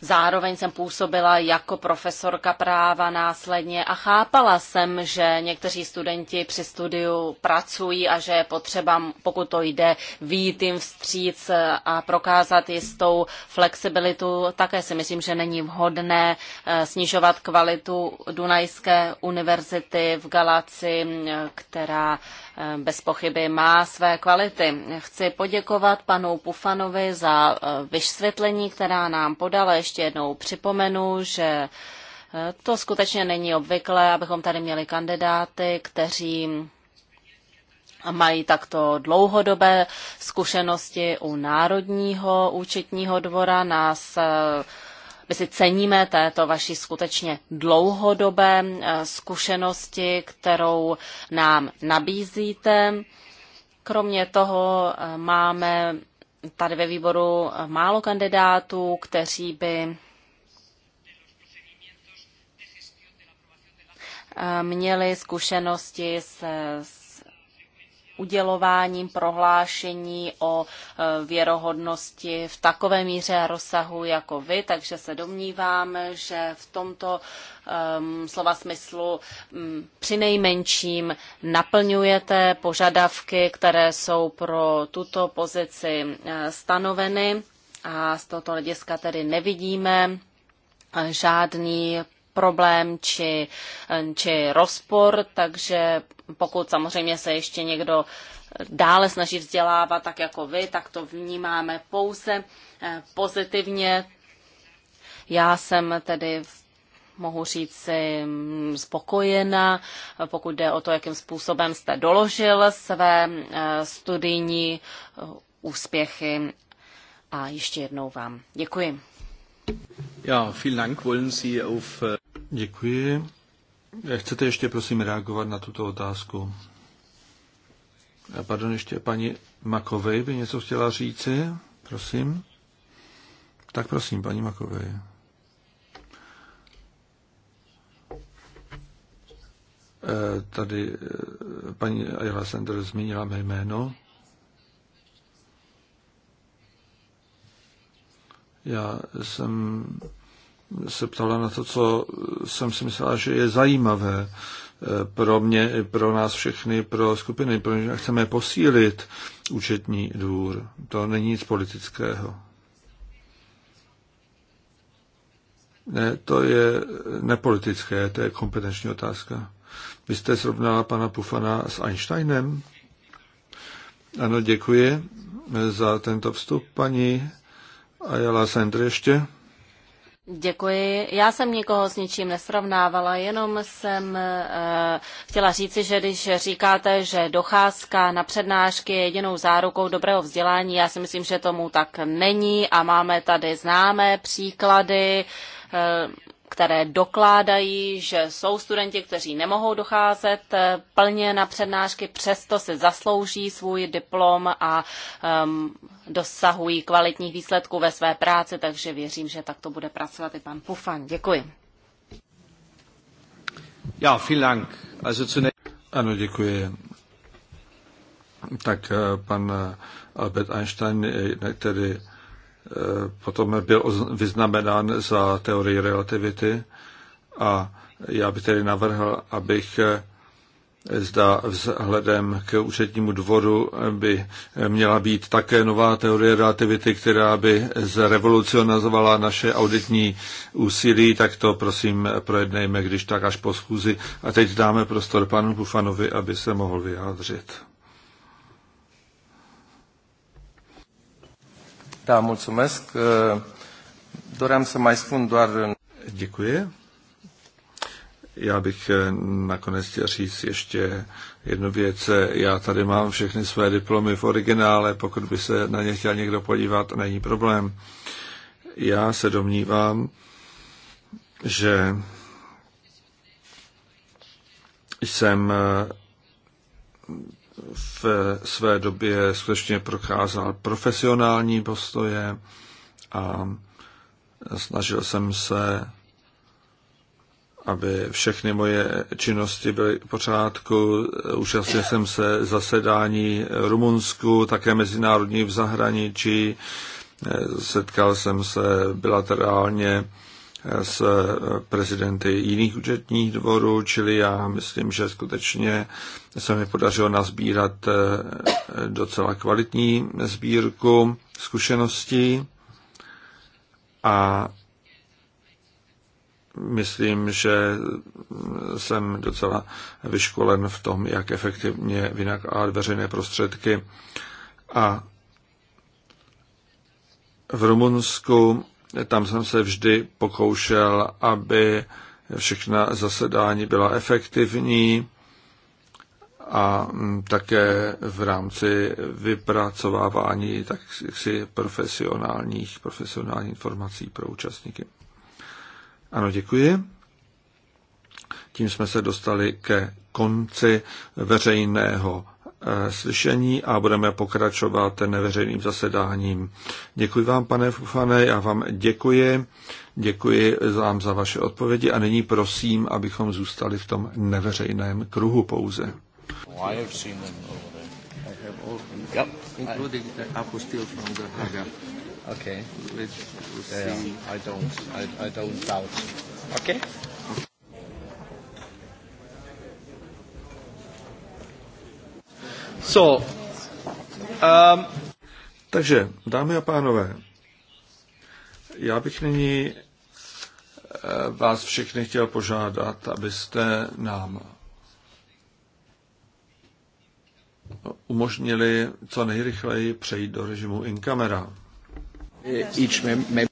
Zároveň jsem působila jako profesorka práva následně a chápala jsem, že někteří studenti při studiu pracují a že je potřeba, pokud to jde, výjít jim vstříc a prokázat jistou flexibilitu. Také si myslím, že není vhodné eh, snižovat kvalitu Dunajské univerzity v Galaci, eh, která Eh, bez pochyby má své kvality. Chci poděkovat panu Pufanovi za eh, vysvětlení, která nám podala. Ještě jednou připomenu, že eh, to skutečně není obvyklé, abychom tady měli kandidáty, kteří mají takto dlouhodobé zkušenosti u Národního účetního dvora. Nás my si ceníme této vaší skutečně dlouhodobé eh, zkušenosti, kterou nám nabízíte. Kromě toho eh, máme tady ve výboru málo kandidátů, kteří by eh, měli zkušenosti se, s udělováním prohlášení o e, věrohodnosti v takové míře a rozsahu jako vy, takže se domnívám, že v tomto um, slova smyslu um, přinejmenším naplňujete požadavky, které jsou pro tuto pozici e, stanoveny a z tohoto hlediska tedy nevidíme e, žádný problém či, či rozpor, takže pokud samozřejmě se ještě někdo eh, dále snaží vzdělávat, tak jako vy, tak to vnímáme pouze eh, pozitivně. Já jsem tedy mohu si mm, spokojena, pokud jde o to, jakým způsobem jste doložil své eh, studijní úspěchy. A ještě jednou vám děkuji. Ja, vielen Dank. Wollen Sie auf... Děkuji. Eh, chcete ještě, prosím, reagovat na tuto otázku? A eh, Pardon, ještě paní Makovej by něco chtěla říci, prosím. Tak prosím, paní Makovej. Eh, tady paní Ayala Sender zmínila mé jméno. Já jsem se ptala na to, co jsem si myslela, že je zajímavé eh, pro mě, pro nás všechny, pro skupiny, protože chceme posílit účetní dvůr. To není nic politického. Ne, to je nepolitické, to je kompetenční otázka. Vy jste srovnala pana Pufana s Einsteinem? Ano, děkuji za tento vstup, paní Ayala Sandr ještě. Děkuji. Já jsem nikoho s ničím nesrovnávala, jenom jsem eh, chtěla říci, že když říkáte, že docházka na přednášky je jedinou zárukou dobrého vzdělání, já si myslím, že tomu tak není a máme tady známé příklady eh, které dokládají, že jsou studenti, kteří nemohou docházet eh, plně na přednášky, přesto si zaslouží svůj diplom a um, dosahují kvalitních výsledků ve své práci, takže věřím, že tak to bude pracovat i pan Pufan. Děkuji. Ja, vielen Dank. Also zunächst... Ano, děkuji. Tak eh, pan eh, Albert Einstein, který Eh, potom byl vyznamenán za teorii relativity a já bych tedy navrhl, abych eh, zda vzhledem k účetnímu dvoru by eh, měla být také nová teorie relativity, která by zrevolucionizovala naše auditní úsilí, tak to prosím projednejme, když tak až po schůzi. A teď dáme prostor panu Pufanovi, aby se mohl vyjádřit. Da, mulțumesc. Doream să mai spun doar... Děkuji. Já bych eh, nakonec chtěl říct ještě jednu věc. Já tady mám všechny své diplomy v originále, pokud by se na ně chtěl někdo podívat, není problém. Já se domnívám, že jsem eh, v své době skutečně prokázal profesionální postoje a snažil jsem se, aby všechny moje činnosti byly v pořádku. Účastnil jsem se zasedání Rumunsku, také mezinárodní v zahraničí. Setkal jsem se bilaterálně s eh, prezidenty jiných účetních dvorů, čili já myslím, že skutečně se mi podařilo nazbírat eh, docela kvalitní sbírku zkušeností a myslím, že jsem docela vyškolen v tom, jak efektivně vynakládat veřejné prostředky. A v Rumunsku tam jsem se vždy pokoušel, aby všechna zasedání byla efektivní a mm, také v rámci vypracovávání tak si profesionálních, profesionálních informací pro účastníky. Ano, děkuji. Tím jsme se dostali ke konci veřejného Eh, slyšení a budeme pokračovat neveřejným zasedáním. Děkuji vám, pane Fufane, já vám děkuji. Děkuji vám za vaše odpovědi a nyní prosím, abychom zůstali v tom neveřejném kruhu pouze. Oh, ah, okay. yeah, I don't, I, I don't doubt. Okay. So, um... Takže, dámy a pánové, já bych nyní eh, vás všechny chtěl požádat, abyste nám umožnili co nejrychleji přejít do režimu in camera. Each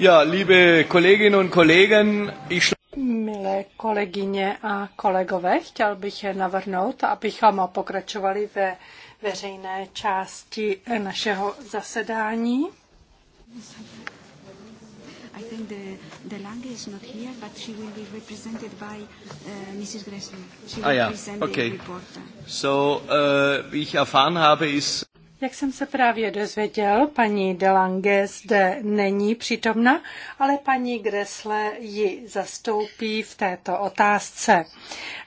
Ja, liebe Kolleginnen und Kollegen, ich Milé kolegyně a kolegové, chtěl bych navrhnout, abychom pokračovali ve veřejné části našeho zasedání. I think the, the Lange is not here, but she will be represented by uh, Mrs. Gressler. She ah, will ah, ja. present okay. the So, uh, wie ich erfahren habe, ist... Jak jsem se právě dozvěděl, paní Delange zde není přítomna, ale paní Gresle ji zastoupí v této otázce.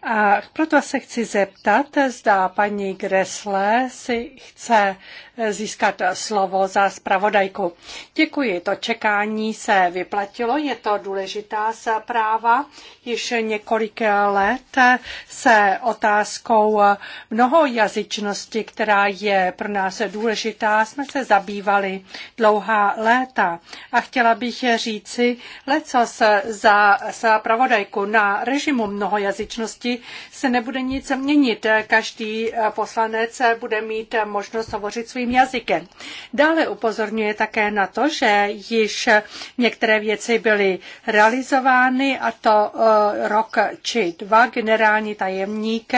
A proto se chci zeptat, zda paní Gresle si chce získat slovo za zpravodajku. Děkuji, to čekání se vyplatilo, je to důležitá zpráva. Již několik let se otázkou mnohojazyčnosti, která je pro nás důležitá, jsme se zabývali dlouhá léta. A chtěla bych říci, lecos za zpravodajku na režimu mnohojazyčnosti se nebude nic měnit. Každý poslanec bude mít možnost hovořit svým jazykem. Dále upozorňuje také na to, že již některé věci byly realizovány a to e, rok či dva generální tajemník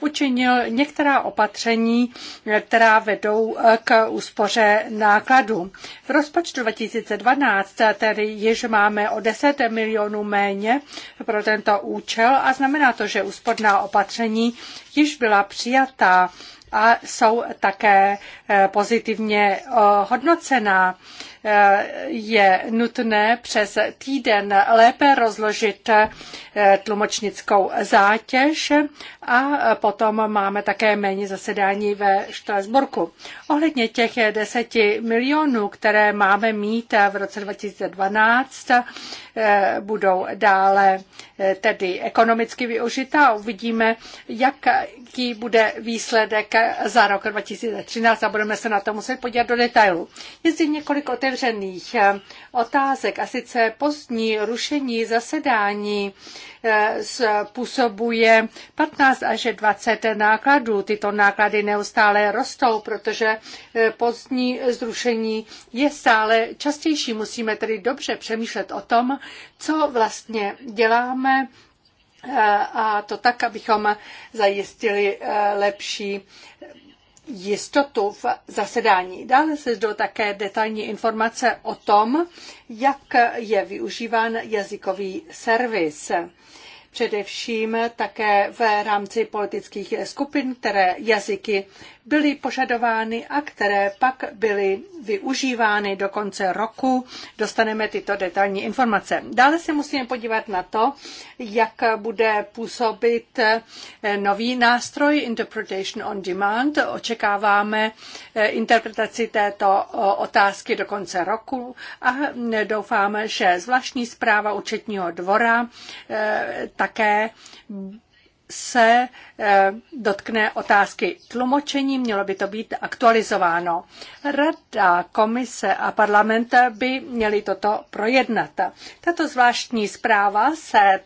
učinil některá opatření, e, která vedou e, k úspoře nákladů. V rozpočtu 2012 tedy již máme o 10 milionů méně pro tento účel a znamená to, že úsporná opatření již byla přijatá a jsou také eh, pozitivně eh, hodnocená je nutné přes týden lépe rozložit eh, tlumočnickou zátěž a potom máme také méně zasedání ve Štrasburku. Ohledně těch 10 milionů, které máme mít v roce 2012, eh, budou dále eh, tedy ekonomicky využita. Uvidíme, jaký bude výsledek za rok 2013 a budeme se na to muset podívat do detailu. Je zde několik otevřených otevřených eh, otázek, a sice pozdní rušení zasedání eh, způsobuje 15 až 20 nákladů. Tyto náklady neustále rostou, protože eh, pozdní zrušení je stále častější. Musíme tedy dobře přemýšlet o tom, co vlastně děláme a to tak, abychom zajistili lepší jistotu v zasedání. Dále se zdou také detailní informace o tom, jak je využíván jazykový servis především také v rámci politických skupin, které jazyky byly požadovány a které pak byly využívány do konce roku. Dostaneme tyto detailní informace. Dále se musíme podívat na to, jak bude působit eh, nový nástroj Interpretation on Demand. Očekáváme eh, interpretaci této otázky do konce roku a hm, doufáme, že zvláštní zpráva účetního dvora eh, také se eh, dotkne otázky tlumočení, mělo by to být aktualizováno. Rada, komise a parlament by měli toto projednat. Tato zvláštní zpráva se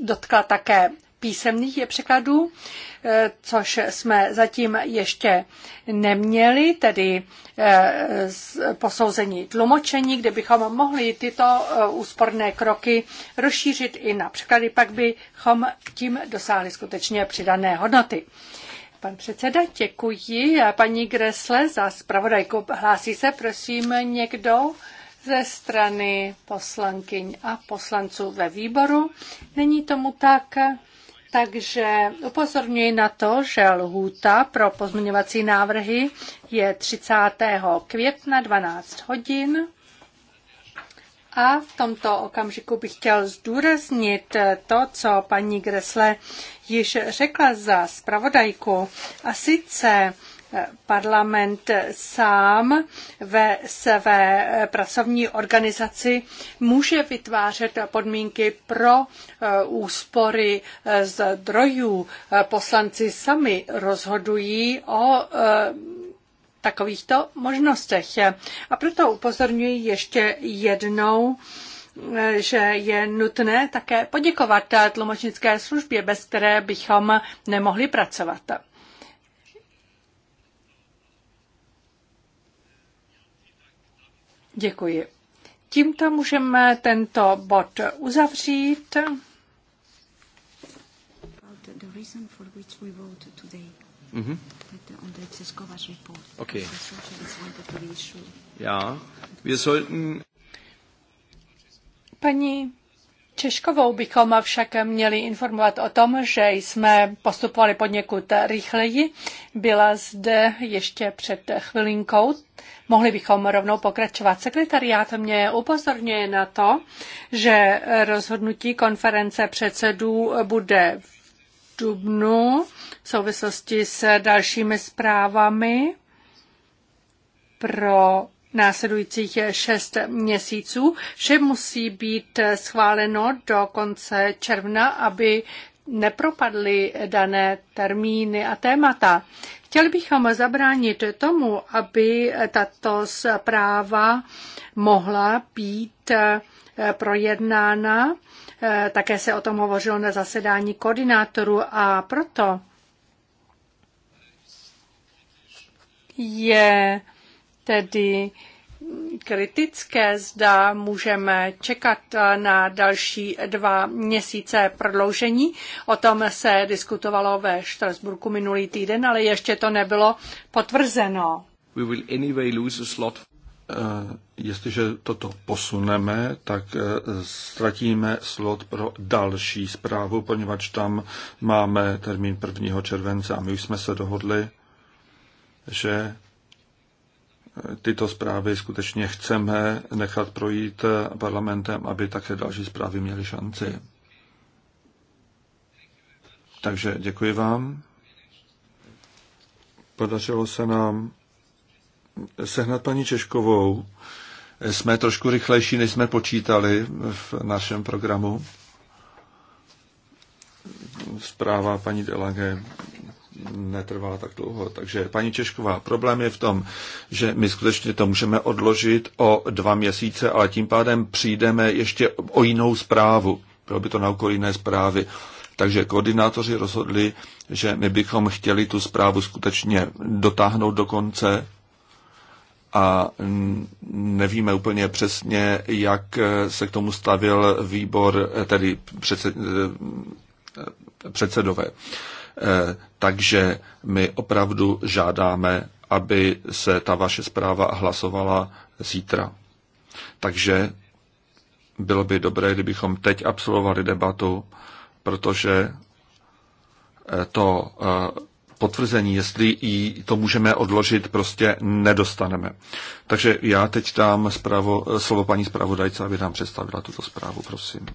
dotkla také písemných překladů, eh, což jsme zatím ještě neměli, tedy eh, posouzení tlumočení, kde bychom mohli tyto eh, úsporné kroky rozšířit i na překlady, pak bychom tím dosáhli skutečně přidané hodnoty. Pan předseda, děkuji. Paní Gresle za zpravodajku. Hlásí se, prosím, někdo? ze strany poslankyň a poslanců ve výboru. Není tomu tak. Takže upozorňuji na to, že lhůta pro pozměňovací návrhy je 30. května 12 hodin. A v tomto okamžiku bych chtěl zdůraznit to, co paní Gresle již řekla za zpravodajku. A sice parlament sám ve své pracovní organizaci může vytvářet podmínky pro eh, úspory eh, zdrojů. Eh, poslanci sami rozhodují o takovýchto možnostech. A proto upozorňuji ještě jednou, že je nutné také poděkovat tlumočnické službě, bez které bychom nemohli pracovat. Děkuji. Tímto můžeme tento bod uzavřít. Mm-hmm. Okay. Paní Češkovou bychom však měli informovat o tom, že jsme postupovali podněkud rychleji. Byla zde ještě před chvilinkou. Mohli bychom rovnou pokračovat. Sekretariát mě upozorňuje na to, že rozhodnutí konference předsedů bude v dubnu v souvislosti s dalšími zprávami pro následujících šest měsíců. Vše musí být schváleno do konce června, aby nepropadly dané termíny a témata. Chtěli bychom zabránit tomu, aby tato zpráva mohla být eh, projednána. Eh, také se o tom hovořilo na zasedání koordinátorů a proto je tedy kritické, zda můžeme čekat na další dva měsíce prodloužení. O tom se diskutovalo ve Štrasburku minulý týden, ale ještě to nebylo potvrzeno. We will anyway lose a slot. Eh, jestliže toto posuneme, tak eh, ztratíme slot pro další zprávu, poněvadž tam máme termín 1. července a my už jsme se dohodli, že tyto zprávy skutečně chceme nechat projít parlamentem, aby také další zprávy měly šanci. Takže děkuji vám. Podařilo se nám sehnat paní Češkovou. Jsme trošku rychlejší, než jsme počítali v našem programu. Zpráva paní Delage netrvá tak dlouho. Takže paní Češková, problém je v tom, že my skutečně to můžeme odložit o dva měsíce, ale tím pádem přijdeme ještě o jinou zprávu. Bylo by to na úkor jiné zprávy. Takže koordinátoři rozhodli, že my bychom chtěli tu zprávu skutečně dotáhnout do konce a nevíme úplně přesně, jak se k tomu stavil výbor, tedy předsed, předsedové. Eh, takže my opravdu žádáme, aby se ta vaše zpráva hlasovala zítra. Takže bylo by dobré, kdybychom teď absolvovali debatu, protože eh, to eh, potvrzení, jestli ji to můžeme odložit, prostě nedostaneme. Takže já teď dám zprávo, slovo paní zpravodajce, aby nám představila tuto zprávu, prosím.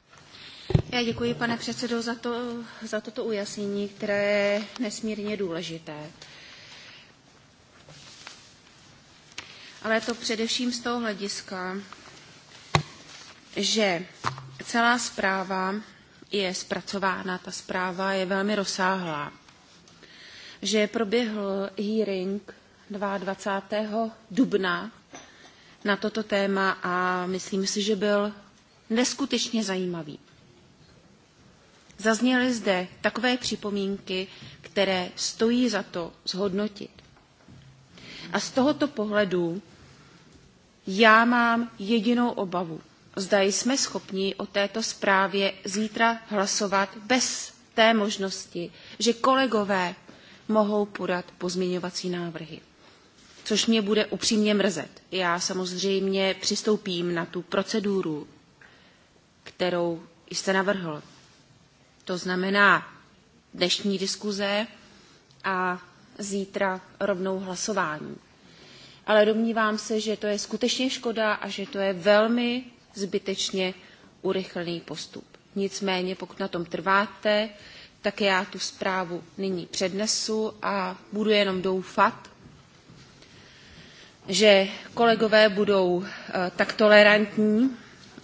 Já děkuji, pane předsedo, za, to, za toto ujasnění, které je nesmírně důležité. Ale to především z toho hlediska, že celá zpráva je zpracována, ta zpráva je velmi rozsáhlá, že proběhl hearing 22. dubna na toto téma a myslím si, že byl neskutečně zajímavý. Zazněly zde takové připomínky, které stojí za to zhodnotit. A z tohoto pohledu já mám jedinou obavu. Zda jsme schopni o této zprávě zítra hlasovat bez té možnosti, že kolegové mohou podat pozměňovací návrhy. Což mě bude upřímně mrzet. Já samozřejmě přistoupím na tu proceduru, kterou jste navrhl. To znamená dnešní diskuze a zítra rovnou hlasování. Ale domnívám se, že to je skutečně škoda a že to je velmi zbytečně urychlený postup. Nicméně, pokud na tom trváte, tak já tu zprávu nyní přednesu a budu jenom doufat, že kolegové budou eh, tak tolerantní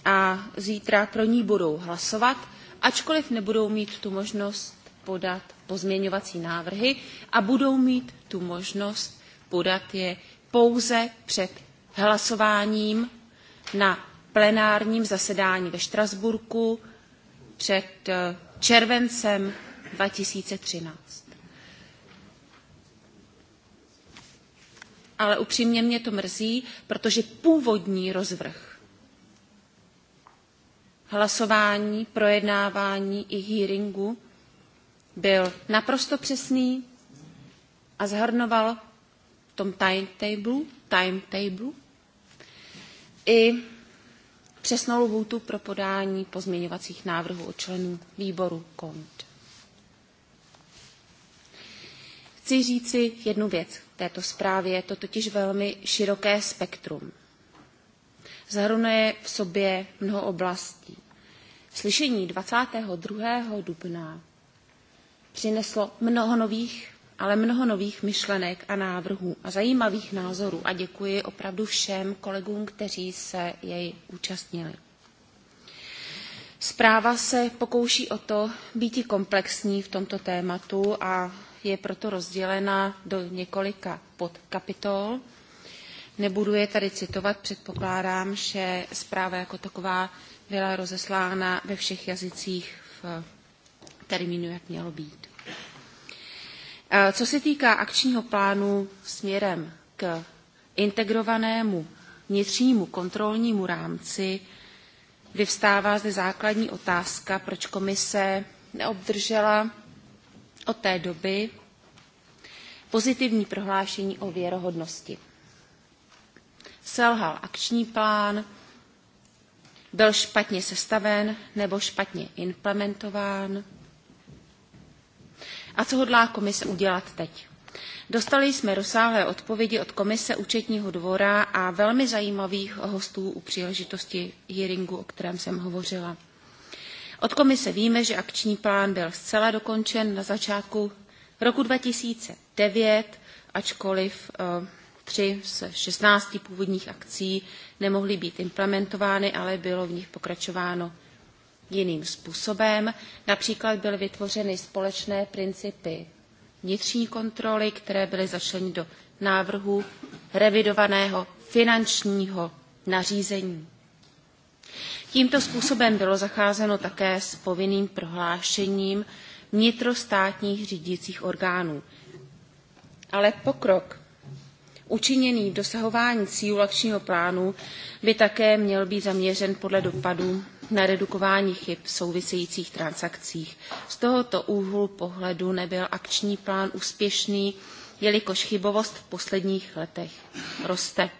a zítra pro ní budou hlasovat ačkoliv nebudou mít tu možnost podat pozměňovací návrhy a budou mít tu možnost podat je pouze před hlasováním na plenárním zasedání ve Štrasburku před eh, červencem 2013. Ale upřímně mě to mrzí, protože původní rozvrh hlasování, projednávání i hearingu byl naprosto přesný a zhrnoval v tom timetable, timetable i přesnou lhůtu pro podání pozměňovacích návrhů od členů výboru KONT. Chci říci jednu věc k této zprávě, je to totiž velmi široké spektrum. Zahrnuje v sobě mnoho oblastí. Slyšení 22. dubna přineslo mnoho nových, ale mnoho nových myšlenek a návrhů a zajímavých názorů a děkuji opravdu všem kolegům, kteří se jej účastnili. Zpráva se pokouší o to být komplexní v tomto tématu a je proto rozdělena do několika podkapitol. Nebudu je tady citovat, předpokládám, že zpráva jako taková byla rozeslána ve všech jazycích v termínu, jak mělo být. Eh, co se týká akčního plánu směrem k integrovanému vnitřnímu kontrolnímu rámci, vyvstává zde základní otázka, proč komise neobdržela od té doby pozitivní prohlášení o věrohodnosti. Selhal akční plán, byl špatně sestaven nebo špatně implementován. A co hodlá komise udělat teď? Dostali jsme rozsáhlé odpovědi od Komise účetního dvora a velmi zajímavých hostů u příležitosti hearingu, o kterém jsem hovořila. Od Komise víme, že akční plán byl zcela dokončen na začátku roku 2009, ačkoliv eh, Tři z 16 původních akcí nemohly být implementovány, ale bylo v nich pokračováno jiným způsobem. Například byly vytvořeny společné principy vnitřní kontroly, které byly začleny do návrhu revidovaného finančního nařízení. Tímto způsobem bylo zacházeno také s povinným prohlášením vnitrostátních řídících orgánů. Ale pokrok učiněný v dosahování cílů akčního plánu by také měl být zaměřen podle dopadů na redukování chyb v souvisejících transakcích. Z tohoto úhlu pohledu nebyl akční plán úspěšný, jelikož chybovost v posledních letech roste.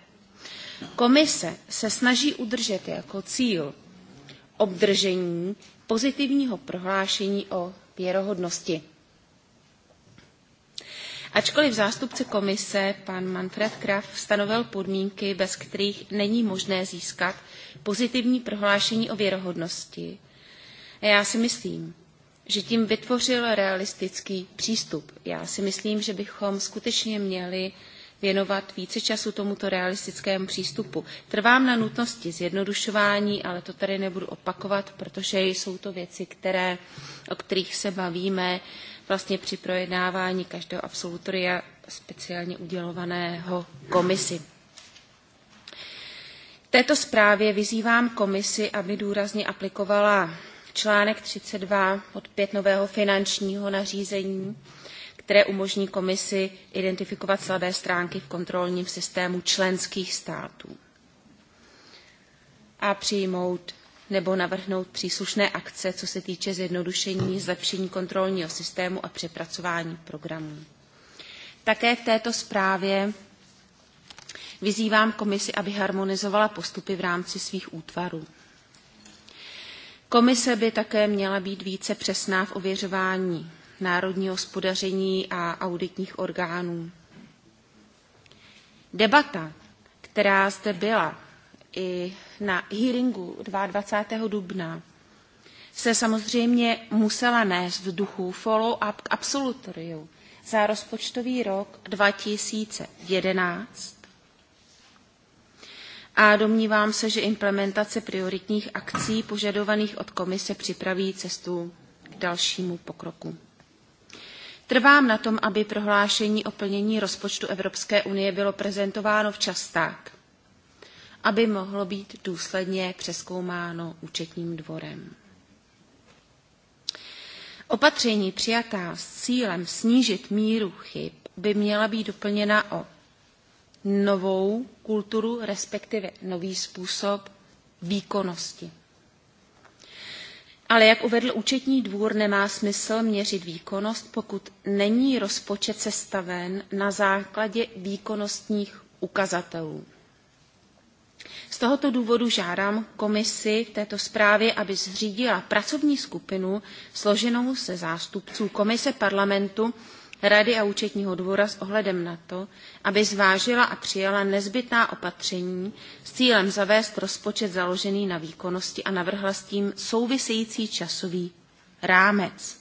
Komise se snaží udržet jako cíl obdržení pozitivního prohlášení o věrohodnosti. Ačkoliv zástupce komise, pan Manfred Kraft, stanovil podmínky, bez kterých není možné získat pozitivní prohlášení o věrohodnosti. A já si myslím, že tím vytvořil realistický přístup. Já si myslím, že bychom skutečně měli věnovat více času tomuto realistickému přístupu. Trvám na nutnosti zjednodušování, ale to tady nebudu opakovat, protože jsou to věci, které, o kterých se bavíme vlastně při projednávání každého absolutoria speciálně udělovaného komisi. V této zprávě vyzývám komisi, aby důrazně aplikovala článek 32 od 5 nového finančního nařízení, které umožní komisi identifikovat slabé stránky v kontrolním systému členských států a přijmout nebo navrhnout příslušné akce, co se týče zjednodušení, zlepšení kontrolního systému a přepracování programů. Také v této zprávě vyzývám komisi, aby harmonizovala postupy v rámci svých útvarů. Komise by také měla být více přesná v ověřování národního hospodaření a auditních orgánů. Debata, která zde byla i na hearingu 22. dubna se samozřejmě musela nést v duchu follow-up k absolutoriu za rozpočtový rok 2011 a domnívám se, že implementace prioritních akcí požadovaných od komise připraví cestu k dalšímu pokroku. Trvám na tom, aby prohlášení o plnění rozpočtu Evropské unie bylo prezentováno včas tak, aby mohlo být důsledně přeskoumáno účetním dvorem. Opatření přijatá s cílem snížit míru chyb by měla být doplněna o novou kulturu, respektive nový způsob výkonnosti. Ale jak uvedl účetní dvůr, nemá smysl měřit výkonnost, pokud není rozpočet sestaven na základě výkonnostních ukazatelů tohoto důvodu žádám komisi v této zprávě, aby zřídila pracovní skupinu složenou se zástupců Komise parlamentu, Rady a účetního dvora s ohledem na to, aby zvážila a přijala nezbytná opatření s cílem zavést rozpočet založený na výkonnosti a navrhla s tím související časový rámec.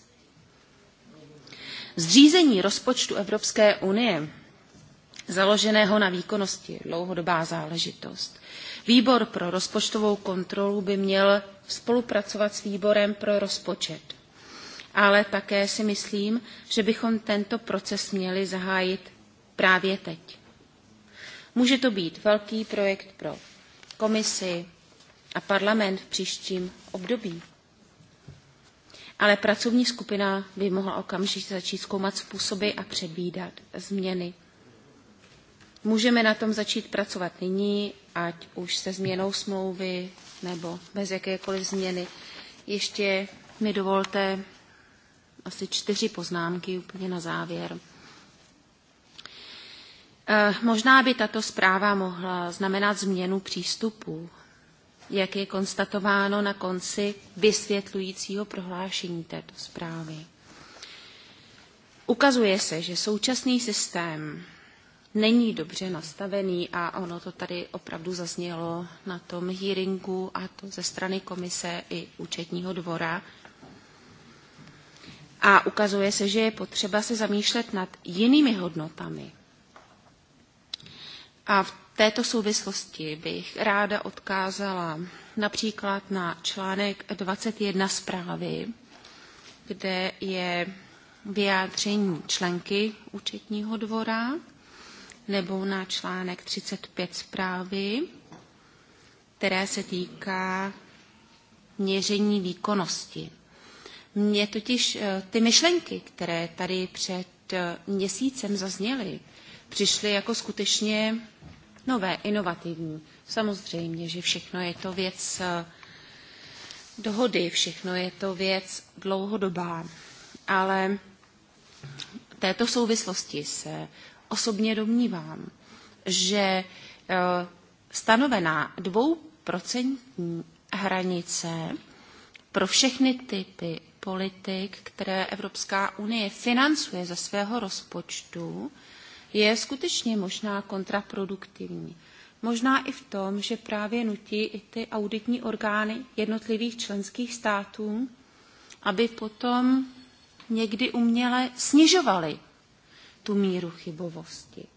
Zřízení rozpočtu Evropské unie založeného na výkonnosti je dlouhodobá záležitost. Výbor pro rozpočtovou kontrolu by měl spolupracovat s výborem pro rozpočet. Ale také si myslím, že bychom tento proces měli zahájit právě teď. Může to být velký projekt pro komisi a parlament v příštím období. Ale pracovní skupina by mohla okamžitě začít zkoumat způsoby a předvídat změny. Můžeme na tom začít pracovat nyní ať už se změnou smlouvy nebo bez jakékoliv změny. Ještě mi dovolte asi čtyři poznámky úplně na závěr. Eh, možná by tato zpráva mohla znamenat změnu přístupu, jak je konstatováno na konci vysvětlujícího prohlášení této zprávy. Ukazuje se, že současný systém není dobře nastavený a ono to tady opravdu zaznělo na tom hearingu a to ze strany komise i účetního dvora. A ukazuje se, že je potřeba se zamýšlet nad jinými hodnotami. A v této souvislosti bych ráda odkázala například na článek 21 zprávy, kde je vyjádření členky účetního dvora nebo na článek 35 zprávy, které se týká měření výkonnosti. Mně totiž eh, ty myšlenky, které tady před eh, měsícem zazněly, přišly jako skutečně nové, inovativní. Samozřejmě, že všechno je to věc eh, dohody, všechno je to věc dlouhodobá, ale této souvislosti se osobně domnívám, že eh, stanovená dvouprocentní hranice pro všechny typy politik, které Evropská unie financuje ze svého rozpočtu, je skutečně možná kontraproduktivní. Možná i v tom, že právě nutí i ty auditní orgány jednotlivých členských států, aby potom někdy uměle snižovaly tu míru chybovosti.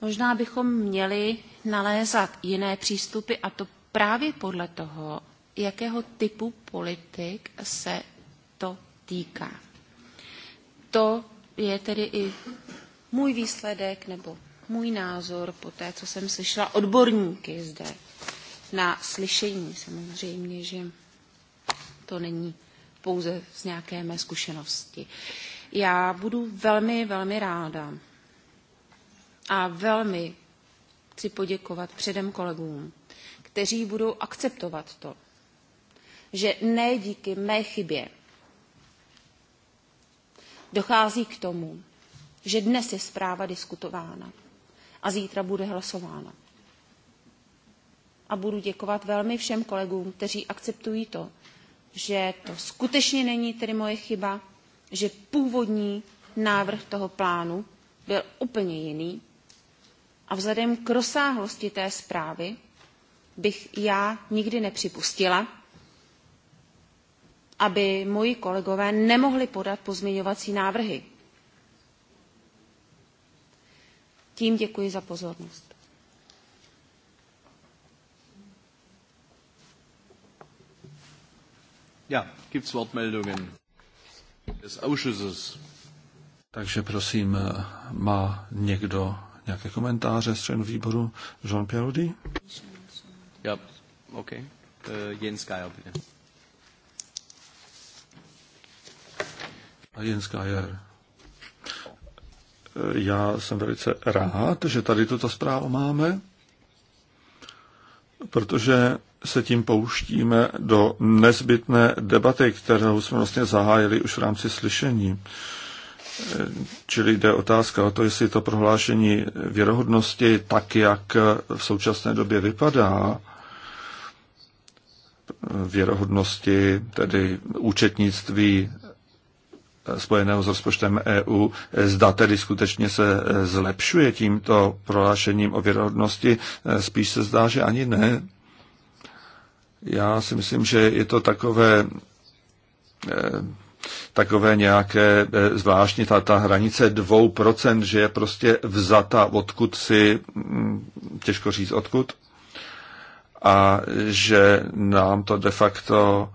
Možná bychom měli nalézat jiné přístupy a to právě podle toho, jakého typu politik se to týká. To je tedy i můj výsledek nebo můj názor po té, co jsem slyšela odborníky zde na slyšení. Samozřejmě, že to není pouze z nějaké mé zkušenosti. Já budu velmi, velmi ráda a velmi chci poděkovat předem kolegům, kteří budou akceptovat to, že ne díky mé chybě dochází k tomu, že dnes je zpráva diskutována a zítra bude hlasována. A budu děkovat velmi všem kolegům, kteří akceptují to, že to skutečně není tedy moje chyba, že původní návrh toho plánu byl úplně jiný a vzhledem k rozsáhlosti té zprávy bych já nikdy nepřipustila, aby moji kolegové nemohli podat pozměňovací návrhy. Tím děkuji za pozornost. Ja, gibt's Wortmeldungen? Takže prosím, eh, má někdo nějaké komentáře z členů výboru Jean-Pierre Rudy? Ja, OK. Eh, Jens Geier, bitte. A Jens Geier. Eh, já jsem velice rád, že tady tuto zprávu máme, protože se tím pouštíme do nezbytné debaty, kterou jsme vlastně zahájili už v rámci slyšení. Čili jde otázka o to, jestli to prohlášení věrohodnosti, tak jak v současné době vypadá, věrohodnosti, tedy účetnictví spojeného s rozpočtem EU, zda tedy skutečně se zlepšuje tímto prohlášením o věrohodnosti, spíš se zdá, že ani ne. Já si myslím, že je to takové eh, takové nějaké eh, zvláštní, ta, ta hranice 2%, že je prostě vzata odkud si, mm, těžko říct odkud, a že nám to de facto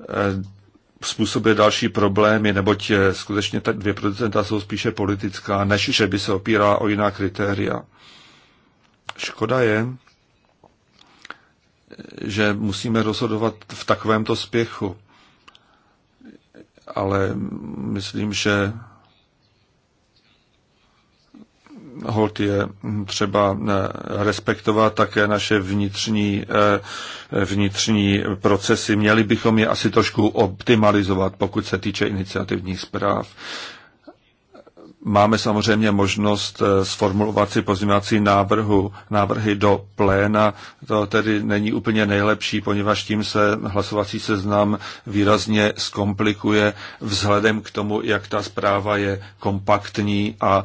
eh, způsobuje další problémy, neboť skutečně ta 2% jsou spíše politická, než že by se opírala o jiná kritéria. Škoda je, že musíme rozhodovat v takovémto spěchu. Ale myslím, že hold je třeba eh, respektovat také naše vnitřní, eh, vnitřní procesy. Měli bychom je asi trošku optimalizovat, pokud se týče iniciativních zpráv. Máme samozřejmě možnost eh, sformulovat si pozměňovací návrhu, návrhy do pléna. To tedy není úplně nejlepší, poněvadž tím se hlasovací seznam výrazně zkomplikuje vzhledem k tomu, jak ta zpráva je kompaktní a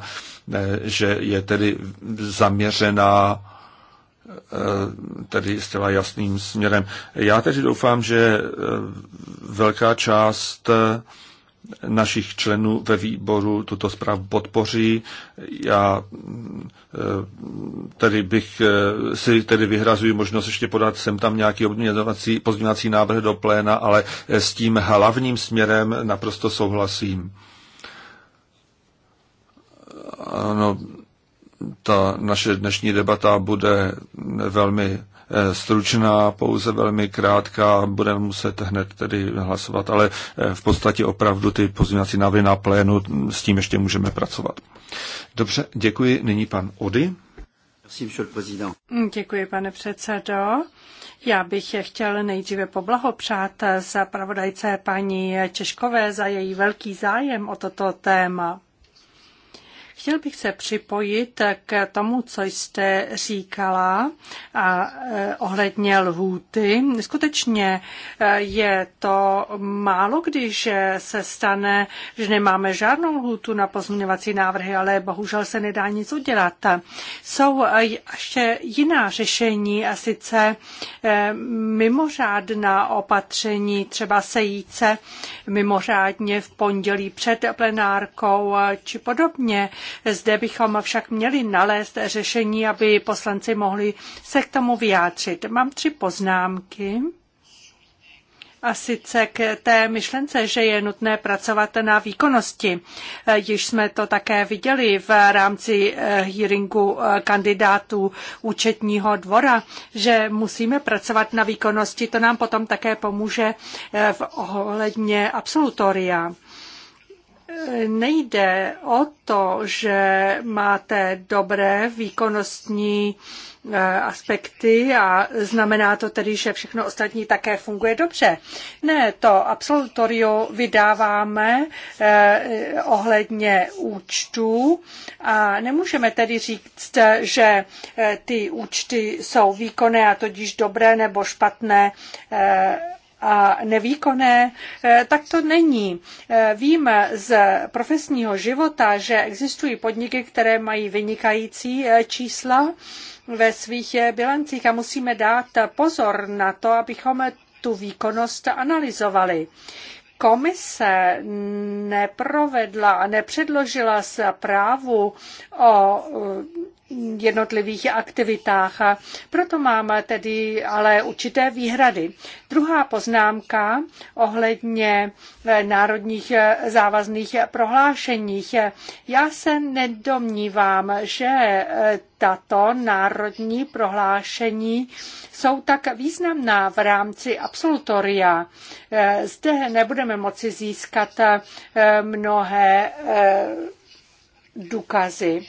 eh, že je tedy zaměřená eh, tedy zcela jasným směrem. Já tedy doufám, že velká část našich členů ve výboru tuto zprávu podpoří. Já eh, tedy bych eh, si tedy vyhrazuji možnost ještě podat sem tam nějaký pozměňovací návrh do pléna, ale eh, s tím hlavním směrem naprosto souhlasím. Ano, ta naše dnešní debata bude velmi Eh, stručná, pouze velmi krátká, budeme muset hned tedy hlasovat, ale eh, v podstatě opravdu ty pozměňovací návrhy na plénu, hm, s tím ještě můžeme pracovat. Dobře, děkuji. Nyní pan Ody. Mm, děkuji, pane předsedo. Já bych chtěl nejdříve poblahopřát za pravodajce paní Češkové za její velký zájem o toto téma. Chtěl bych se připojit k tomu, co jste říkala a e, ohledně lhůty. Skutečně e, je to málo, když e, se stane, že nemáme žádnou lhůtu na pozměňovací návrhy, ale bohužel se nedá nic udělat. Jsou ještě jiná řešení a sice mimořádná opatření, třeba sejít se mimořádně v pondělí před plenárkou či podobně. Zde bychom však měli nalézt řešení, aby poslanci mohli se k tomu vyjádřit. Mám tři poznámky. A sice k té myšlence, že je nutné pracovat na výkonnosti. Eh, již jsme to také viděli v rámci eh, hearingu eh, kandidátů účetního dvora, že musíme pracovat na výkonnosti. To nám potom také pomůže v ohledně absolutoria. Nejde o to, že máte dobré výkonnostní eh, aspekty a znamená to tedy, že všechno ostatní také funguje dobře. Ne, to absolutorio vydáváme eh, ohledně účtů a nemůžeme tedy říct, že eh, ty účty jsou výkonné a tudíž dobré nebo špatné a nevýkonné, eh, tak to není. Eh, vím z profesního života, že existují podniky, které mají vynikající eh, čísla ve svých bilancích a musíme dát pozor na to, abychom tu výkonnost analyzovali komise neprovedla a nepředložila zprávu o jednotlivých aktivitách. Proto mám tedy ale určité výhrady. Druhá poznámka ohledně eh, národních eh, závazných prohlášeních. Já se nedomnívám, že eh, tato národní prohlášení jsou tak významná v rámci absolutoria. Zde nebudeme moci získat mnohé důkazy.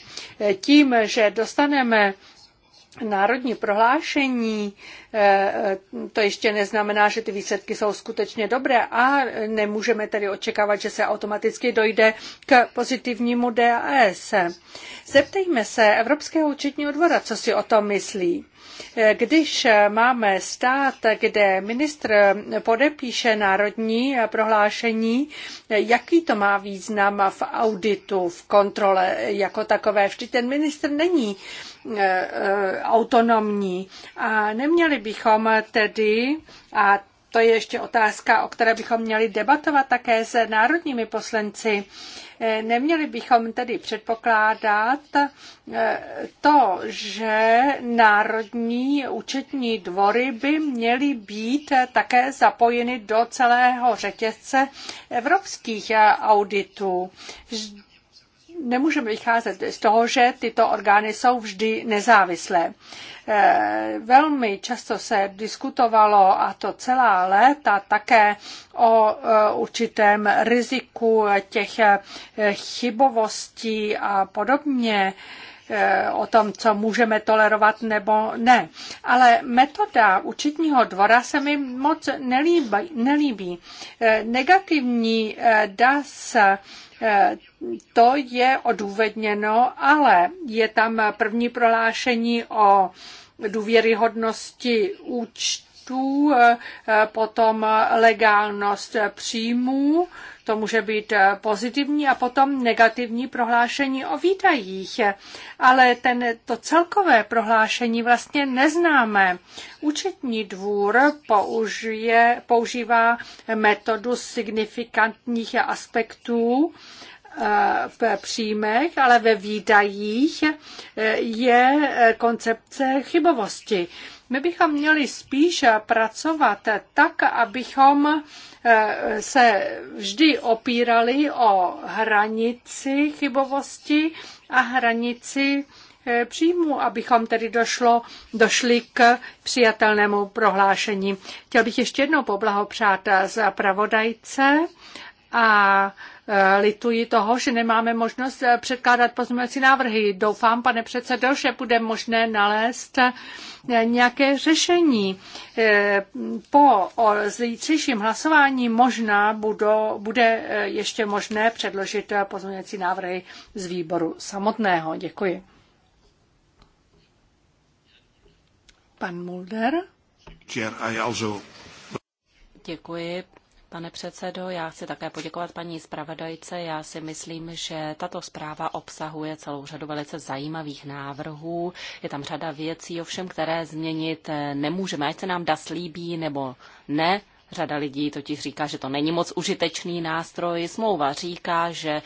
Tím, že dostaneme národní prohlášení, eh, eh, to ještě neznamená, že ty výsledky jsou skutečně dobré a nemůžeme tedy očekávat, že se automaticky dojde k pozitivnímu DAS. Zeptejme se Evropského účetního dvora, co si o tom myslí. Když máme stát, kde ministr podepíše národní prohlášení, jaký to má význam v auditu, v kontrole jako takové? Vždyť ten ministr není e, e, autonomní. A neměli bychom tedy, a to je ještě otázka, o které bychom měli debatovat také s národními poslanci. Eh, neměli bychom tedy předpokládat eh, to, že národní účetní dvory by měly být eh, také zapojeny do celého řetězce evropských auditů nemůžeme vycházet z toho, že tyto orgány jsou vždy nezávislé. E, velmi často se diskutovalo, a to celá léta, také o e, určitém riziku těch e, chybovostí a podobně o tom, co můžeme tolerovat nebo ne. Ale metoda učitního dvora se mi moc nelíbí. nelíbí. Negativní DAS to je odůvodněno, ale je tam první prohlášení o důvěryhodnosti účtů, potom legálnost příjmů, to může být pozitivní a potom negativní prohlášení o výdajích. Ale ten, to celkové prohlášení vlastně neznáme. Účetní dvůr použije, používá metodu signifikantních aspektů v příjmech, ale ve výdajích eh, je eh, koncepce chybovosti. My bychom měli spíš pracovat tak, abychom eh, se vždy opírali o hranici chybovosti a hranici příjmu, abychom tedy došlo, došli k přijatelnému prohlášení. Chtěl bych ještě jednou poblahopřát pravodajce a Eh, lituji toho, že nemáme možnost eh, předkládat pozměňovací návrhy. Doufám, pane předsedo, že bude možné nalézt eh, nějaké řešení. Po zítřejším hlasování možná bude ještě možné předložit pozměňovací návrhy z výboru samotného. Děkuji. Pan Mulder. Děkuji, pane předsedo. Já chci také poděkovat paní zpravodajce. Já si myslím, že tato zpráva obsahuje celou řadu velice zajímavých návrhů. Je tam řada věcí, ovšem, které změnit nemůžeme, ať se nám da slíbí nebo ne. Řada lidí totiž říká, že to není moc užitečný nástroj. Smlouva říká, že e,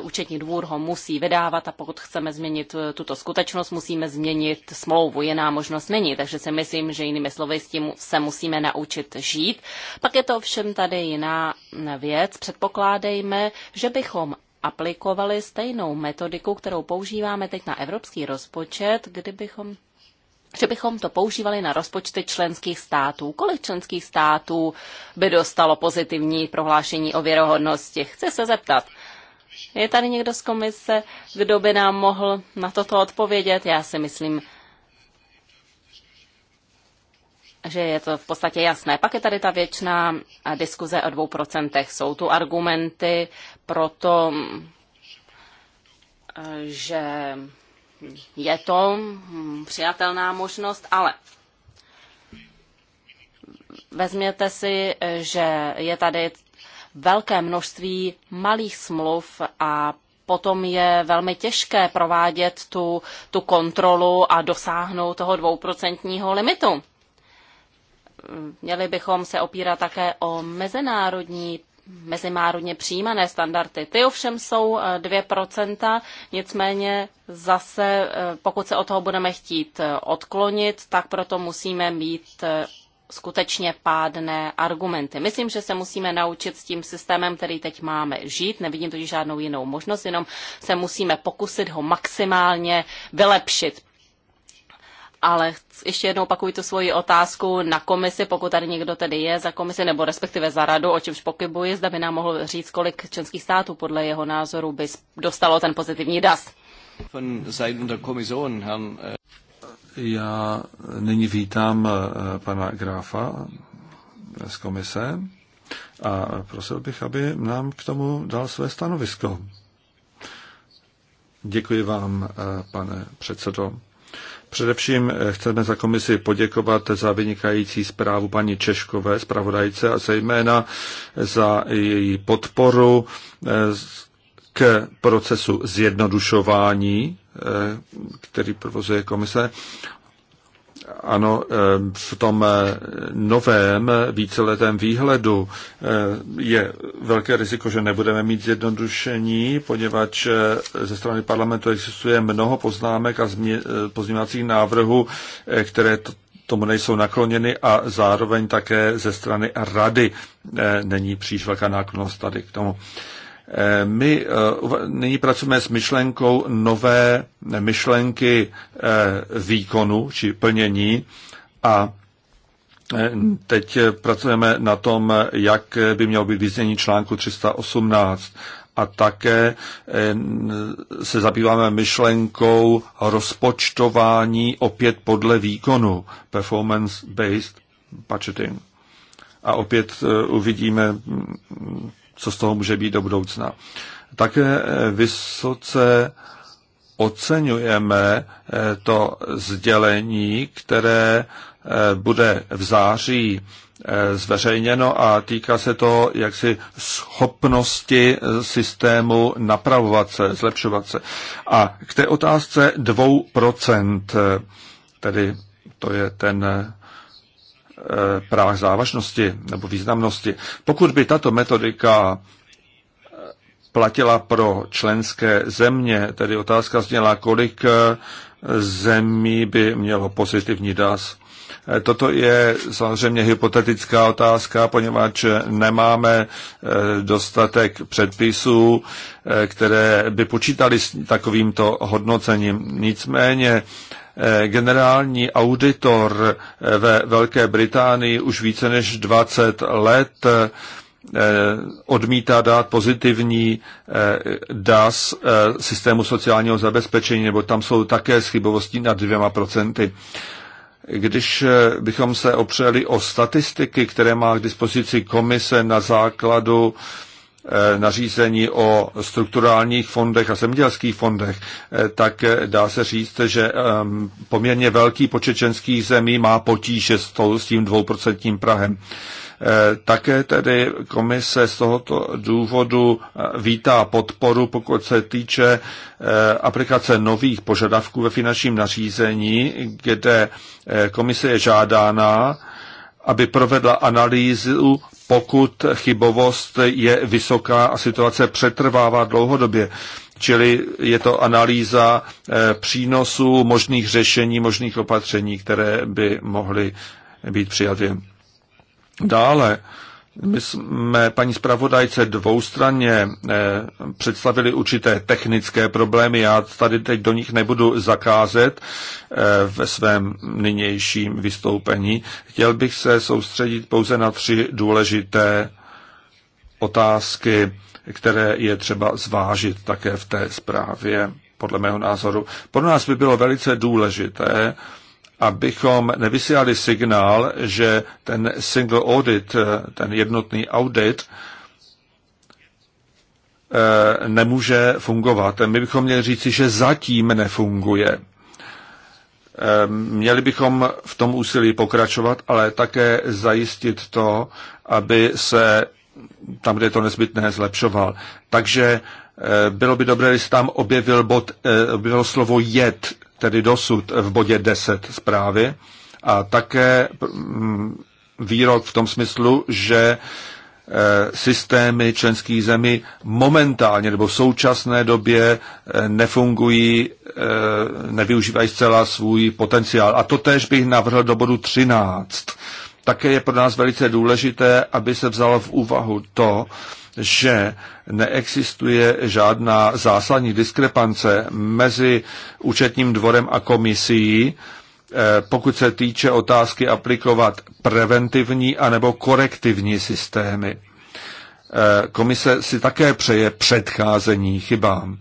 účetní dvůr ho musí vydávat a pokud chceme změnit e, tuto skutečnost, musíme změnit smlouvu. Jiná možnost není, takže si myslím, že jinými slovy s tím se musíme naučit žít. Pak je to ovšem tady jiná věc. Předpokládejme, že bychom aplikovali stejnou metodiku, kterou používáme teď na evropský rozpočet, kdybychom že bychom to používali na rozpočty členských států. Kolik členských států by dostalo pozitivní prohlášení o věrohodnosti? Chci se zeptat. Je tady někdo z komise, kdo by nám mohl na toto odpovědět? Já si myslím, že je to v podstatě jasné. Pak je tady ta věčná diskuze o dvou procentech. Jsou tu argumenty pro to, že je to hm, přijatelná možnost, ale vezměte si, že je tady velké množství malých smluv a potom je velmi těžké provádět tu, tu kontrolu a dosáhnout toho dvouprocentního limitu. Měli bychom se opírat také o mezinárodní mezinárodně přijímané standardy. Ty ovšem jsou 2%, eh, nicméně zase, eh, pokud se od toho budeme chtít eh, odklonit, tak proto musíme mít skutečně pádné argumenty. Myslím, že se musíme naučit s tím systémem, který teď máme žít. Nevidím totiž žádnou jinou možnost, jenom se musíme pokusit ho maximálně vylepšit ale ještě jednou opakuji tu svoji otázku na komisi, pokud tady někdo tedy je za komisi nebo respektive za radu, o čemž pokybuji, zda by nám mohl říct, kolik členských států podle jeho názoru by dostalo ten pozitivní DAS. Äh, Já nyní vítám äh, pana Gráfa z komise a prosil bych, aby nám k tomu dal své stanovisko. Děkuji vám, äh, pane předsedo. Především eh, chceme za komisi poděkovat za vynikající zprávu paní Češkové, zpravodajce, a zejména za její podporu eh, k procesu zjednodušování, eh, který provozuje komise, ano, eh, v tom eh, novém eh, víceletém výhledu je velké riziko, že nebudeme mít zjednodušení, poněvadž ze strany parlamentu existuje mnoho poznámek a pozměňovacích návrhů, které tomu nejsou nakloněny a zároveň také ze strany rady není příliš velká náklonost tady k tomu. My eh, nyní pracujeme s myšlenkou nové myšlenky eh, výkonu či plnění a eh, teď pracujeme na tom, jak by mělo být vyznění článku 318 a také se zabýváme myšlenkou rozpočtování opět podle výkonu, performance-based budgeting. A opět uvidíme, co z toho může být do budoucna. Také eh, vysoce oceňujeme eh, to sdělení, které eh, bude v září zveřejněno a týká se to jaksi schopnosti systému napravovat se, zlepšovat se. A k té otázce 2%, tedy to je ten Eh, práh závažnosti nebo významnosti. Pokud by tato metodika eh, platila pro členské země, tedy otázka zněla, kolik eh, zemí by mělo pozitivní DAS. Toto je samozřejmě hypotetická otázka, poněvadž nemáme dostatek předpisů, které by počítali s takovýmto hodnocením. Nicméně Eh, generální auditor eh, ve Velké Británii už více než 20 let eh, odmítá dát pozitivní DAS systému sociálního zabezpečení, nebo tam jsou také schybovosti na nad dvěma procenty. Když bychom se opřeli o statistiky, které má k dispozici komise na základu Eh, nařízení o strukturálních fondech a zemědělských fondech, eh, tak eh, dá se říct, že ehm, poměrně velký počet ženských zemí má potíže s tím dvouprocentním Prahem. Také tedy komise z tohoto důvodu vítá podporu, pokud se týče aplikace nových požadavků ve finančním nařízení, kde komise je žádána, aby provedla analýzu pokud chybovost je vysoká a situace přetrvává dlouhodobě. Čili je to analýza eh, přínosů, možných řešení, možných opatření, které by mohly být přijaty. Dále my jsme paní zpravodajce dvoustranně eh, představili určité technické problémy. Já tady teď do nich nebudu zakázet eh, ve svém nynějším vystoupení. Chtěl bych se soustředit pouze na tři důležité otázky, které je třeba zvážit také v té zprávě, podle mého názoru. Pro nás by bylo velice důležité, abychom nevysílali signál, že ten single audit, eh, ten jednotný audit, eh, nemůže fungovat. My bychom měli říci, že zatím nefunguje. Eh, měli bychom v tom úsilí pokračovat, ale také zajistit to, aby se tam, kde je to nezbytné, zlepšoval. Takže bylo by dobré, když tam objevil bod, objevil slovo jed, tedy dosud v bodě 10 zprávy, a také mm, výrok v tom smyslu, že e, systémy členských zemí momentálně nebo v současné době e, nefungují, e, nevyužívají zcela svůj potenciál. A to tež bych navrhl do bodu 13. Také je pro nás velice důležité, aby se vzalo v úvahu to, že neexistuje žádná zásadní diskrepance mezi účetním dvorem a komisí, eh, pokud se týče otázky aplikovat preventivní anebo korektivní systémy. Eh, komise si také přeje předcházení chybám.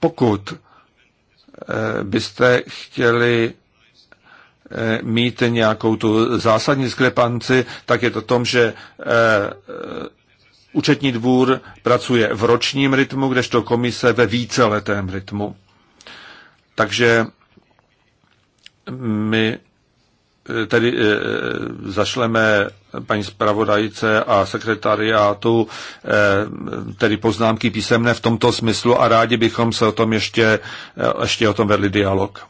Pokud eh, byste chtěli Eh, mít nějakou tu zásadní sklepanci, tak je to tom, že eh, účetní dvůr pracuje v ročním rytmu, kdežto komise ve víceletém rytmu. Takže my eh, tedy zašleme paní zpravodajce a sekretariátu tedy poznámky písemné v tomto smyslu a rádi bychom se o tom ještě, ještě o tom vedli dialog.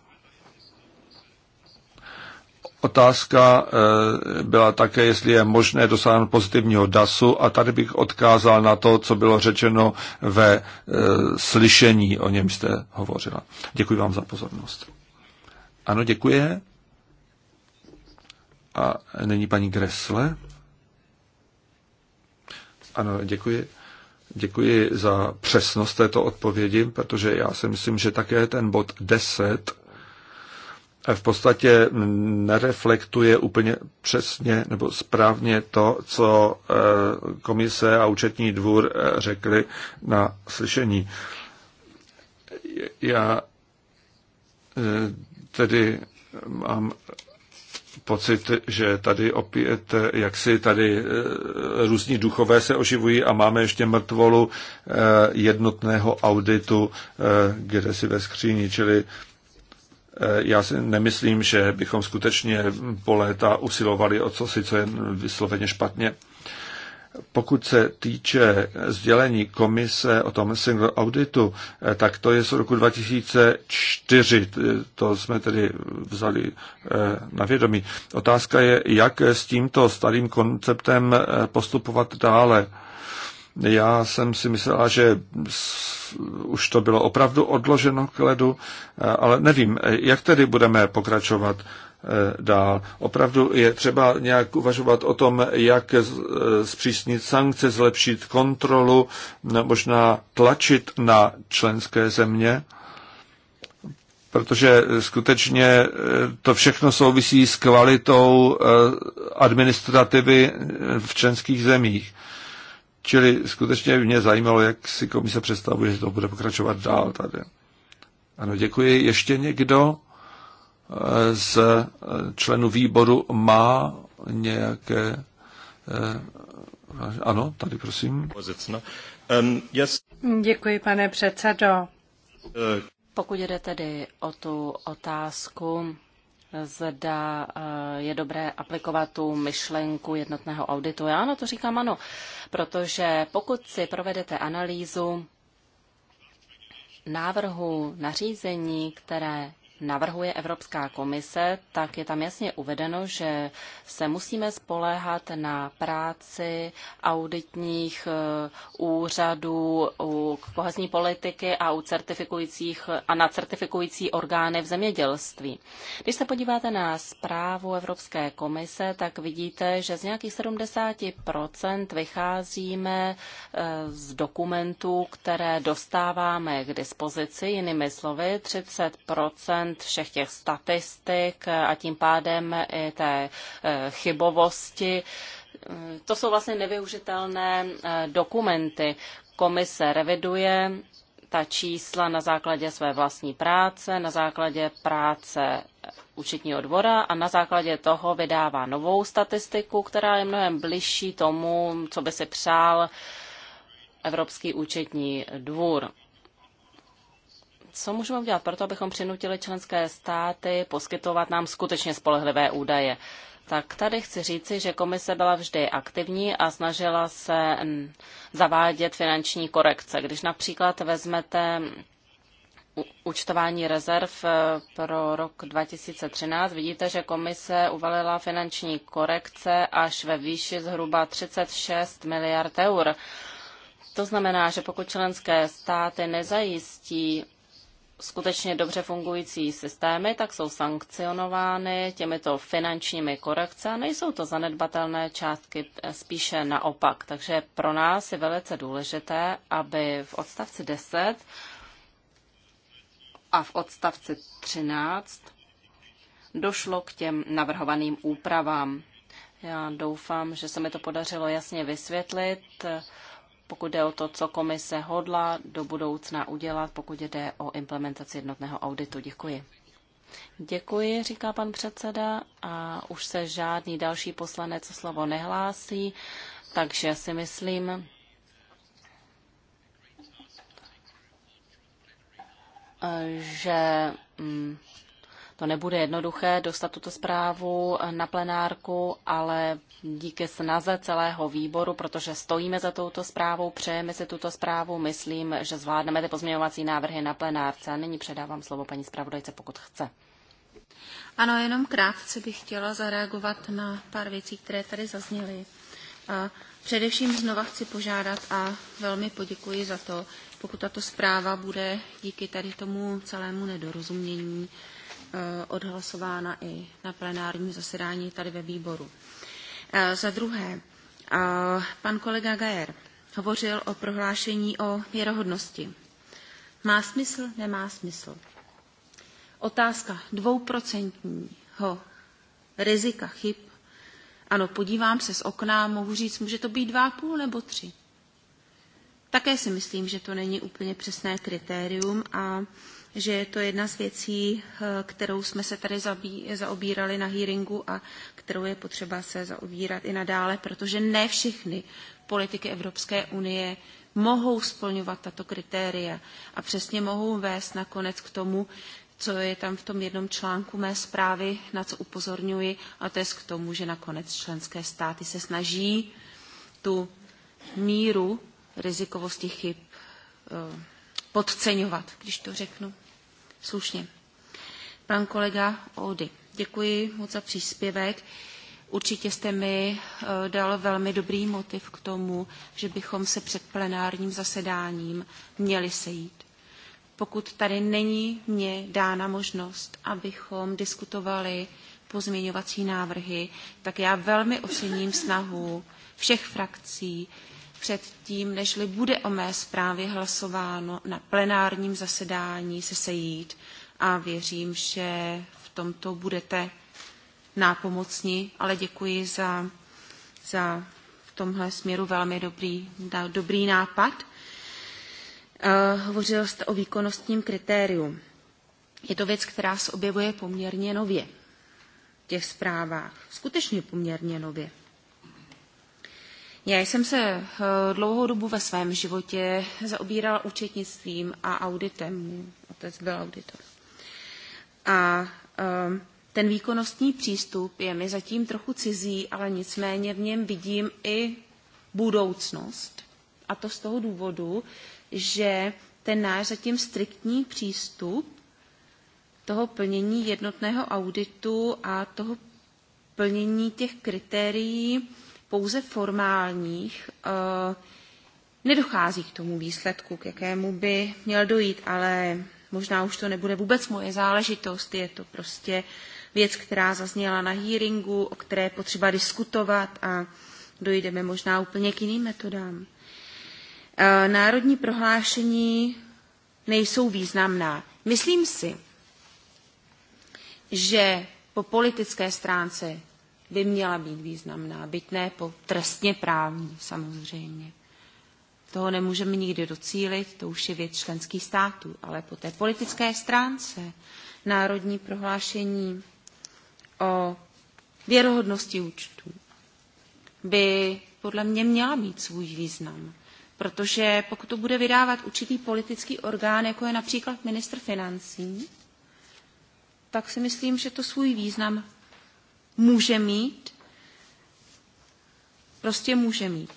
Otázka eh, byla také, jestli je možné dosáhnout pozitivního DASu a tady bych odkázal na to, co bylo řečeno ve eh, slyšení, o něm jste hovořila. Děkuji vám za pozornost. Ano, děkuji. A není paní Gresle. Ano, děkuji. Děkuji za přesnost této odpovědi, protože já si myslím, že také ten bod 10 v podstatě nereflektuje úplně přesně nebo správně to, co eh, komise a účetní dvůr eh, řekli na slyšení. Já eh, tedy mám pocit, že tady opět, jak si tady různí duchové se oživují a máme ještě mrtvolu jednotného auditu, kde si ve skříni, čili Eh, já si nemyslím, že bychom skutečně po léta usilovali o co si, co je vysloveně špatně. Pokud se týče sdělení komise o tom single auditu, eh, tak to je z roku 2004. To jsme tedy vzali eh, na vědomí. Otázka je, jak s tímto starým konceptem postupovat dále já jsem si myslela, že už to bylo opravdu odloženo k ledu, e, ale nevím, e, jak tedy budeme pokračovat e, dál. Opravdu je třeba nějak uvažovat o tom, jak zpřísnit sankce, zlepšit kontrolu, možná tlačit na členské země, protože skutečně to všechno souvisí s kvalitou administrativy v členských zemích. Čili skutečně mě zajímalo, jak si komise představuje, že to bude pokračovat dál tady. Ano, děkuji. Ještě někdo eh, z eh, členů výboru má nějaké... Eh, ano, tady prosím. Děkuji, pane předsedo. Pokud jde tedy o tu otázku zda eh, je dobré aplikovat tu myšlenku jednotného auditu. Já na to říkám ano, protože pokud si provedete analýzu návrhu nařízení, které navrhuje Evropská komise, tak je tam jasně uvedeno, že se musíme spoléhat na práci auditních e, úřadů, u kohezní politiky a, u certifikujících, a na certifikující orgány v zemědělství. Když se podíváte na zprávu Evropské komise, tak vidíte, že z nějakých 70% vycházíme e, z dokumentů, které dostáváme k dispozici, jinými slovy 30% všech těch statistik a tím pádem i té e, chybovosti. E, to jsou vlastně nevyužitelné e, dokumenty. Komise reviduje ta čísla na základě své vlastní práce, na základě práce účetního dvora a na základě toho vydává novou statistiku, která je mnohem bližší tomu, co by si přál Evropský účetní dvůr. Co můžeme udělat proto, abychom přinutili členské státy poskytovat nám skutečně spolehlivé údaje? Tak tady chci říci, že komise byla vždy aktivní a snažila se mm, zavádět finanční korekce. Když například vezmete účtování rezerv eh, pro rok 2013, vidíte, že komise uvalila finanční korekce až ve výši zhruba 36 miliard eur. To znamená, že pokud členské státy nezajistí skutečně dobře fungující systémy, tak jsou sankcionovány těmito finančními korekce a nejsou to zanedbatelné částky, eh, spíše naopak. Takže pro nás je velice důležité, aby v odstavci 10 a v odstavci 13 došlo k těm navrhovaným úpravám. Já doufám, že se mi to podařilo jasně vysvětlit. Eh, pokud jde o to, co komise hodla do budoucna udělat, pokud jde o implementaci jednotného auditu. Děkuji. Děkuji, říká pan předseda, a už se žádný další poslanec slovo nehlásí, takže si myslím, že mm, to nebude jednoduché dostat tuto zprávu na plenárku, ale díky snaze celého výboru, protože stojíme za touto zprávou, přejeme si tuto zprávu, myslím, že zvládneme ty pozměňovací návrhy na plenárce. A nyní předávám slovo paní zpravodajce, pokud chce. Ano, jenom krátce bych chtěla zareagovat na pár věcí, které tady zazněly. A především znova chci požádat a velmi poděkuji za to, pokud tato zpráva bude díky tady tomu celému nedorozumění Eh, odhlasována i na plenárním zasedání tady ve výboru. Eh, za druhé, eh, pan kolega Gajer hovořil o prohlášení o věrohodnosti. Má smysl, nemá smysl? Otázka dvouprocentního rizika chyb. Ano, podívám se z okna, mohu říct, může to být dva půl nebo tři. Také si myslím, že to není úplně přesné kritérium a že je to jedna z věcí, eh, kterou jsme se tady zaobírali na hearingu a kterou je potřeba se zaobírat i nadále, protože ne všechny politiky Evropské unie mohou splňovat tato kritéria a přesně mohou vést nakonec k tomu, co je tam v tom jednom článku mé zprávy, na co upozorňuji, a to je k tomu, že nakonec členské státy se snaží tu míru rizikovosti chyb eh, podceňovat, když to řeknu slušně. Pan kolega Oudy, děkuji moc za příspěvek. Určitě jste mi eh, dal velmi dobrý motiv k tomu, že bychom se před plenárním zasedáním měli sejít. Pokud tady není mě dána možnost, abychom diskutovali pozměňovací návrhy, tak já velmi ocením snahu všech frakcí před tím, nežli bude o mé zprávě hlasováno na plenárním zasedání se sejít a věřím, že v tomto budete nápomocni, ale děkuji za, za v tomhle směru velmi dobrý, dobrý nápad. Uh, hovořil jste o výkonnostním kritériu. Je to věc, která se objevuje poměrně nově v těch zprávách. Skutečně poměrně nově. Já jsem se eh, dlouhou dobu ve svém životě zaobírala účetnictvím a auditem. Otec byl auditor. A ehm, ten výkonnostní přístup je mi zatím trochu cizí, ale nicméně v něm vidím i budoucnost. A to z toho důvodu, že ten náš zatím striktní přístup toho plnění jednotného auditu a toho plnění těch kritérií pouze formálních eh, nedochází k tomu výsledku, k jakému by měl dojít, ale možná už to nebude vůbec moje záležitost. Je to prostě věc, která zazněla na hearingu, o které je potřeba diskutovat a dojdeme možná úplně k jiným metodám. Eh, národní prohlášení nejsou významná. Myslím si, že po politické stránce by měla být významná, byť ne po trestně právní samozřejmě. Toho nemůžeme nikdy docílit, to už je věc členských států, ale po té politické stránce národní prohlášení o věrohodnosti účtů by podle mě měla mít svůj význam. Protože pokud to bude vydávat určitý politický orgán, jako je například ministr financí, tak si myslím, že to svůj význam může mít, prostě může mít.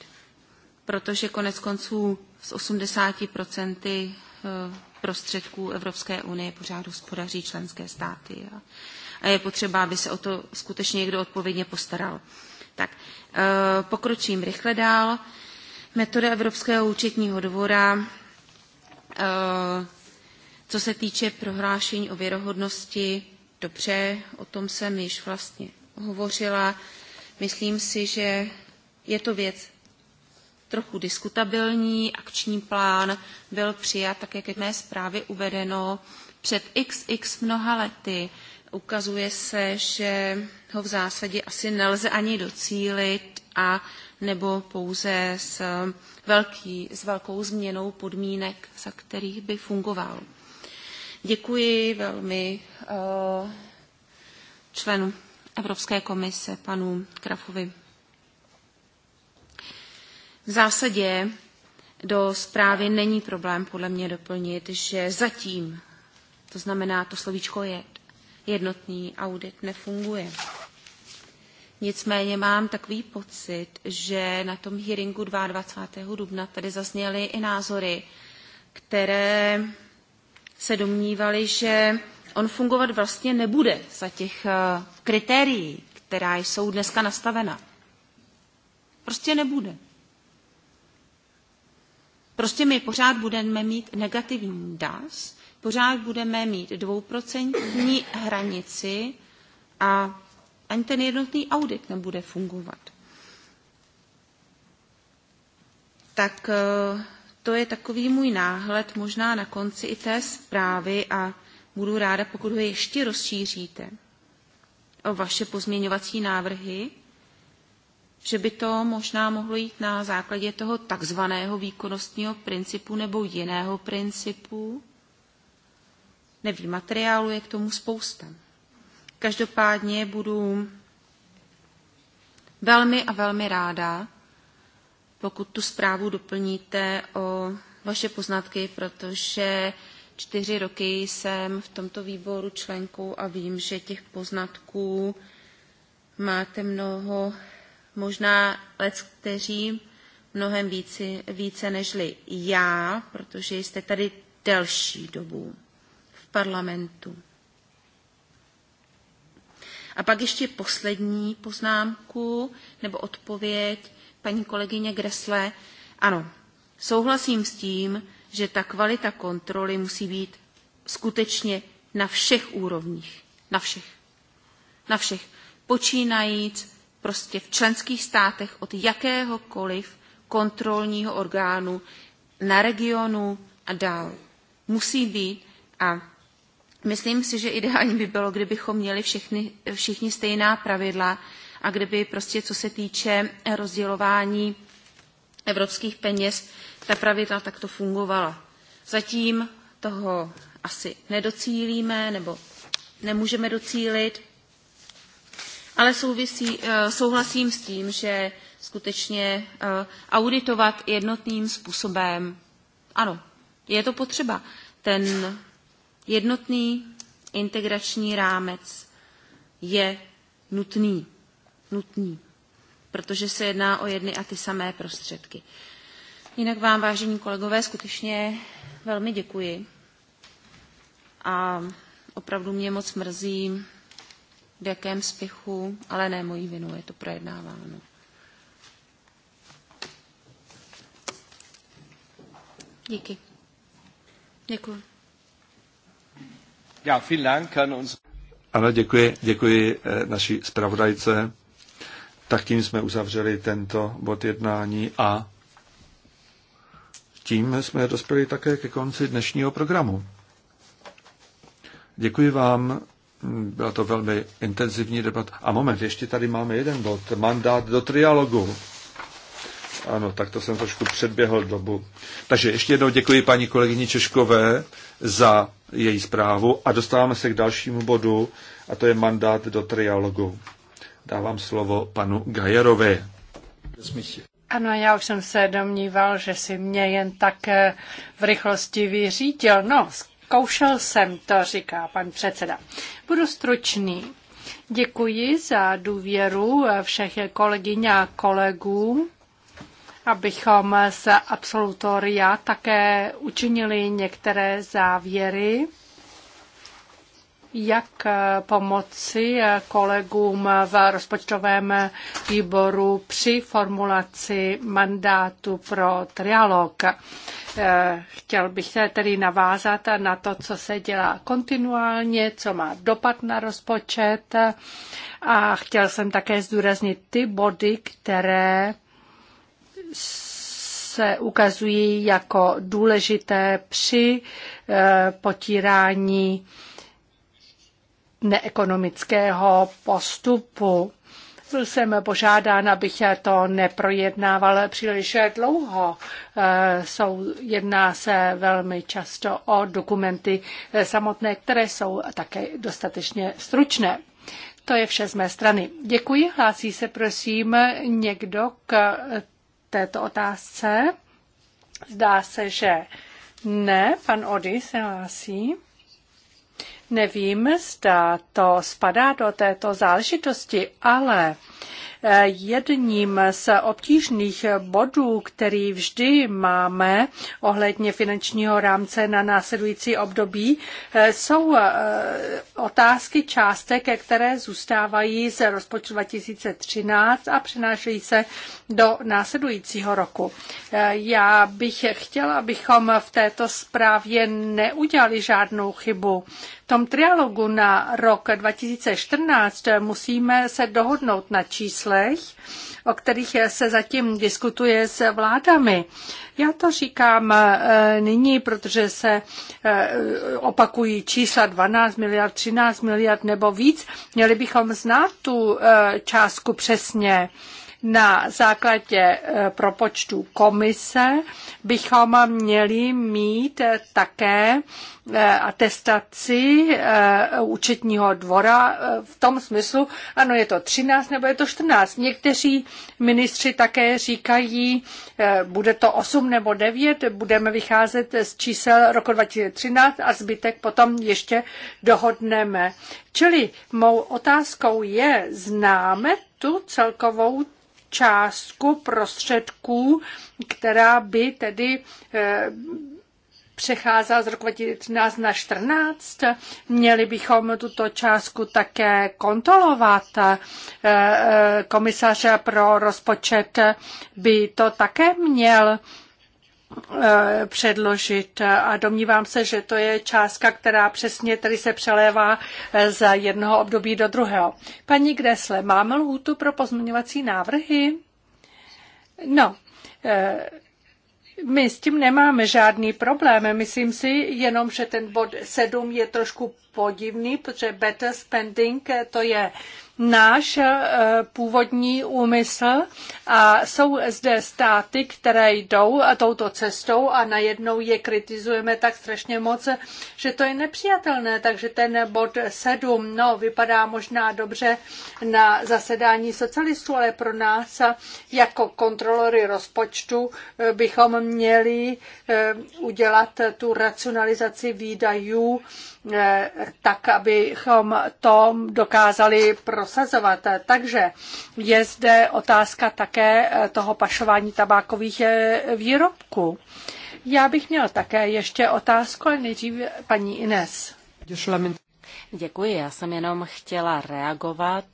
Protože konec konců z 80% eh, prostředků Evropské unie pořád hospodaří členské státy. A je potřeba, aby se o to skutečně někdo odpovědně postaral. Tak, eh, pokročím rychle dál. Metoda Evropského účetního dvora, eh, co se týče prohlášení o věrohodnosti, dobře, o tom jsem již vlastně hovořila. Myslím si, že je to věc trochu diskutabilní. Akční plán byl přijat, tak jak je v mé zprávě uvedeno, před xx mnoha lety. Ukazuje se, že ho v zásadě asi nelze ani docílit a nebo pouze s, velký, s velkou změnou podmínek, za kterých by fungoval. Děkuji velmi eh, členům Evropské komise, panu Krafovi. V zásadě do zprávy není problém podle mě doplnit, že zatím, to znamená to slovíčko je, jednotný audit nefunguje. Nicméně mám takový pocit, že na tom hearingu 22. dubna tady zazněly i názory, které se domnívali, že on fungovat vlastně nebude za těch eh, kritérií, která jsou dneska nastavena. Prostě nebude. Prostě my pořád budeme mít negativní DAS, pořád budeme mít dvouprocentní hranici a ani ten jednotný audit nebude fungovat. Tak eh, to je takový můj náhled možná na konci i té zprávy a budu ráda, pokud ho ještě rozšíříte o vaše pozměňovací návrhy, že by to možná mohlo jít na základě toho takzvaného výkonnostního principu nebo jiného principu. Nevím, materiálu je k tomu spousta. Každopádně budu velmi a velmi ráda, pokud tu zprávu doplníte o vaše poznatky, protože čtyři roky jsem v tomto výboru členkou a vím, že těch poznatků máte mnoho, možná lec, kteří mnohem více, více nežli já, protože jste tady delší dobu v parlamentu. A pak ještě poslední poznámku nebo odpověď paní kolegyně Gresle. Ano, souhlasím s tím, že ta kvalita kontroly musí být skutečně na všech úrovních. Na všech. Na všech. Počínajíc prostě v členských státech od jakéhokoliv kontrolního orgánu na regionu a dál. Musí být a myslím si, že ideální by bylo, kdybychom měli všechny, všichni stejná pravidla a kdyby prostě co se týče rozdělování evropských peněz ta pravidla takto fungovala. Zatím toho asi nedocílíme nebo nemůžeme docílit, ale souvisí, eh, souhlasím s tím, že skutečně eh, auditovat jednotným způsobem, ano, je to potřeba. Ten jednotný integrační rámec je nutný, nutný, protože se jedná o jedny a ty samé prostředky. Jinak vám, vážení kolegové, skutečně velmi děkuji. A opravdu mě moc mrzí, v jakém spěchu, ale ne mojí vinu, je to projednáváno. Díky. Děkuji. Ja, vielen Dank Ano, děkuji, děkuji eh, naší zpravodajce. Tak tím jsme uzavřeli tento bod jednání a tím jsme dospěli také ke konci dnešního programu. Děkuji vám. Byla to velmi intenzivní debata. A moment, ještě tady máme jeden bod. Mandát do trialogu. Ano, tak to jsem trošku předběhl dobu. Takže ještě jednou děkuji paní kolegyni Češkové za její zprávu a dostáváme se k dalšímu bodu a to je mandát do trialogu. Dávám slovo panu Gajerovi. Ano, já už jsem se domníval, že si mě jen tak eh, v rychlosti vyřídil. No, zkoušel jsem to, říká pan předseda. Budu stručný. Děkuji za důvěru eh, všech kolegyň a kolegů, abychom z absolutoria také učinili některé závěry jak eh, pomoci eh, kolegům v rozpočtovém výboru při formulaci mandátu pro trialog. Eh, chtěl bych se tedy navázat na to, co se dělá kontinuálně, co má dopad na rozpočet a chtěl jsem také zdůraznit ty body, které se ukazují jako důležité při potírání neekonomického postupu. Byl jsem požádán, abych to neprojednával příliš dlouho. Eh, jsou, jedná se velmi často o dokumenty eh, samotné, které jsou také dostatečně stručné. To je vše z mé strany. Děkuji. Hlásí se prosím někdo k této otázce? Zdá se, že ne. Pan Ody se hlásí. Nevím, zda to spadá do této záležitosti, ale Jedním z obtížných bodů, který vždy máme ohledně finančního rámce na následující období, jsou eh, otázky částek, které zůstávají z rozpočtu 2013 a přenášejí se do následujícího roku. Eh, já bych chtěla, abychom v této zprávě neudělali žádnou chybu. V tom trialogu na rok 2014 musíme se dohodnout na čísle číslech, o kterých se zatím diskutuje s vládami. Já to říkám eh, nyní, protože se eh, opakují čísla 12 miliard, 13 miliard nebo víc. Měli bychom znát tu eh, částku přesně na základě propočtu komise bychom měli mít také Eh, atestaci eh, účetního dvora eh, v tom smyslu, ano, je to 13 nebo je to 14. Někteří ministři také říkají, bude to 8 nebo 9, budeme vycházet z čísel roku 2013 a zbytek potom ještě dohodneme. Čili mou otázkou je, známe tu celkovou částku prostředků, která by tedy přecházela z roku 2013 na 14. Měli bychom tuto částku také kontrolovat. Eh, eh, komisař pro rozpočet by to také měl eh, předložit a domnívám se, že to je částka, která přesně tady se přelévá z jednoho období do druhého. Paní Gresle, máme lhůtu pro pozměňovací návrhy? No, my s tím nemáme žádný problém. Myslím si jenom, že ten bod 7 je trošku podivný, protože better spending to je náš eh, původní úmysl a jsou zde státy, které jdou touto cestou a najednou je kritizujeme tak strašně moc, že to je nepřijatelné. Takže ten bod 7, no, vypadá možná dobře na zasedání socialistů, ale pro nás jako kontrolory rozpočtu eh, bychom měli eh, udělat tu racionalizaci výdajů tak, abychom to dokázali pro prosazovat. Takže je zde otázka také toho pašování tabákových eh, výrobků. Já bych měl také ještě otázku, ale nejdřív paní Ines. Děkuji, já jsem jenom chtěla reagovat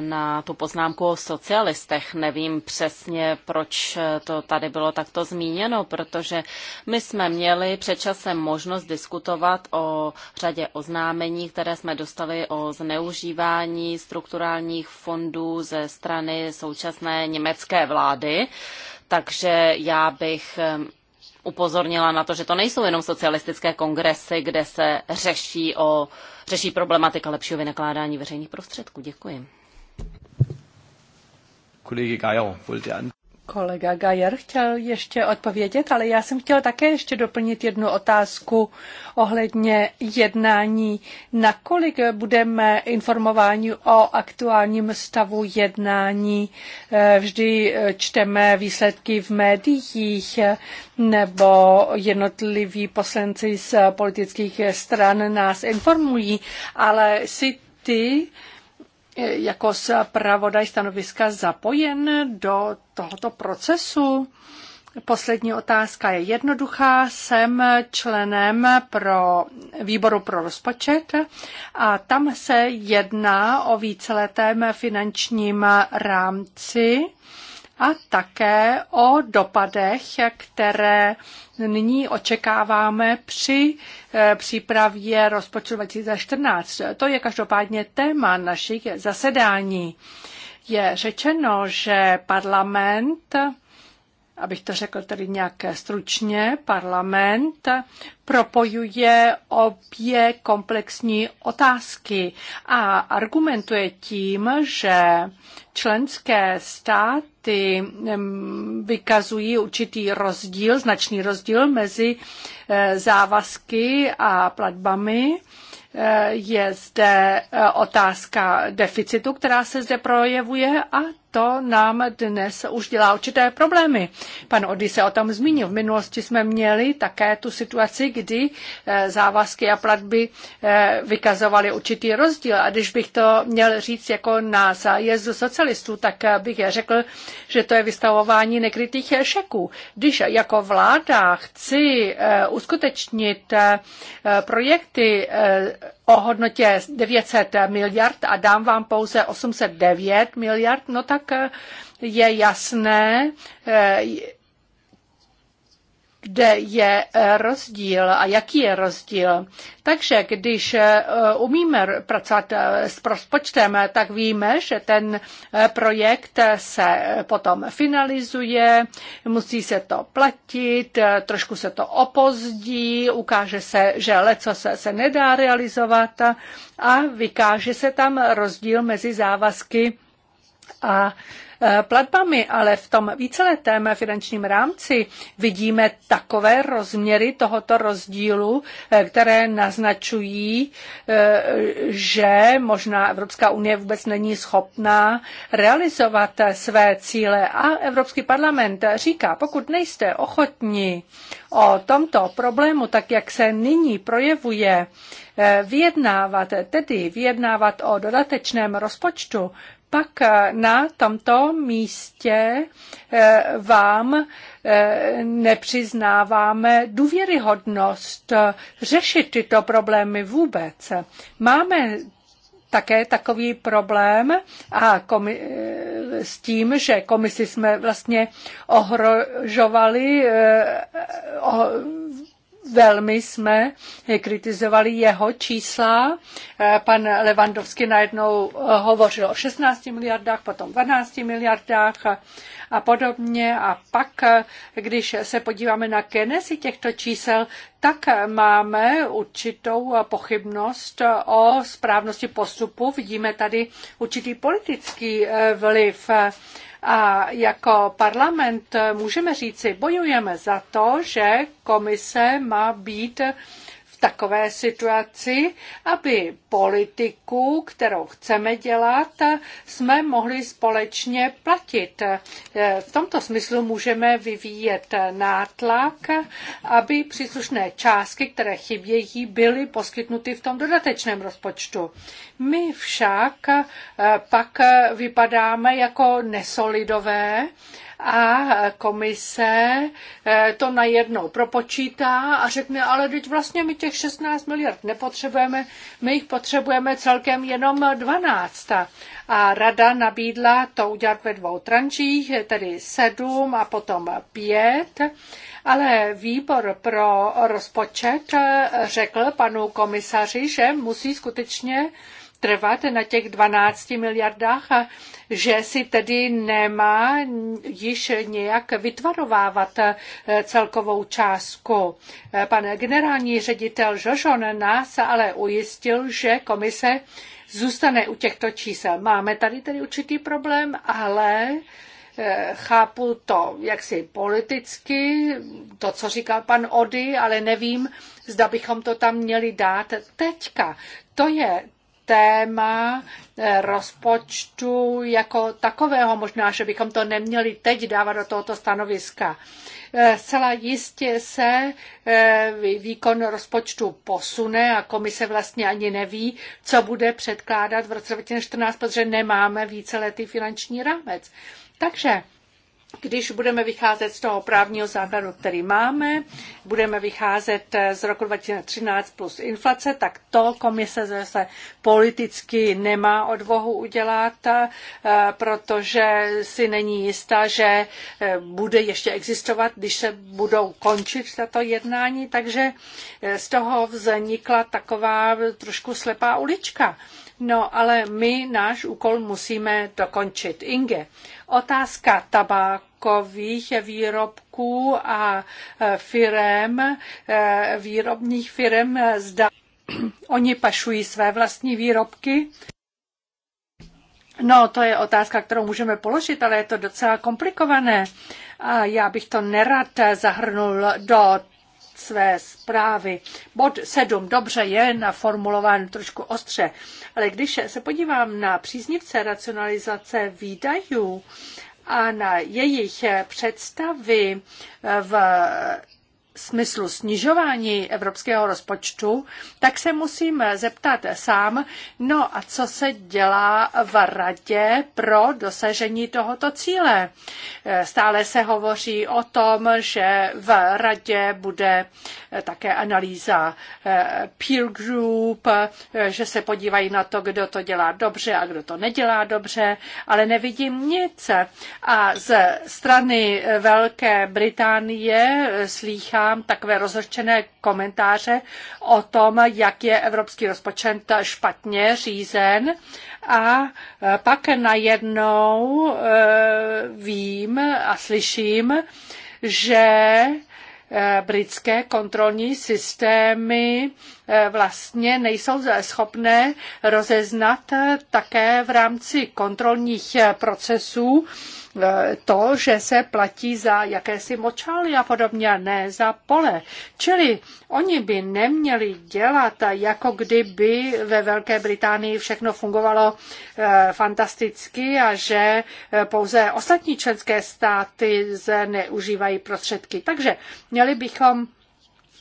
na tu poznámku o socialistech. Nevím přesně, proč to tady bylo takto zmíněno, protože my jsme měli před časem možnost diskutovat o řadě oznámení, které jsme dostali o zneužívání strukturálních fondů ze strany současné německé vlády. Takže já bych upozornila na to, že to nejsou jenom socialistické kongresy, kde se řeší, o, řeší problematika lepšího vynakládání veřejných prostředků. Děkuji. Kolega Geier wollte an. Kolega Gajer chtěl ještě odpovědět, ale já jsem chtěla také ještě doplnit jednu otázku ohledně jednání. Nakolik budeme informováni o aktuálním stavu jednání? Eh, vždy eh, čteme výsledky v médiích eh, nebo jednotliví poslanci z politických stran nás informují, ale si ty jako zpravodaj stanoviska zapojen do tohoto procesu? Poslední otázka je jednoduchá. Jsem členem pro výboru pro rozpočet a tam se jedná o víceletém finančním rámci a také o dopadech, které nyní očekáváme při eh, přípravě rozpočtu 2014. To je každopádně téma našich zasedání. Je řečeno, že parlament abych to řekl tedy nějak stručně, parlament propojuje obě komplexní otázky a argumentuje tím, že členské státy vykazují určitý rozdíl, značný rozdíl mezi eh, závazky a platbami eh, je zde eh, otázka deficitu, která se zde projevuje a to nám dnes už dělá určité problémy. Pan Ody se o tom zmínil. V minulosti jsme měli také tu situaci, kdy eh, závazky a platby eh, vykazovaly určitý rozdíl. A když bych to měl říct jako na zájezdu socialistů, tak eh, bych řekl, že to je vystavování nekrytých šeků. Když jako vláda chci uskutečnit projekty o hodnotě 900 miliard a dám vám pouze 809 miliard, no tak je jasné, eh, kde je eh, rozdíl a jaký je rozdíl. Takže když eh, umíme pracovat eh, s rozpočtem, tak víme, že ten projekt se potom finalizuje, musí se to platit, trošku se to opozdí, ukáže se, že leco se, se nedá realizovat a vykáže se tam rozdíl mezi závazky a e, platbami, ale v tom víceletém finančním rámci vidíme takové rozměry tohoto rozdílu, e, které naznačují, e, že možná Evropská unie vůbec není schopná realizovat své cíle a Evropský parlament říká, pokud nejste ochotni o tomto problému, tak jak se nyní projevuje, vyjednávat, tedy vyjednávat o dodatečném rozpočtu, pak eh, na tomto místě eh, vám eh, nepřiznáváme důvěryhodnost řešit tyto problémy vůbec. Máme také takový problém a komi- s tím, že komisi jsme vlastně ohrožovali eh, Velmi jsme kritizovali jeho čísla. Eh, pan Levandovský najednou eh, hovořil o 16 miliardách, potom 12 miliardách a podobně. A pak, eh, když se podíváme na Kenesi těchto čísel, tak máme určitou pochybnost o správnosti postupu. Vidíme tady určitý politický vliv a jako parlament můžeme říci, bojujeme za to, že komise má být takové situaci, aby politiku, kterou chceme dělat, jsme mohli společně platit. Eh, v tomto smyslu můžeme vyvíjet nátlak, aby příslušné částky, které chybějí, byly poskytnuty v tom dodatečném rozpočtu. My však eh, pak vypadáme jako nesolidové, a komise eh, to najednou propočítá a řekne, ale teď vlastně my těch 16 miliard nepotřebujeme, my jich potřebujeme celkem jenom 12. A rada nabídla to udělat ve dvou trančích, tedy 7 a potom 5, ale výbor pro rozpočet řekl panu komisaři, že musí skutečně trvat na těch 12 miliardách a že si tedy nemá již nějak vytvarovávat eh, celkovou částku. Eh, pan generální ředitel Žožon nás ale ujistil, že komise zůstane u těchto čísel. Máme tady tedy určitý problém, ale eh, chápu to jaksi politicky, to, co říkal pan Ody, ale nevím, zda bychom to tam měli dát teďka. To je téma eh, rozpočtu jako takového. Možná, že bychom to neměli teď dávat do tohoto stanoviska. Eh, zcela jistě se eh, výkon rozpočtu posune a komise vlastně ani neví, co bude předkládat v roce 2014, protože nemáme víceletý finanční rámec. Takže když budeme vycházet z toho právního základu, který máme, budeme vycházet z roku 2013 plus inflace, tak to komise zase politicky nemá odvohu udělat, eh, protože si není jistá, že eh, bude ještě existovat, když se budou končit tato jednání, takže eh, z toho vznikla taková trošku slepá ulička. No, ale my náš úkol musíme dokončit. Inge, Otázka tabákových výrobků a e, firem, e, výrobních firem, zda oni pašují své vlastní výrobky. No, to je otázka, kterou můžeme položit, ale je to docela komplikované. Já bych to nerad zahrnul do své zprávy. Bod 7 dobře je naformulován trošku ostře, ale když se podívám na příznivce racionalizace výdajů a na jejich představy v smyslu snižování evropského rozpočtu, tak se musím zeptat sám, no a co se dělá v radě pro dosažení tohoto cíle? Stále se hovoří o tom, že v radě bude také analýza eh, peer group, eh, že se podívají na to, kdo to dělá dobře a kdo to nedělá dobře, ale nevidím nic. A ze strany Velké Británie slýchá, dělám takové rozhořčené komentáře o tom, jak je evropský rozpočet špatně řízen a e, pak najednou e, vím a slyším, že e, britské kontrolní systémy vlastně nejsou schopné rozeznat také v rámci kontrolních procesů Eh, to, že se platí za jakési močály a podobně, ne za pole. Čili oni by neměli dělat, jako kdyby ve Velké Británii všechno fungovalo eh, fantasticky a že eh, pouze ostatní členské státy zneužívají prostředky. Takže měli bychom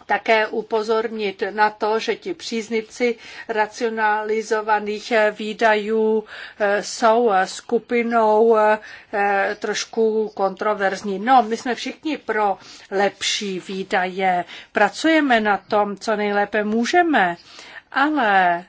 také upozornit na to, že ti příznivci racionalizovaných výdajů eh, jsou eh, skupinou eh, trošku kontroverzní. No, my jsme všichni pro lepší výdaje. Pracujeme na tom, co nejlépe můžeme, ale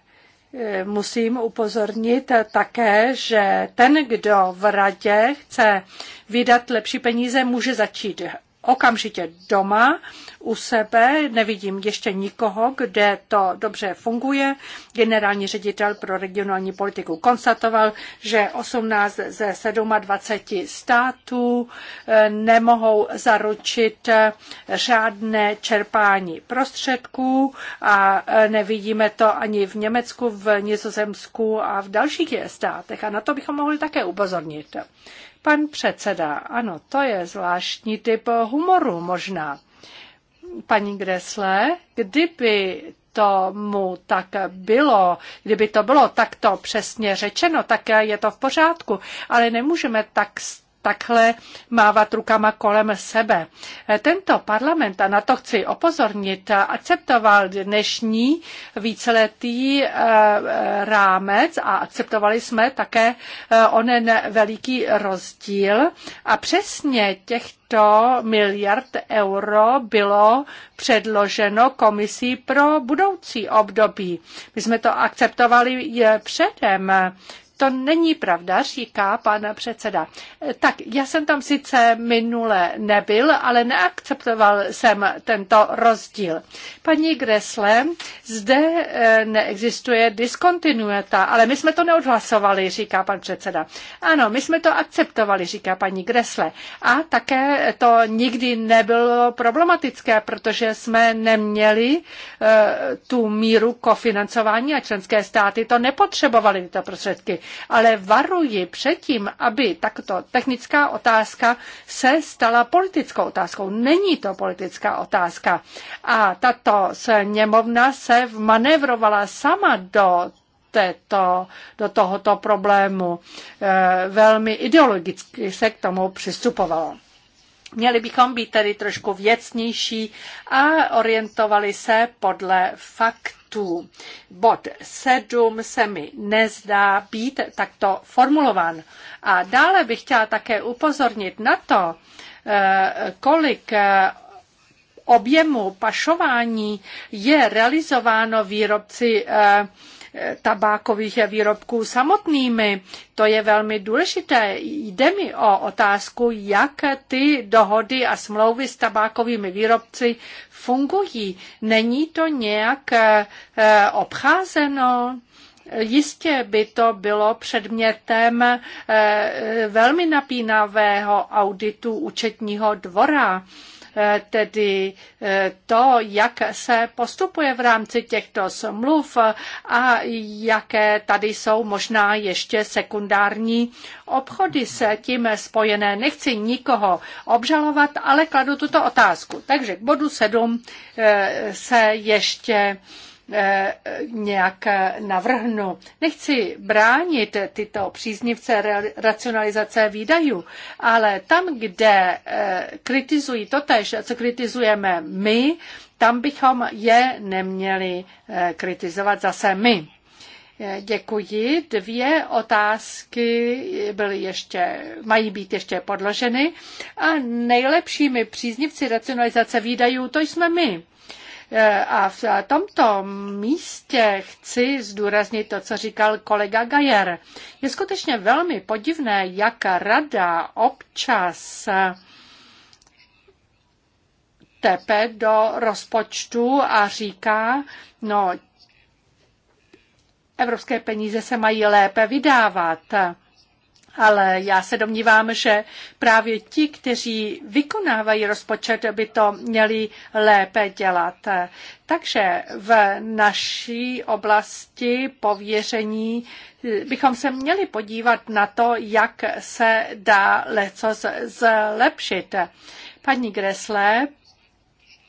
musím upozornit také, že ten, kdo v radě chce vydat lepší peníze, může začít okamžitě doma u sebe. Nevidím ještě nikoho, kde to dobře funguje. Generální ředitel pro regionální politiku konstatoval, že 18 ze 27 států eh, nemohou zaručit řádné eh, čerpání prostředků a eh, nevidíme to ani v Německu, v Nizozemsku a v dalších státech. A na to bychom mohli také upozornit. Pan předseda, ano, to je zvláštní typ humoru možná. Paní Gresle, kdyby tomu tak bylo, kdyby to bylo takto přesně řečeno, tak je to v pořádku, ale nemůžeme tak takhle mávat rukama kolem sebe. Tento parlament, a na to chci opozornit, akceptoval dnešní víceletý eh, rámec a akceptovali jsme také eh, onen veliký rozdíl a přesně těch to miliard euro bylo předloženo komisí pro budoucí období. My jsme to akceptovali eh, předem. To není pravda, říká pan předseda. Tak, já jsem tam sice minule nebyl, ale neakceptoval jsem tento rozdíl. Paní Gresle, zde eh, neexistuje diskontinuita, ale my jsme to neodhlasovali, říká pan předseda. Ano, my jsme to akceptovali, říká paní Gresle. A také to nikdy nebylo problematické, protože jsme neměli eh, tu míru kofinancování a členské státy to nepotřebovaly, tyto prostředky ale varuji před tím, aby takto technická otázka se stala politickou otázkou. Není to politická otázka. A tato sněmovna se vmanévrovala sama do této, do tohoto problému. Eh, velmi ideologicky se k tomu přistupovalo. Měli bychom být tedy trošku věcnější a orientovali se podle faktů. Bod 7 se mi nezdá být takto formulovan. A dále bych chtěla také upozornit na to, eh, kolik eh, objemu pašování je realizováno výrobci eh, tabákových výrobků samotnými. To je velmi důležité. Jde mi o otázku, jak ty dohody a smlouvy s tabákovými výrobci fungují. Není to nějak eh, obcházeno? Jistě by to bylo předmětem eh, velmi napínavého auditu účetního dvora Eh, tedy eh, to, jak se postupuje v rámci těchto smluv a jaké tady jsou možná ještě sekundární obchody se tím spojené. Nechci nikoho obžalovat, ale kladu tuto otázku. Takže k bodu sedm eh, se ještě Eh, nějak navrhnu. Nechci bránit tyto příznivce racionalizace výdajů, ale tam, kde eh, kritizují totež, co kritizujeme my, tam bychom je neměli eh, kritizovat zase my. Děkuji. Dvě otázky byly ještě, mají být ještě podloženy. A nejlepšími příznivci racionalizace výdajů, to jsme my. E, a v tomto místě chci zdůraznit to, co říkal kolega Gajer. Je skutečně velmi podivné, jak rada občas tepe do rozpočtu a říká, no, evropské peníze se mají lépe vydávat ale já se domnívám, že právě ti, kteří vykonávají rozpočet, by to měli lépe dělat. Takže v naší oblasti pověření eh, bychom se měli podívat na to, jak se dá leco zlepšit. Paní Gresle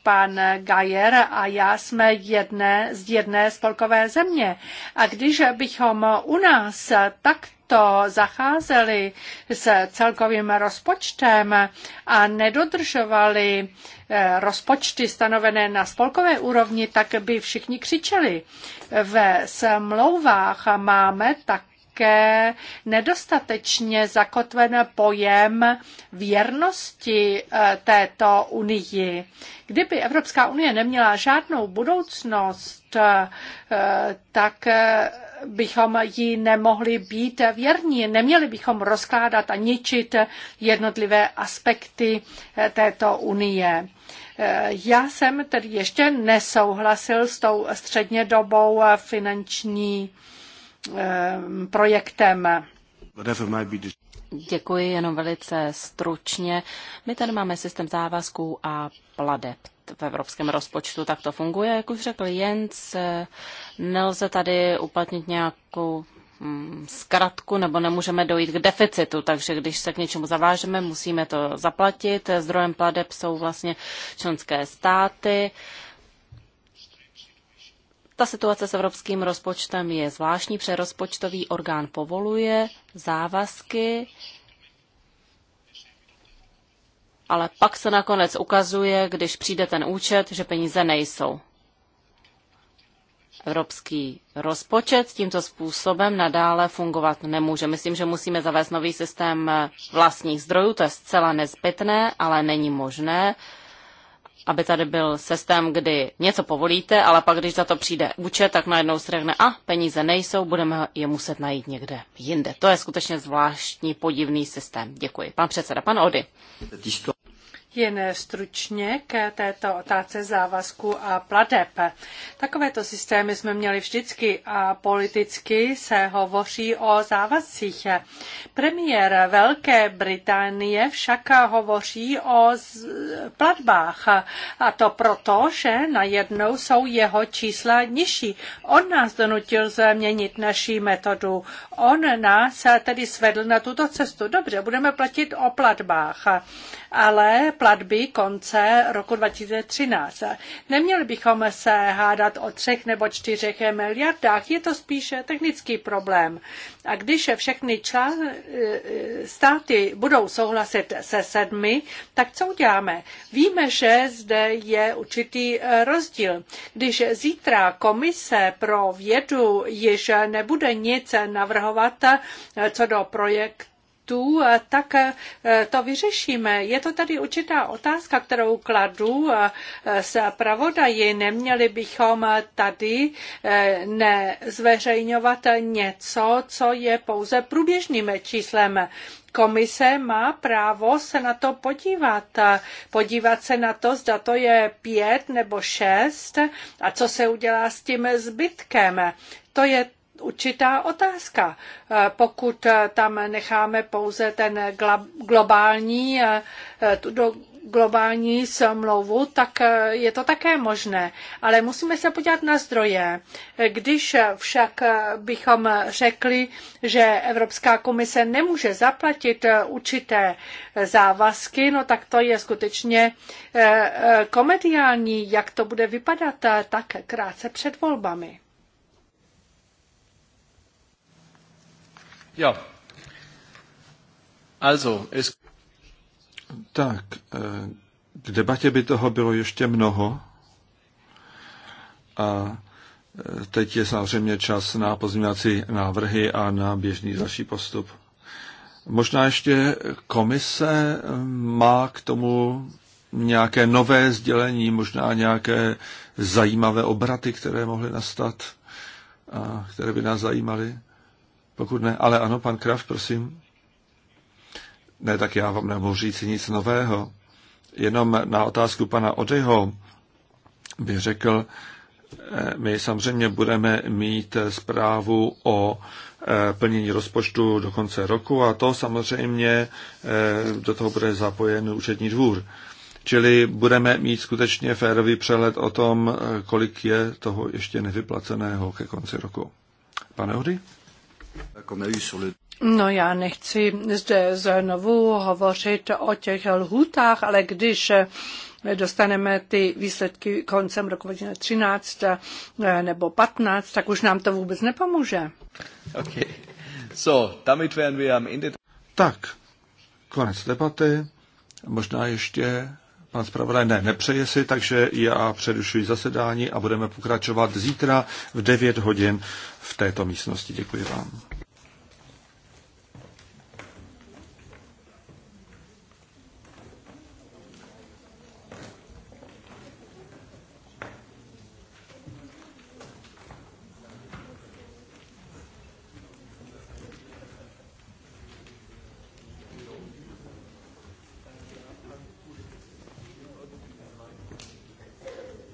pan Gajer a já jsme jedné z jedné spolkové země. A když bychom u nás tak takto zacházeli s celkovým rozpočtem a nedodržovali eh, rozpočty stanovené na spolkové úrovni, tak by všichni křičeli. Ve smlouvách máme tak také nedostatečně zakotven pojem věrnosti eh, této unii. Kdyby Evropská unie neměla žádnou budoucnost, eh, tak bychom ji nemohli být věrní. Neměli bychom rozkládat a ničit jednotlivé aspekty eh, této unie. Eh, já jsem tedy ještě nesouhlasil s tou střednědobou eh, finanční projektem. Děkuji jenom velice stručně. My tady máme systém závazků a pladeb v evropském rozpočtu, tak to funguje. Jak už řekl Jens, nelze tady uplatnit nějakou mm, zkratku nebo nemůžeme dojít k deficitu, takže když se k něčemu zavážeme, musíme to zaplatit. Zdrojem pladeb jsou vlastně členské státy. Ta situace s evropským rozpočtem je zvláštní, přerozpočtový rozpočtový orgán povoluje závazky, ale pak se nakonec ukazuje, když přijde ten účet, že peníze nejsou. Evropský rozpočet tímto způsobem nadále fungovat nemůže. Myslím, že musíme zavést nový systém vlastních zdrojů, to je zcela nezbytné, ale není možné, aby tady byl systém, kdy něco povolíte, ale pak, když za to přijde účet, tak najednou se řekne, a peníze nejsou, budeme je muset najít někde jinde. To je skutečně zvláštní podivný systém. Děkuji. Pan předseda, pan Ody. Jen stručně k této otázce závazku a pladeb. Takovéto systémy jsme měli vždycky a politicky se hovoří o závazcích. Premiér Velké Británie však hovoří o platbách a to proto, že najednou jsou jeho čísla nižší. On nás donutil změnit naší metodu. On nás tedy svedl na tuto cestu. Dobře, budeme platit o platbách ale platby konce roku 2013. Neměli bychom se hádat o třech nebo čtyřech miliardách, je to spíše technický problém. A když všechny člá... státy budou souhlasit se sedmi, tak co uděláme? Víme, že zde je určitý eh, rozdíl. Když zítra komise pro vědu již nebude nic navrhovat eh, co do projektu, aktů, eh, tak eh, to vyřešíme. Je to tady určitá otázka, kterou kladu z eh, pravodaji. Neměli bychom tady nezveřejňovat něco, co je pouze průběžným číslem. Komise má právo se na to podívat. Podívat se na to, zda to je pět nebo šest a co se udělá s tím zbytkem. To je určitá otázka. Eh, pokud eh, tam necháme pouze ten globální, eh, tu globální smlouvu, tak je to také možné. Ale musíme se podívat na zdroje. Když však bychom řekli, že Evropská komise nemůže zaplatit určité závazky, no tak to je skutečně komediální, jak to bude vypadat tak krátce před volbami. Ja. Also, es... Tak, eh, k debatě by toho bylo ještě mnoho. A eh, teď je samozřejmě čas na pozměňovací návrhy a na běžný další postup. Možná ještě komise eh, má k tomu nějaké nové sdělení, možná nějaké zajímavé obraty, které mohly nastat a které by nás zajímaly. Pokud ne, ale ano, pan Kraft, prosím. Ne, tak já vám nemohu říct nic nového. Jenom na otázku pana Odeho bych řekl, eh, my samozřejmě budeme mít zprávu o eh, plnění rozpočtu do konce roku a to samozřejmě eh, do toho bude zapojen účetní dvůr. Čili budeme mít skutečně férový přehled o tom, kolik je toho ještě nevyplaceného ke konci roku. Pane Hody? No já nechci zde znovu hovořit o těch lhůtách, ale když dostaneme ty výsledky koncem roku 2013 eh, nebo 15, tak už nám to vůbec nepomůže. Okay. So, damit wären wir am Ende... Tak, konec debaty. Možná ještě Pan zpravodaj ne, nepřeje si, takže já přerušuji zasedání a budeme pokračovat zítra v 9 hodin v této místnosti. Děkuji vám.